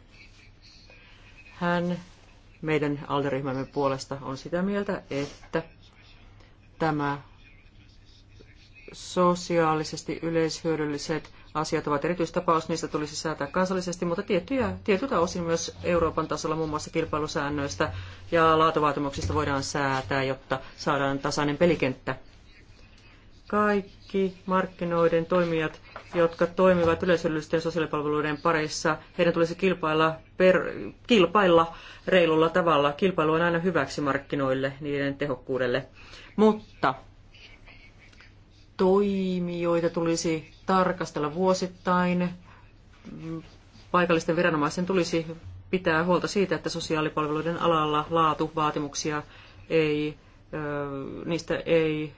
Hän meidän alderyhmämme puolesta on sitä mieltä, että tämä sosiaalisesti yleishyödylliset asiat ovat erityistapaus, niistä tulisi säätää kansallisesti, mutta tiettyjä, tietyltä osin myös Euroopan tasolla muun muassa kilpailusäännöistä ja laatuvaatimuksista voidaan säätää, jotta saadaan tasainen pelikenttä. Kaikki markkinoiden toimijat, jotka toimivat yleishyödyllisten sosiaalipalveluiden parissa, heidän tulisi kilpailla, per, kilpailla reilulla tavalla. Kilpailu on aina hyväksi markkinoille, niiden tehokkuudelle. Mutta toimijoita tulisi tarkastella vuosittain. Paikallisten viranomaisten tulisi pitää huolta siitä, että sosiaalipalveluiden alalla laatuvaatimuksia ei, niistä ei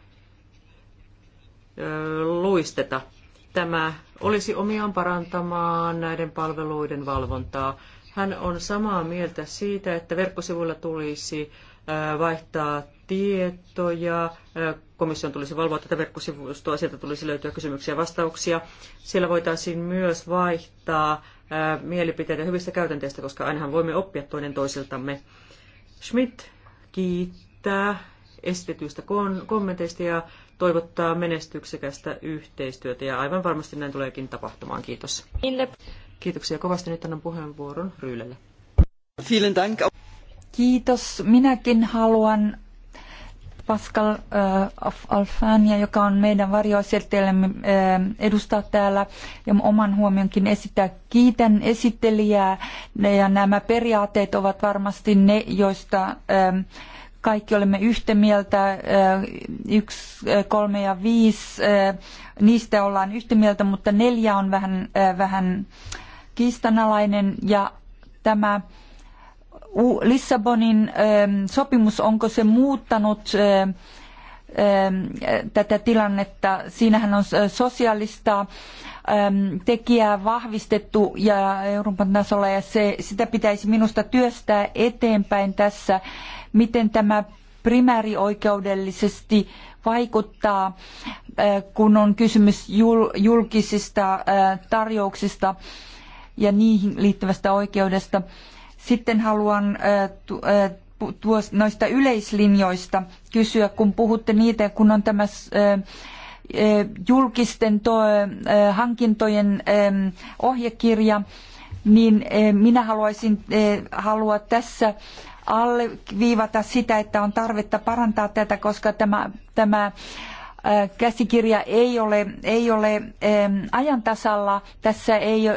luisteta. Tämä olisi omiaan parantamaan näiden palveluiden valvontaa. Hän on samaa mieltä siitä, että verkkosivuilla tulisi vaihtaa tietoja. Komission tulisi valvoa tätä verkkosivustoa, sieltä tulisi löytyä kysymyksiä ja vastauksia. Siellä voitaisiin myös vaihtaa mielipiteitä hyvistä käytänteistä, koska ainahan voimme oppia toinen toisiltamme. Schmidt kiittää esitetyistä kommenteista ja toivottaa menestyksekästä yhteistyötä ja aivan varmasti näin tuleekin tapahtumaan. Kiitos. Kiitoksia kovasti. Nyt annan puheenvuoron Ryylelle. Vielen Dank. Kiitos. Minäkin haluan Pascal äh, Alfania, joka on meidän varjoesittelijämme, äh, edustaa täällä ja oman huomionkin esittää. Kiitän esittelijää ja nämä periaatteet ovat varmasti ne, joista äh, kaikki olemme yhtä mieltä, äh, yksi, äh, kolme ja viisi, äh, niistä ollaan yhtä mieltä, mutta neljä on vähän, vähän kiistanalainen ja tämä Lissabonin ähm, sopimus, onko se muuttanut ähm, ähm, tätä tilannetta. Siinähän on äh, sosiaalista tekijää vahvistettu ja Euroopan tasolla ja se, sitä pitäisi minusta työstää eteenpäin tässä, miten tämä primäärioikeudellisesti vaikuttaa, äh, kun on kysymys julkisista äh, tarjouksista ja niihin liittyvästä oikeudesta. Sitten haluan noista yleislinjoista kysyä, kun puhutte niitä, kun on tämä julkisten hankintojen ohjekirja, niin minä haluaisin halua tässä alleviivata sitä, että on tarvetta parantaa tätä, koska tämä, tämä Äh, käsikirja ei ole, ei ole ähm, ajan tasalla. Tässä ei, äh,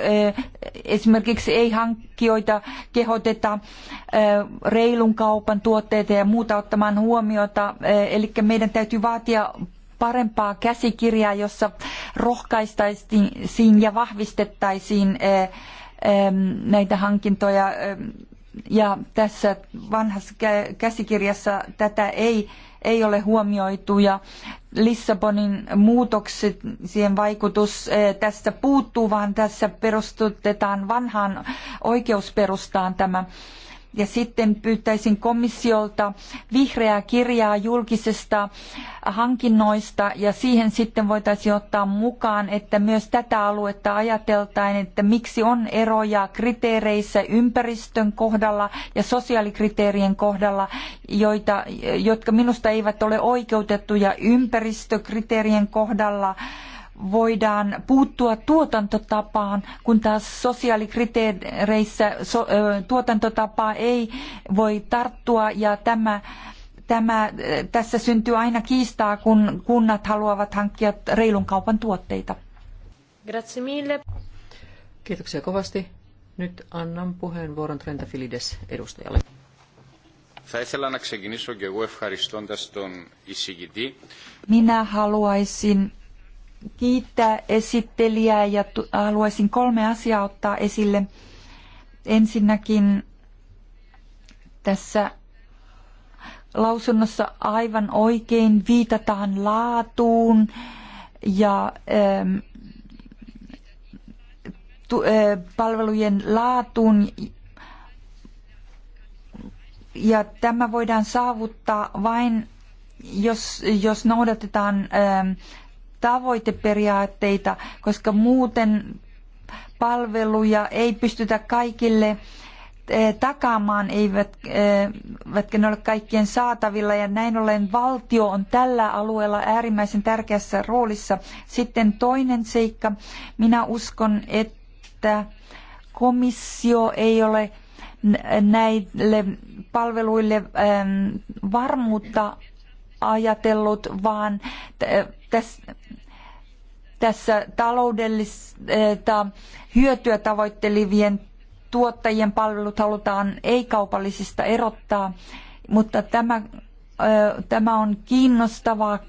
esimerkiksi ei hankkijoita kehoteta äh, reilun kaupan tuotteita ja muuta ottamaan huomiota. Eli meidän täytyy vaatia parempaa käsikirjaa, jossa rohkaistaisiin ja vahvistettaisiin ähm, näitä hankintoja. Ähm, ja tässä vanhassa käsikirjassa tätä ei ei ole huomioitu ja Lissabonin muutoksien vaikutus eh, tästä puuttuu, vaan tässä perustutetaan vanhaan oikeusperustaan tämä ja sitten pyytäisin komissiolta vihreää kirjaa julkisesta hankinnoista ja siihen sitten voitaisiin ottaa mukaan, että myös tätä aluetta ajateltaan, että miksi on eroja kriteereissä ympäristön kohdalla ja sosiaalikriteerien kohdalla, joita, jotka minusta eivät ole oikeutettuja ympäristökriteerien kohdalla voidaan puuttua tuotantotapaan, kun taas sosiaalikriteereissä so, tuotantotapaa ei voi tarttua ja tämä Tämä, tässä syntyy aina kiistaa, kun kunnat haluavat hankkia reilun kaupan tuotteita. Grazie mille. Kiitoksia kovasti. Nyt annan puheenvuoron Trenta Filides edustajalle. Θα ήθελα να ξεκινήσω και εγώ ευχαριστώντας τον εισηγητή. Minä haluaisin kiittää esittelijää ja haluaisin kolme asiaa ottaa esille. Ensinnäkin tässä lausunnossa aivan oikein viitataan laatuun ja ähm, äh, palvelujen laatuun. Ja tämä voidaan saavuttaa vain, jos, jos noudatetaan ähm, tavoiteperiaatteita, koska muuten palveluja ei pystytä kaikille eh, takaamaan, eivätkä ne ole kaikkien saatavilla ja näin ollen valtio on tällä alueella äärimmäisen tärkeässä roolissa. Sitten toinen seikka, minä uskon, että komissio ei ole näille palveluille ehm, varmuutta ajatellut, vaan tässä tässä taloudellista hyötyä tavoittelevien tuottajien palvelut halutaan ei-kaupallisista erottaa, mutta tämä, tämä on kiinnostavaa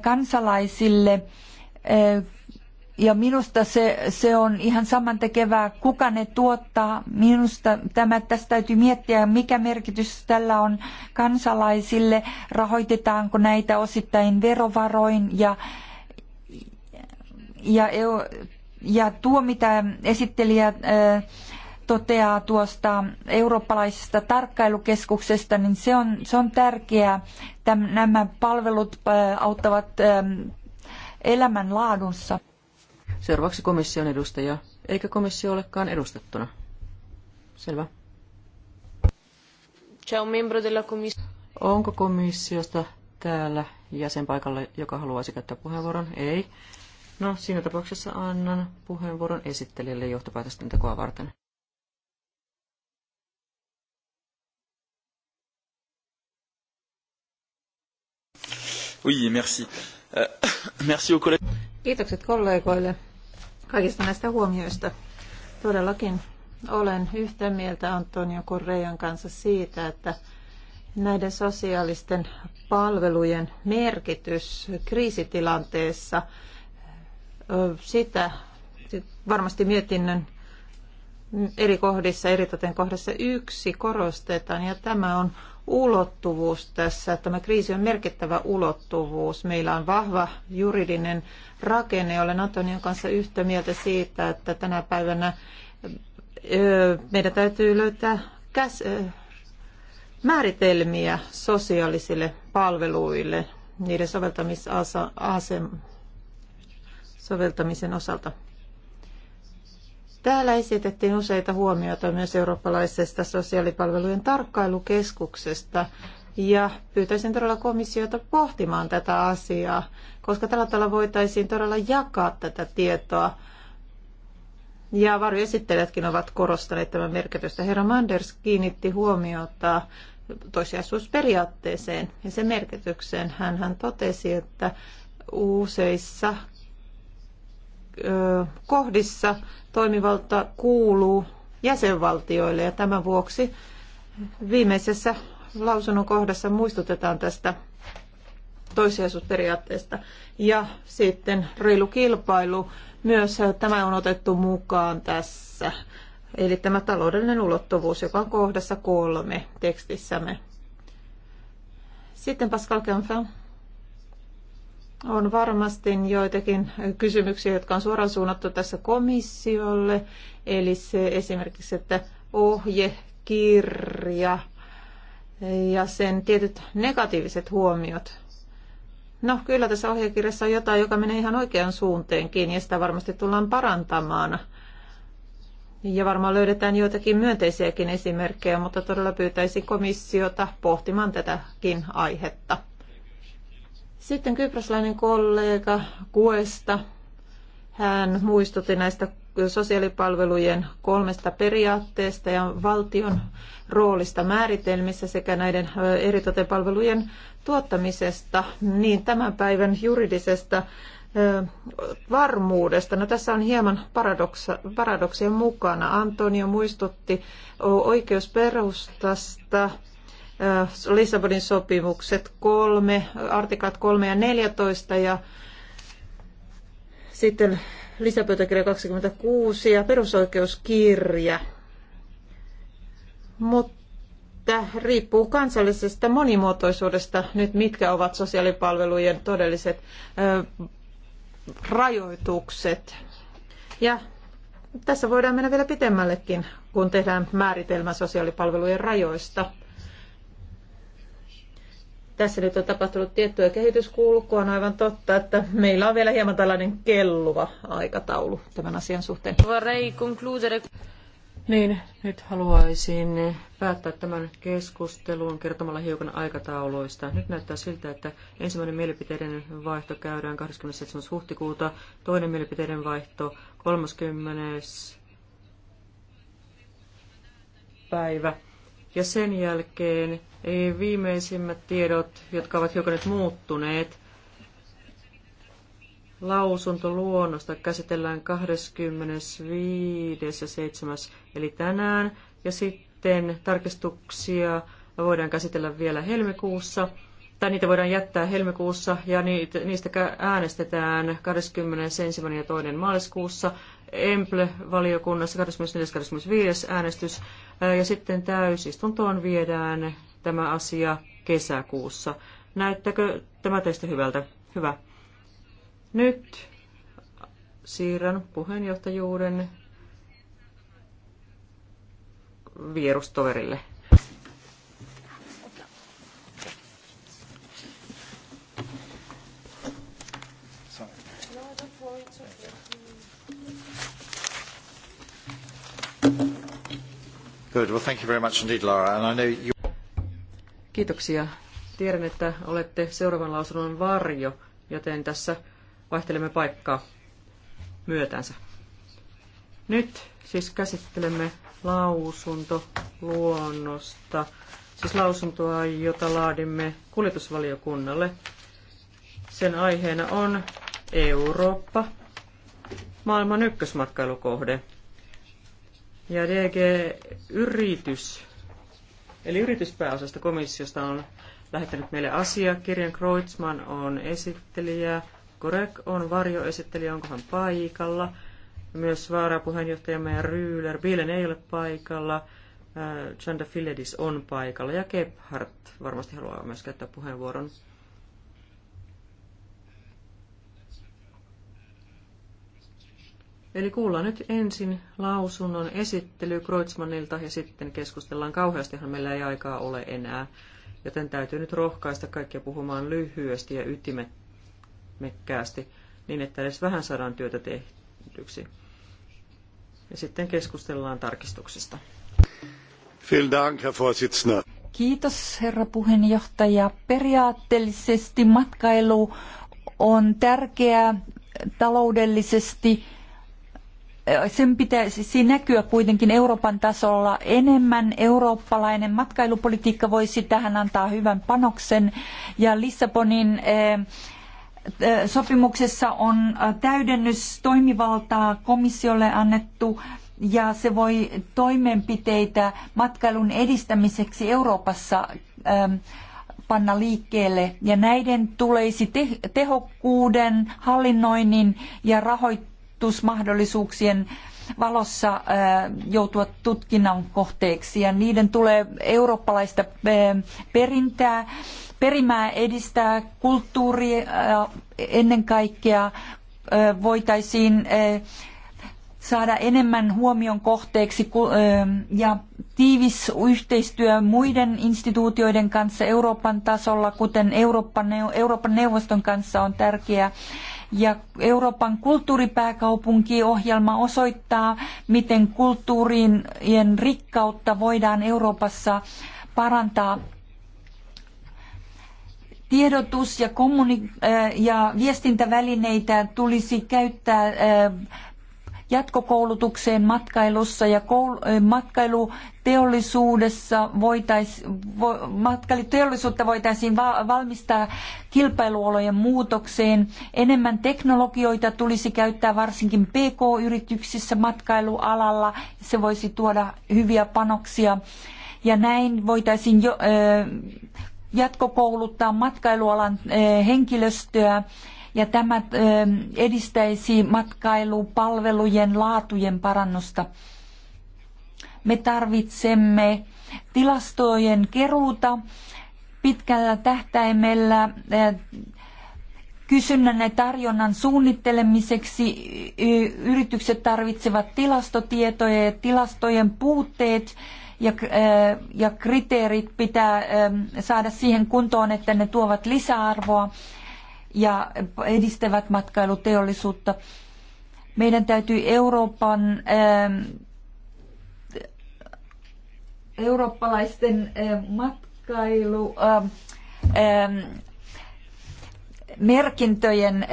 kansalaisille ja minusta se, se on ihan samantekevää, kuka ne tuottaa. Minusta tämä, tästä täytyy miettiä, mikä merkitys tällä on kansalaisille, rahoitetaanko näitä osittain verovaroin ja ja, ja tuo, mitä esittelijä toteaa tuosta eurooppalaisesta tarkkailukeskuksesta, niin se on, se on tärkeää. Täm, nämä palvelut auttavat elämänlaadussa. Seuraavaksi komission edustaja. Eikä komissio olekaan edustettuna? Selvä. Onko komissiosta täällä jäsen paikalla, joka haluaisi käyttää puheenvuoron? Ei. No, siinä tapauksessa annan puheenvuoron esittelijälle johtopäätösten tekoa varten. Oui, merci. Euh, merci aux collègues. Kiitokset kollegoille kaikista näistä huomioista. Todellakin olen yhtä mieltä Antonio Correjan kanssa siitä, että näiden sosiaalisten palvelujen merkitys kriisitilanteessa – sitä varmasti mietinnön eri kohdissa, eritoten kohdassa yksi korostetaan, ja tämä on ulottuvuus tässä. Tämä kriisi on merkittävä ulottuvuus. Meillä on vahva juridinen rakenne. Olen Antonion kanssa yhtä mieltä siitä, että tänä päivänä meidän täytyy löytää käs, määritelmiä sosiaalisille palveluille, niiden soveltamisasemaan soveltamisen osalta. Täällä esitettiin useita huomioita myös eurooppalaisesta sosiaalipalvelujen tarkkailukeskuksesta ja pyytäisin todella komissiota pohtimaan tätä asiaa, koska tällä tavalla voitaisiin todella jakaa tätä tietoa. Ja varjoesittelijätkin ovat korostaneet tämän merkitystä. Herra Manders kiinnitti huomiota toisiasuusperiaatteeseen ja sen merkitykseen. Hän, hän totesi, että useissa kohdissa toimivalta kuuluu jäsenvaltioille ja tämän vuoksi viimeisessä lausunnon kohdassa muistutetaan tästä toissijaisuusperiaatteesta ja sitten reilu kilpailu myös tämä on otettu mukaan tässä. Eli tämä taloudellinen ulottuvuus, joka on kohdassa kolme tekstissämme. Sitten Pascal Canfin on varmasti joitakin kysymyksiä, jotka on suoraan suunnattu tässä komissiolle, eli se esimerkiksi, että ohjekirja ja sen tietyt negatiiviset huomiot. No kyllä tässä ohjekirjassa on jotain, joka menee ihan oikeaan suunteenkin ja sitä varmasti tullaan parantamaan. Ja varmaan löydetään joitakin myönteisiäkin esimerkkejä, mutta todella pyytäisin komissiota pohtimaan tätäkin aihetta. Sitten kyproslainen kollega Kuesta. Hän muistutti näistä sosiaalipalvelujen kolmesta periaatteesta ja valtion roolista määritelmissä sekä näiden eritoten palvelujen tuottamisesta, niin tämän päivän juridisesta varmuudesta. No, tässä on hieman paradoksia mukana. Antonio muistutti oikeusperustasta Lissabonin sopimukset kolme, artiklat 3 ja 14 ja sitten lisäpöytäkirja 26 ja perusoikeuskirja. Mutta riippuu kansallisesta monimuotoisuudesta nyt, mitkä ovat sosiaalipalvelujen todelliset ö, rajoitukset. Ja tässä voidaan mennä vielä pitemmällekin, kun tehdään määritelmä sosiaalipalvelujen rajoista. Tässä nyt on tapahtunut tiettyä kehityskulkua. On aivan totta, että meillä on vielä hieman tällainen kelluva aikataulu tämän asian suhteen. Niin, nyt haluaisin päättää tämän keskustelun kertomalla hiukan aikatauluista. Nyt näyttää siltä, että ensimmäinen mielipiteiden vaihto käydään 27. huhtikuuta, toinen mielipiteiden vaihto 30. päivä ja sen jälkeen e, viimeisimmät tiedot, jotka ovat hiukan nyt muuttuneet, lausuntoluonnosta käsitellään 25. ja 7. eli tänään. Ja sitten tarkistuksia voidaan käsitellä vielä helmikuussa, tai niitä voidaan jättää helmikuussa, ja niistä äänestetään 21. ja 2. maaliskuussa. Emple-valiokunnassa 24.25. äänestys ja sitten täysistuntoon viedään tämä asia kesäkuussa. Näyttääkö tämä teistä hyvältä? Hyvä. Nyt siirrän puheenjohtajuuden vierustoverille. Good. Well, thank you very much indeed, Laura. And I know you... Kiitoksia. Tiedän, että olette seuraavan lausunnon varjo, joten tässä vaihtelemme paikkaa myötänsä. Nyt siis käsittelemme lausuntoluonnosta, siis lausuntoa, jota laadimme kuljetusvaliokunnalle. Sen aiheena on Eurooppa, maailman ykkösmatkailukohde – ja DG-yritys, eli yrityspääosasta komissiosta on lähettänyt meille asia. Kirjan Kreutzmann on esittelijä, Korek on varjoesittelijä, onko hän paikalla. Myös vaarapuheenjohtajamme ja Ryyler, Bielen ei ole paikalla. Äh, Chanda Filedis on paikalla ja Gebhardt varmasti haluaa myös käyttää puheenvuoron. Eli kuullaan nyt ensin lausunnon esittely Kreutzmannilta ja sitten keskustellaan. Kauheastihan meillä ei aikaa ole enää, joten täytyy nyt rohkaista kaikkia puhumaan lyhyesti ja ytimekkäästi niin, että edes vähän saadaan työtä tehtyksi. Ja sitten keskustellaan tarkistuksista. Kiitos herra puheenjohtaja. Periaatteellisesti matkailu on tärkeää taloudellisesti sen pitäisi siis näkyä kuitenkin Euroopan tasolla enemmän. Eurooppalainen matkailupolitiikka voisi tähän antaa hyvän panoksen. Ja Lissabonin sopimuksessa on täydennys toimivaltaa komissiolle annettu ja se voi toimenpiteitä matkailun edistämiseksi Euroopassa panna liikkeelle ja näiden tulisi tehokkuuden, hallinnoinnin ja rahoit- vaikutusmahdollisuuksien valossa äh, joutua tutkinnan kohteeksi ja niiden tulee eurooppalaista äh, perintää, perimää edistää kulttuuria äh, ennen kaikkea voitaisiin saada enemmän huomion kohteeksi ja tiivis yhteistyö muiden instituutioiden kanssa Euroopan tasolla, kuten Euroopan neuvoston kanssa on tärkeää. Ja Euroopan kulttuuripääkaupunkiohjelma osoittaa, miten kulttuurien rikkautta voidaan Euroopassa parantaa tiedotus- ja, äh, ja viestintävälineitä tulisi käyttää äh, jatkokoulutukseen matkailussa ja koul- matkailuteollisuudessa voitais, vo, matkailuteollisuutta voitaisiin va- valmistaa kilpailuolojen muutokseen. Enemmän teknologioita tulisi käyttää varsinkin PK-yrityksissä matkailualalla. Se voisi tuoda hyviä panoksia. Ja näin voitaisiin jo, jatkokouluttaa matkailualan henkilöstöä ja tämä edistäisi matkailupalvelujen laatujen parannusta. Me tarvitsemme tilastojen keruuta pitkällä tähtäimellä kysynnän ja tarjonnan suunnittelemiseksi yritykset tarvitsevat tilastotietoja ja tilastojen puutteet ja, ja kriteerit pitää saada siihen kuntoon, että ne tuovat lisäarvoa ja edistävät matkailuteollisuutta. Meidän täytyy Euroopan ähm, eurooppalaisten ähm, matkailu ähm, merkintöjen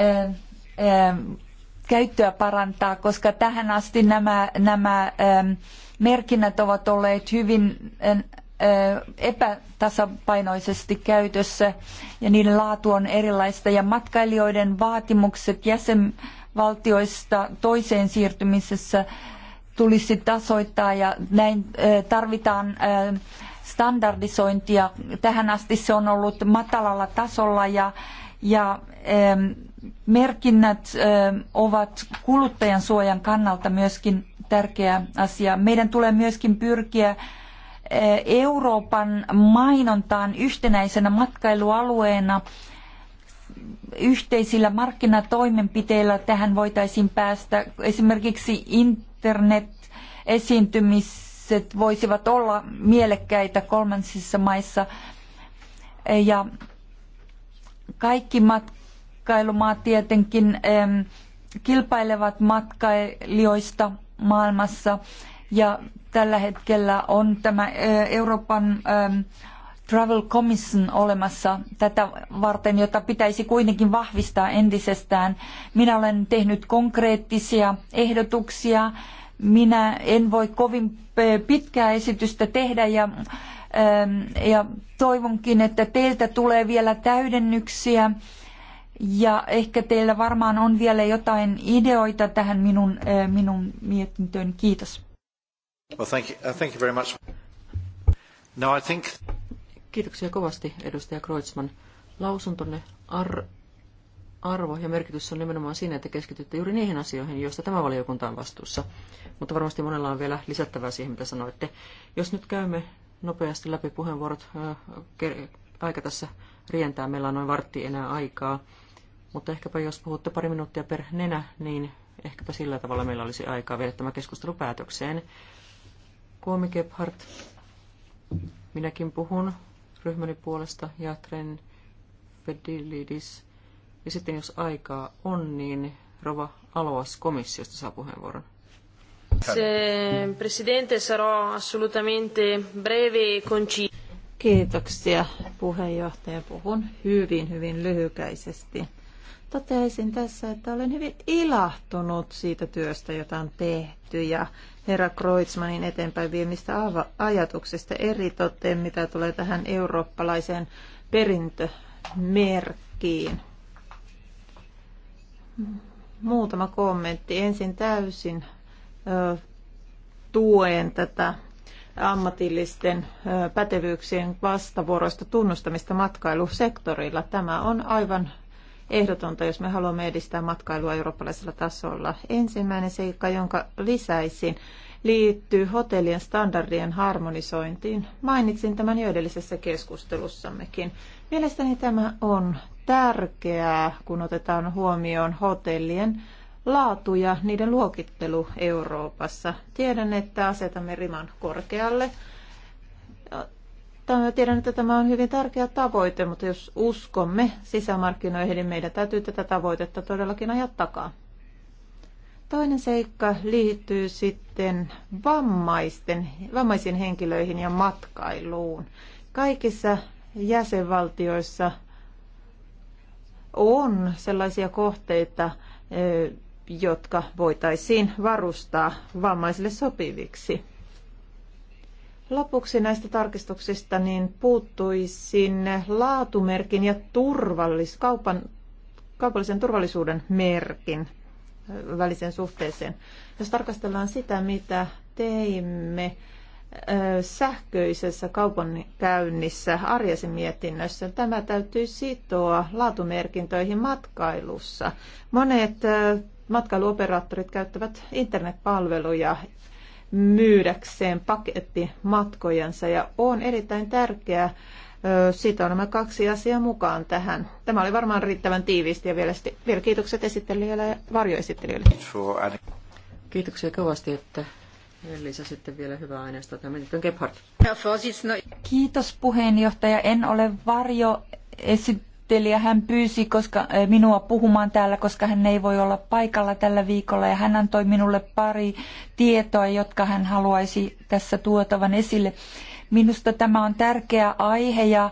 käyttöä parantaa, koska tähän asti nämä, nämä merkinnät ovat olleet hyvin äh, epätasapainoisesti käytössä ja niiden laatu on erilaista ja matkailijoiden vaatimukset jäsenvaltioista toiseen siirtymisessä tulisi tasoittaa ja näin tarvitaan standardisointia. Tähän asti se on ollut matalalla tasolla ja, ja merkinnät ovat kuluttajan suojan kannalta myöskin tärkeä asia. Meidän tulee myöskin pyrkiä Eh, Euroopan mainontaan yhtenäisenä matkailualueena yhteisillä markkinatoimenpiteillä tähän voitaisiin päästä. Esimerkiksi internet-esiintymiset voisivat olla mielekkäitä kolmansissa maissa eh, ja kaikki matkailumaat tietenkin kilpailevat matkailijoista maailmassa ja tällä hetkellä on tämä Euroopan Travel Commission olemassa tätä varten, jota pitäisi kuitenkin vahvistaa entisestään. Minä olen tehnyt konkreettisia ehdotuksia. Minä en voi kovin pitkää esitystä tehdä ja, ja toivonkin, että teiltä tulee vielä täydennyksiä. Ja ehkä teillä varmaan on vielä jotain ideoita tähän minun, minun mietintöön. Kiitos. Well, thank you, uh, thank you very much. I think... Kiitoksia kovasti, edustaja Kreutzmann. Lausuntonne ar- arvo ja merkitys on nimenomaan siinä, että keskitytte juuri niihin asioihin, joista tämä valiokunta on vastuussa. Mutta varmasti monella on vielä lisättävää siihen, mitä sanoitte. Jos nyt käymme nopeasti läpi puheenvuorot, aika tässä rientää, meillä on noin vartti enää aikaa. Mutta ehkäpä jos puhutte pari minuuttia per nenä, niin ehkäpä sillä tavalla meillä olisi aikaa viedä tämä keskustelu päätökseen. Kuomi Gebhardt. Minäkin puhun ryhmäni puolesta ja Tren Fedilidis. Ja sitten jos aikaa on, niin Rova Aloas komissiosta saa puheenvuoron. Se, presidente, sarò assolutamente breve e Kiitoksia puheenjohtaja. Puhun hyvin, hyvin lyhykäisesti. Toteaisin tässä, että olen hyvin ilahtunut siitä työstä, jota on tehty ja herra Kreutzmannin eteenpäin viemistä ajatuksista eri toteen, mitä tulee tähän eurooppalaiseen perintömerkkiin. Muutama kommentti. Ensin täysin ö, tuen tätä ammatillisten ö, pätevyyksien vastavuoroista tunnustamista matkailusektorilla. Tämä on aivan ehdotonta, jos me haluamme edistää matkailua eurooppalaisella tasolla. Ensimmäinen seikka, jonka lisäisin, liittyy hotellien standardien harmonisointiin. Mainitsin tämän jo edellisessä keskustelussammekin. Mielestäni tämä on tärkeää, kun otetaan huomioon hotellien laatu ja niiden luokittelu Euroopassa. Tiedän, että asetamme riman korkealle Tämä Tiedän, että tämä on hyvin tärkeä tavoite, mutta jos uskomme sisämarkkinoihin, niin meidän täytyy tätä tavoitetta todellakin ajaa takaa. Toinen seikka liittyy sitten vammaisten, vammaisiin henkilöihin ja matkailuun. Kaikissa jäsenvaltioissa on sellaisia kohteita, jotka voitaisiin varustaa vammaisille sopiviksi. Lopuksi näistä tarkistuksista niin puuttuisin laatumerkin ja turvallis, kaupan, kaupallisen turvallisuuden merkin väliseen suhteeseen. Jos tarkastellaan sitä, mitä teimme sähköisessä kaupankäynnissä arjesi mietinnössä. Tämä täytyy sitoa laatumerkintöihin matkailussa. Monet matkailuoperaattorit käyttävät internetpalveluja myydäkseen pakettimatkojensa ja on erittäin tärkeää sitoa nämä kaksi asiaa mukaan tähän. Tämä oli varmaan riittävän tiiviisti ja vielä, vielä kiitokset esittelijöille ja varjoesittelijöille. Kiitoksia kovasti, että Elisa sitten vielä hyvää aineistoa. Tämä on Gebhardt. Kiitos puheenjohtaja. En ole varjo esittelijä. Hän pyysi koska, eh, minua puhumaan täällä, koska hän ei voi olla paikalla tällä viikolla. Ja hän antoi minulle pari tietoa, jotka hän haluaisi tässä tuotavan esille. Minusta tämä on tärkeä aihe ja,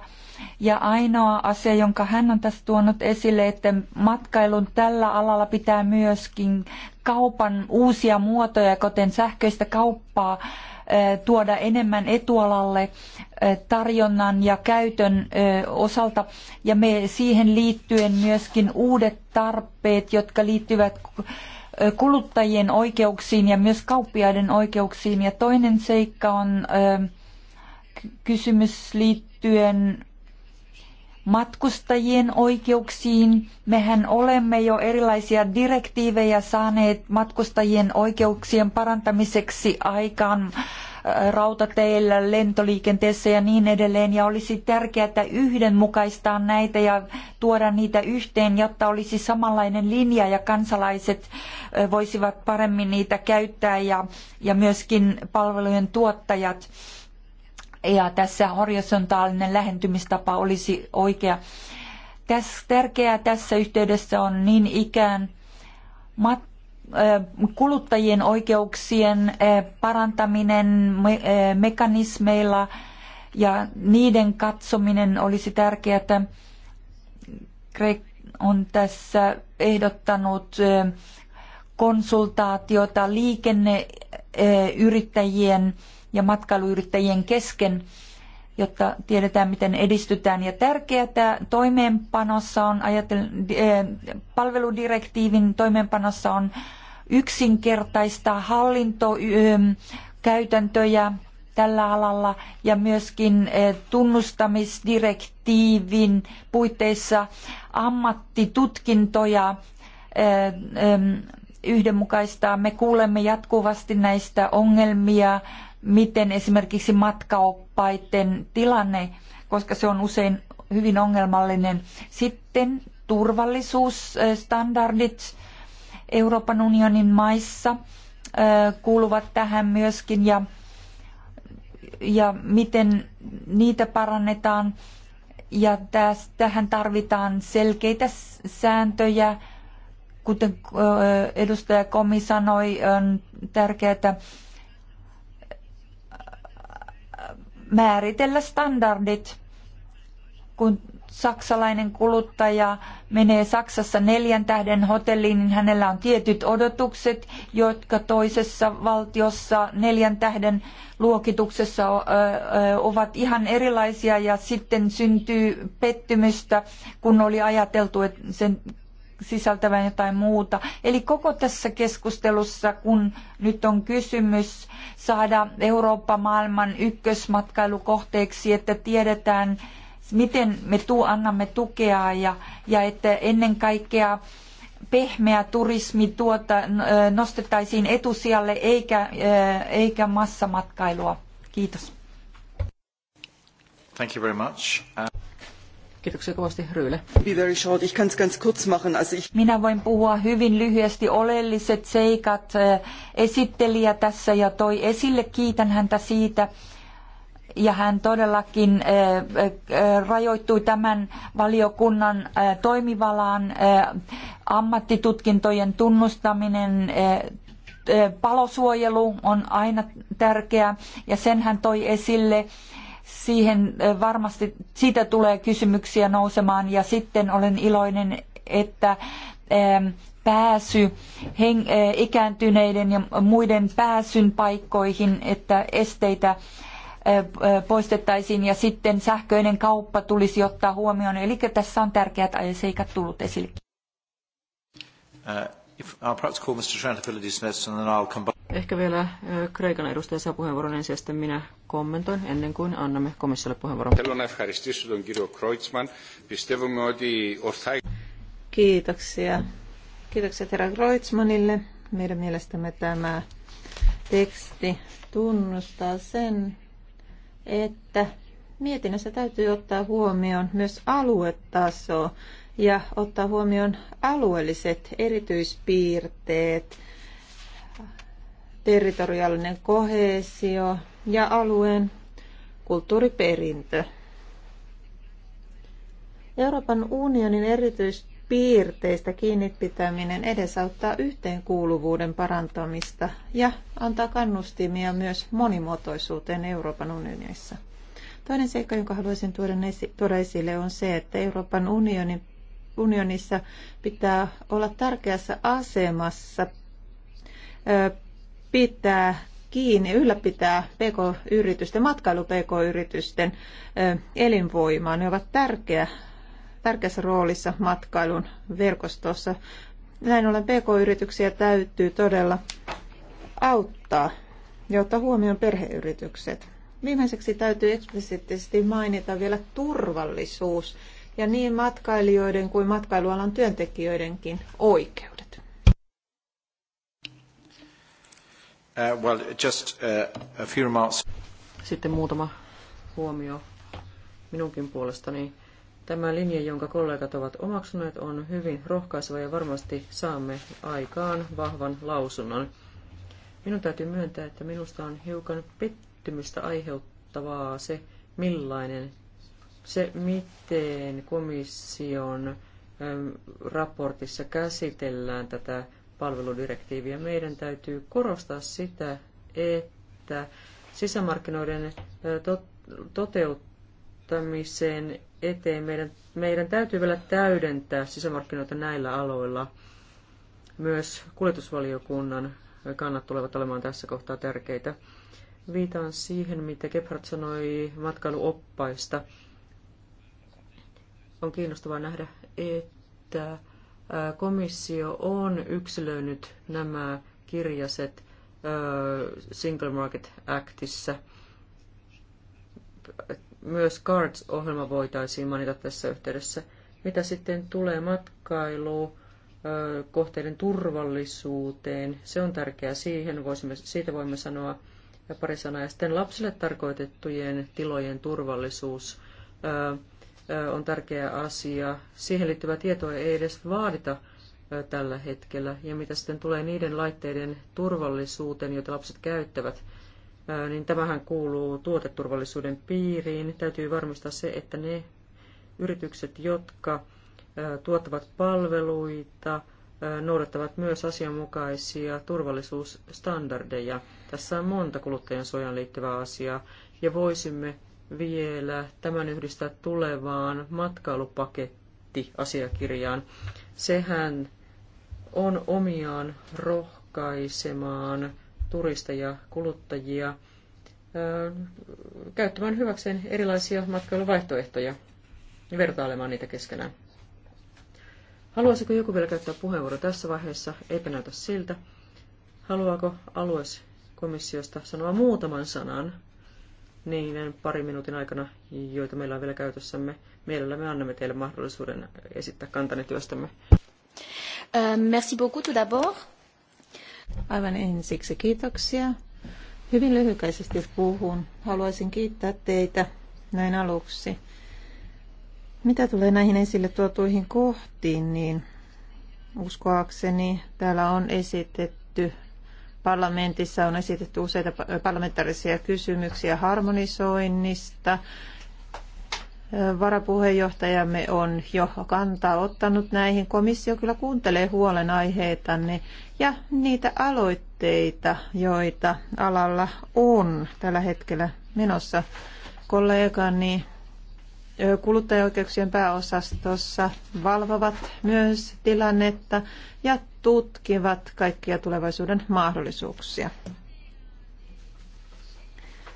ja ainoa asia, jonka hän on tässä tuonut esille, että matkailun tällä alalla pitää myöskin kaupan uusia muotoja, kuten sähköistä kauppaa, tuoda enemmän etualalle tarjonnan ja käytön osalta ja me siihen liittyen myöskin uudet tarpeet, jotka liittyvät kuluttajien oikeuksiin ja myös kauppiaiden oikeuksiin. Ja toinen seikka on kysymys liittyen matkustajien oikeuksiin. Mehän olemme jo erilaisia direktiivejä saaneet matkustajien oikeuksien parantamiseksi aikaan äh, rautateillä, lentoliikenteessä ja niin edelleen. Ja olisi tärkeää, että yhdenmukaistaa näitä ja tuoda niitä yhteen, jotta olisi samanlainen linja ja kansalaiset äh, voisivat paremmin niitä käyttää ja, ja myöskin palvelujen tuottajat ja tässä horisontaalinen lähentymistapa olisi oikea. Tässä, tärkeää tässä yhteydessä on niin ikään mat, kuluttajien oikeuksien parantaminen mekanismeilla ja niiden katsominen olisi tärkeää. Greg on tässä ehdottanut konsultaatiota liikenneyrittäjien ja matkailuyrittäjien kesken, jotta tiedetään, miten edistytään. Ja tärkeää toimeenpanossa on, ajatel, eh, palveludirektiivin toimeenpanossa on yksinkertaista hallintokäytäntöjä eh, tällä alalla ja myöskin eh, tunnustamisdirektiivin puitteissa ammattitutkintoja yhdenmukaistaa. Me kuulemme jatkuvasti näistä ongelmia miten esimerkiksi matkaoppaiden tilanne, koska se on usein hyvin ongelmallinen. Sitten turvallisuusstandardit Euroopan unionin maissa kuuluvat tähän myöskin ja, ja miten niitä parannetaan. Ja tähän tarvitaan selkeitä sääntöjä, kuten edustaja Komi sanoi, on tärkeää määritellä standardit, kun saksalainen kuluttaja menee Saksassa neljän tähden hotelliin, niin hänellä on tietyt odotukset, jotka toisessa valtiossa neljän tähden luokituksessa ovat ihan erilaisia ja sitten syntyy pettymystä, kun oli ajateltu, että sen sisältävän jotain muuta. Eli koko tässä keskustelussa, kun nyt on kysymys saada Eurooppa maailman ykkösmatkailukohteeksi, että tiedetään, miten me tu- annamme tukea ja, ja että ennen kaikkea pehmeä turismi tuota, nostettaisiin etusijalle eikä, eikä massamatkailua. Kiitos. Thank you very much. Uh, Kiitoksia kovasti Minä voin puhua hyvin lyhyesti oleelliset seikat. Esittelijä tässä ja toi esille, kiitän häntä siitä. Ja hän todellakin rajoittui tämän valiokunnan toimivalaan ammattitutkintojen tunnustaminen, palosuojelu on aina tärkeää ja sen hän toi esille siihen varmasti siitä tulee kysymyksiä nousemaan ja sitten olen iloinen, että pääsy ikääntyneiden ja muiden pääsyn paikkoihin, että esteitä poistettaisiin ja sitten sähköinen kauppa tulisi ottaa huomioon. Eli tässä on tärkeät seikat tullut esille. Äh, Ehkä vielä Kreikan edustaja saa puheenvuoron ensin ja sitten minä kommentoin ennen kuin annamme komissiolle puheenvuoron. Kiitoksia. Kiitokset herra Kreutzmanille. Meidän mielestämme tämä teksti tunnustaa sen, että mietinnössä täytyy ottaa huomioon myös aluetaso ja ottaa huomioon alueelliset erityispiirteet, territoriaalinen kohesio ja alueen kulttuuriperintö. Euroopan unionin erityispiirteistä kiinni pitäminen edesauttaa yhteenkuuluvuuden parantamista ja antaa kannustimia myös monimuotoisuuteen Euroopan unionissa. Toinen seikka, jonka haluaisin tuoda esille, on se, että Euroopan unionin unionissa pitää olla tärkeässä asemassa pitää kiinni, ylläpitää pk-yritysten, matkailu-pk-yritysten elinvoimaa. Ne ovat tärkeä, tärkeässä roolissa matkailun verkostossa. Näin ollen pk-yrityksiä täytyy todella auttaa ja ottaa huomioon perheyritykset. Viimeiseksi täytyy eksplisiittisesti mainita vielä turvallisuus ja niin matkailijoiden kuin matkailualan työntekijöidenkin oikeudet? Uh, well, just, uh, a few remarks. Sitten muutama huomio minunkin puolestani. Tämä linja, jonka kollegat ovat omaksuneet, on hyvin rohkaiseva ja varmasti saamme aikaan vahvan lausunnon. Minun täytyy myöntää, että minusta on hiukan pettymystä aiheuttavaa se, millainen se, miten komission raportissa käsitellään tätä palveludirektiiviä, meidän täytyy korostaa sitä, että sisämarkkinoiden toteuttamisen eteen meidän, meidän täytyy vielä täydentää sisämarkkinoita näillä aloilla. Myös kuljetusvaliokunnan kannat tulevat olemaan tässä kohtaa tärkeitä. Viitaan siihen, mitä Gebhardt sanoi matkailuoppaista on kiinnostavaa nähdä, että komissio on yksilöinyt nämä kirjaset Single Market Actissa. Myös CARDS-ohjelma voitaisiin mainita tässä yhteydessä. Mitä sitten tulee matkailuun, kohteiden turvallisuuteen, se on tärkeää siihen, voisimme, siitä voimme sanoa pari sanaa. Ja sitten lapsille tarkoitettujen tilojen turvallisuus on tärkeä asia. Siihen liittyvää tietoa ei edes vaadita tällä hetkellä. Ja mitä sitten tulee niiden laitteiden turvallisuuteen, joita lapset käyttävät, niin tämähän kuuluu tuoteturvallisuuden piiriin. Täytyy varmistaa se, että ne yritykset, jotka tuottavat palveluita, noudattavat myös asianmukaisia turvallisuusstandardeja. Tässä on monta suojaan liittyvää asiaa, ja voisimme vielä tämän yhdistää tulevaan matkailupakettiasiakirjaan. Sehän on omiaan rohkaisemaan turisteja, kuluttajia käyttämään hyväkseen erilaisia matkailuvaihtoehtoja ja vertailemaan niitä keskenään. Haluaisiko joku vielä käyttää puheenvuoro tässä vaiheessa? Eipä näytä siltä. Haluaako aluekomissiosta sanoa muutaman sanan niiden pari minuutin aikana, joita meillä on vielä käytössämme. Mielellä me annamme teille mahdollisuuden esittää kantanne työstämme. Merci beaucoup tout d'abord. Aivan ensiksi kiitoksia. Hyvin lyhykäisesti puhun. Haluaisin kiittää teitä näin aluksi. Mitä tulee näihin esille tuotuihin kohtiin, niin uskoakseni täällä on esitetty parlamentissa on esitetty useita parlamentaarisia kysymyksiä harmonisoinnista. Varapuheenjohtajamme on jo kantaa ottanut näihin. Komissio kyllä kuuntelee huolenaiheitanne ja niitä aloitteita, joita alalla on tällä hetkellä menossa. Kollegani kuluttajaoikeuksien pääosastossa valvovat myös tilannetta ja tutkivat kaikkia tulevaisuuden mahdollisuuksia.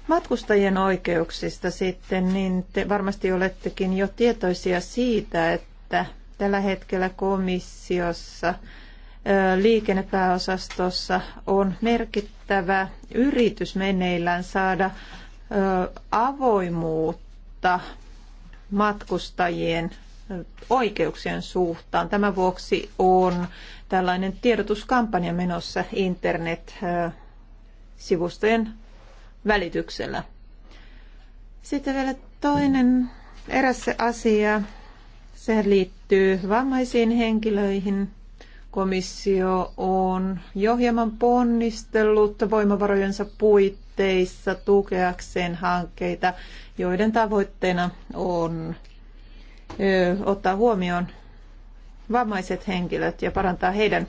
Matkustajien oikeuksista sitten, niin te varmasti olettekin jo tietoisia siitä, että tällä hetkellä komissiossa liikennepääosastossa on merkittävä yritys meneillään saada avoimuutta matkustajien oikeuksien suhtaan. Tämän vuoksi on tällainen tiedotuskampanja menossa internet-sivustojen välityksellä. Sitten vielä toinen eräs asia. Se liittyy vammaisiin henkilöihin. Komissio on jo hieman ponnistellut voimavarojensa puitteissa tukeakseen hankkeita, joiden tavoitteena on ottaa huomioon vammaiset henkilöt ja parantaa heidän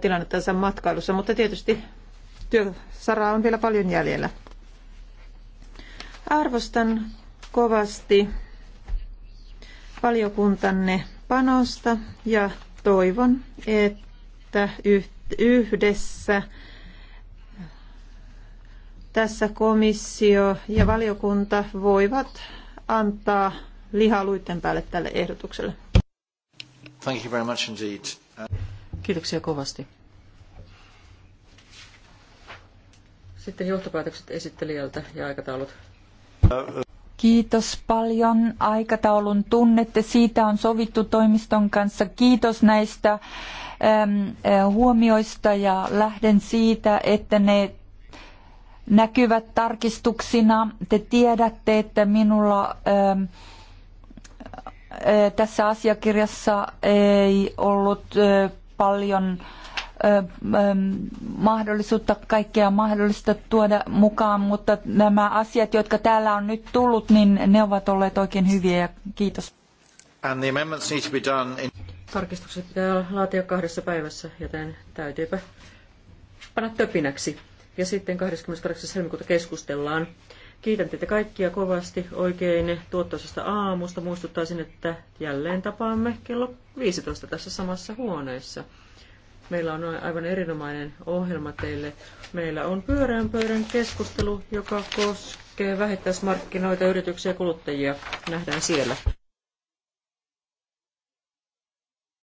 tilannettansa matkailussa, mutta tietysti työsaraa on vielä paljon jäljellä. Arvostan kovasti valiokuntanne panosta ja toivon, että yhdessä tässä komissio ja valiokunta voivat antaa lihaa luitten päälle tälle ehdotukselle. Thank you very much indeed. Kiitoksia kovasti. Sitten johtopäätökset esittelijältä ja aikataulut. Kiitos paljon. Aikataulun tunnette. Siitä on sovittu toimiston kanssa. Kiitos näistä ähm, äh, huomioista ja lähden siitä, että ne näkyvät tarkistuksina. Te tiedätte, että minulla ähm, tässä asiakirjassa ei ollut paljon mahdollisuutta kaikkea mahdollista tuoda mukaan, mutta nämä asiat, jotka täällä on nyt tullut, niin ne ovat olleet oikein hyviä ja kiitos. In... Tarkistukset pitää laatia kahdessa päivässä, joten täytyypä panna töpinäksi. Ja sitten 28. helmikuuta keskustellaan. Kiitän teitä kaikkia kovasti oikein tuottoisesta aamusta. Muistuttaisin, että jälleen tapaamme kello 15 tässä samassa huoneessa. Meillä on aivan erinomainen ohjelma teille. Meillä on pyörään pöydän keskustelu, joka koskee vähittäismarkkinoita, yrityksiä ja kuluttajia. Nähdään siellä.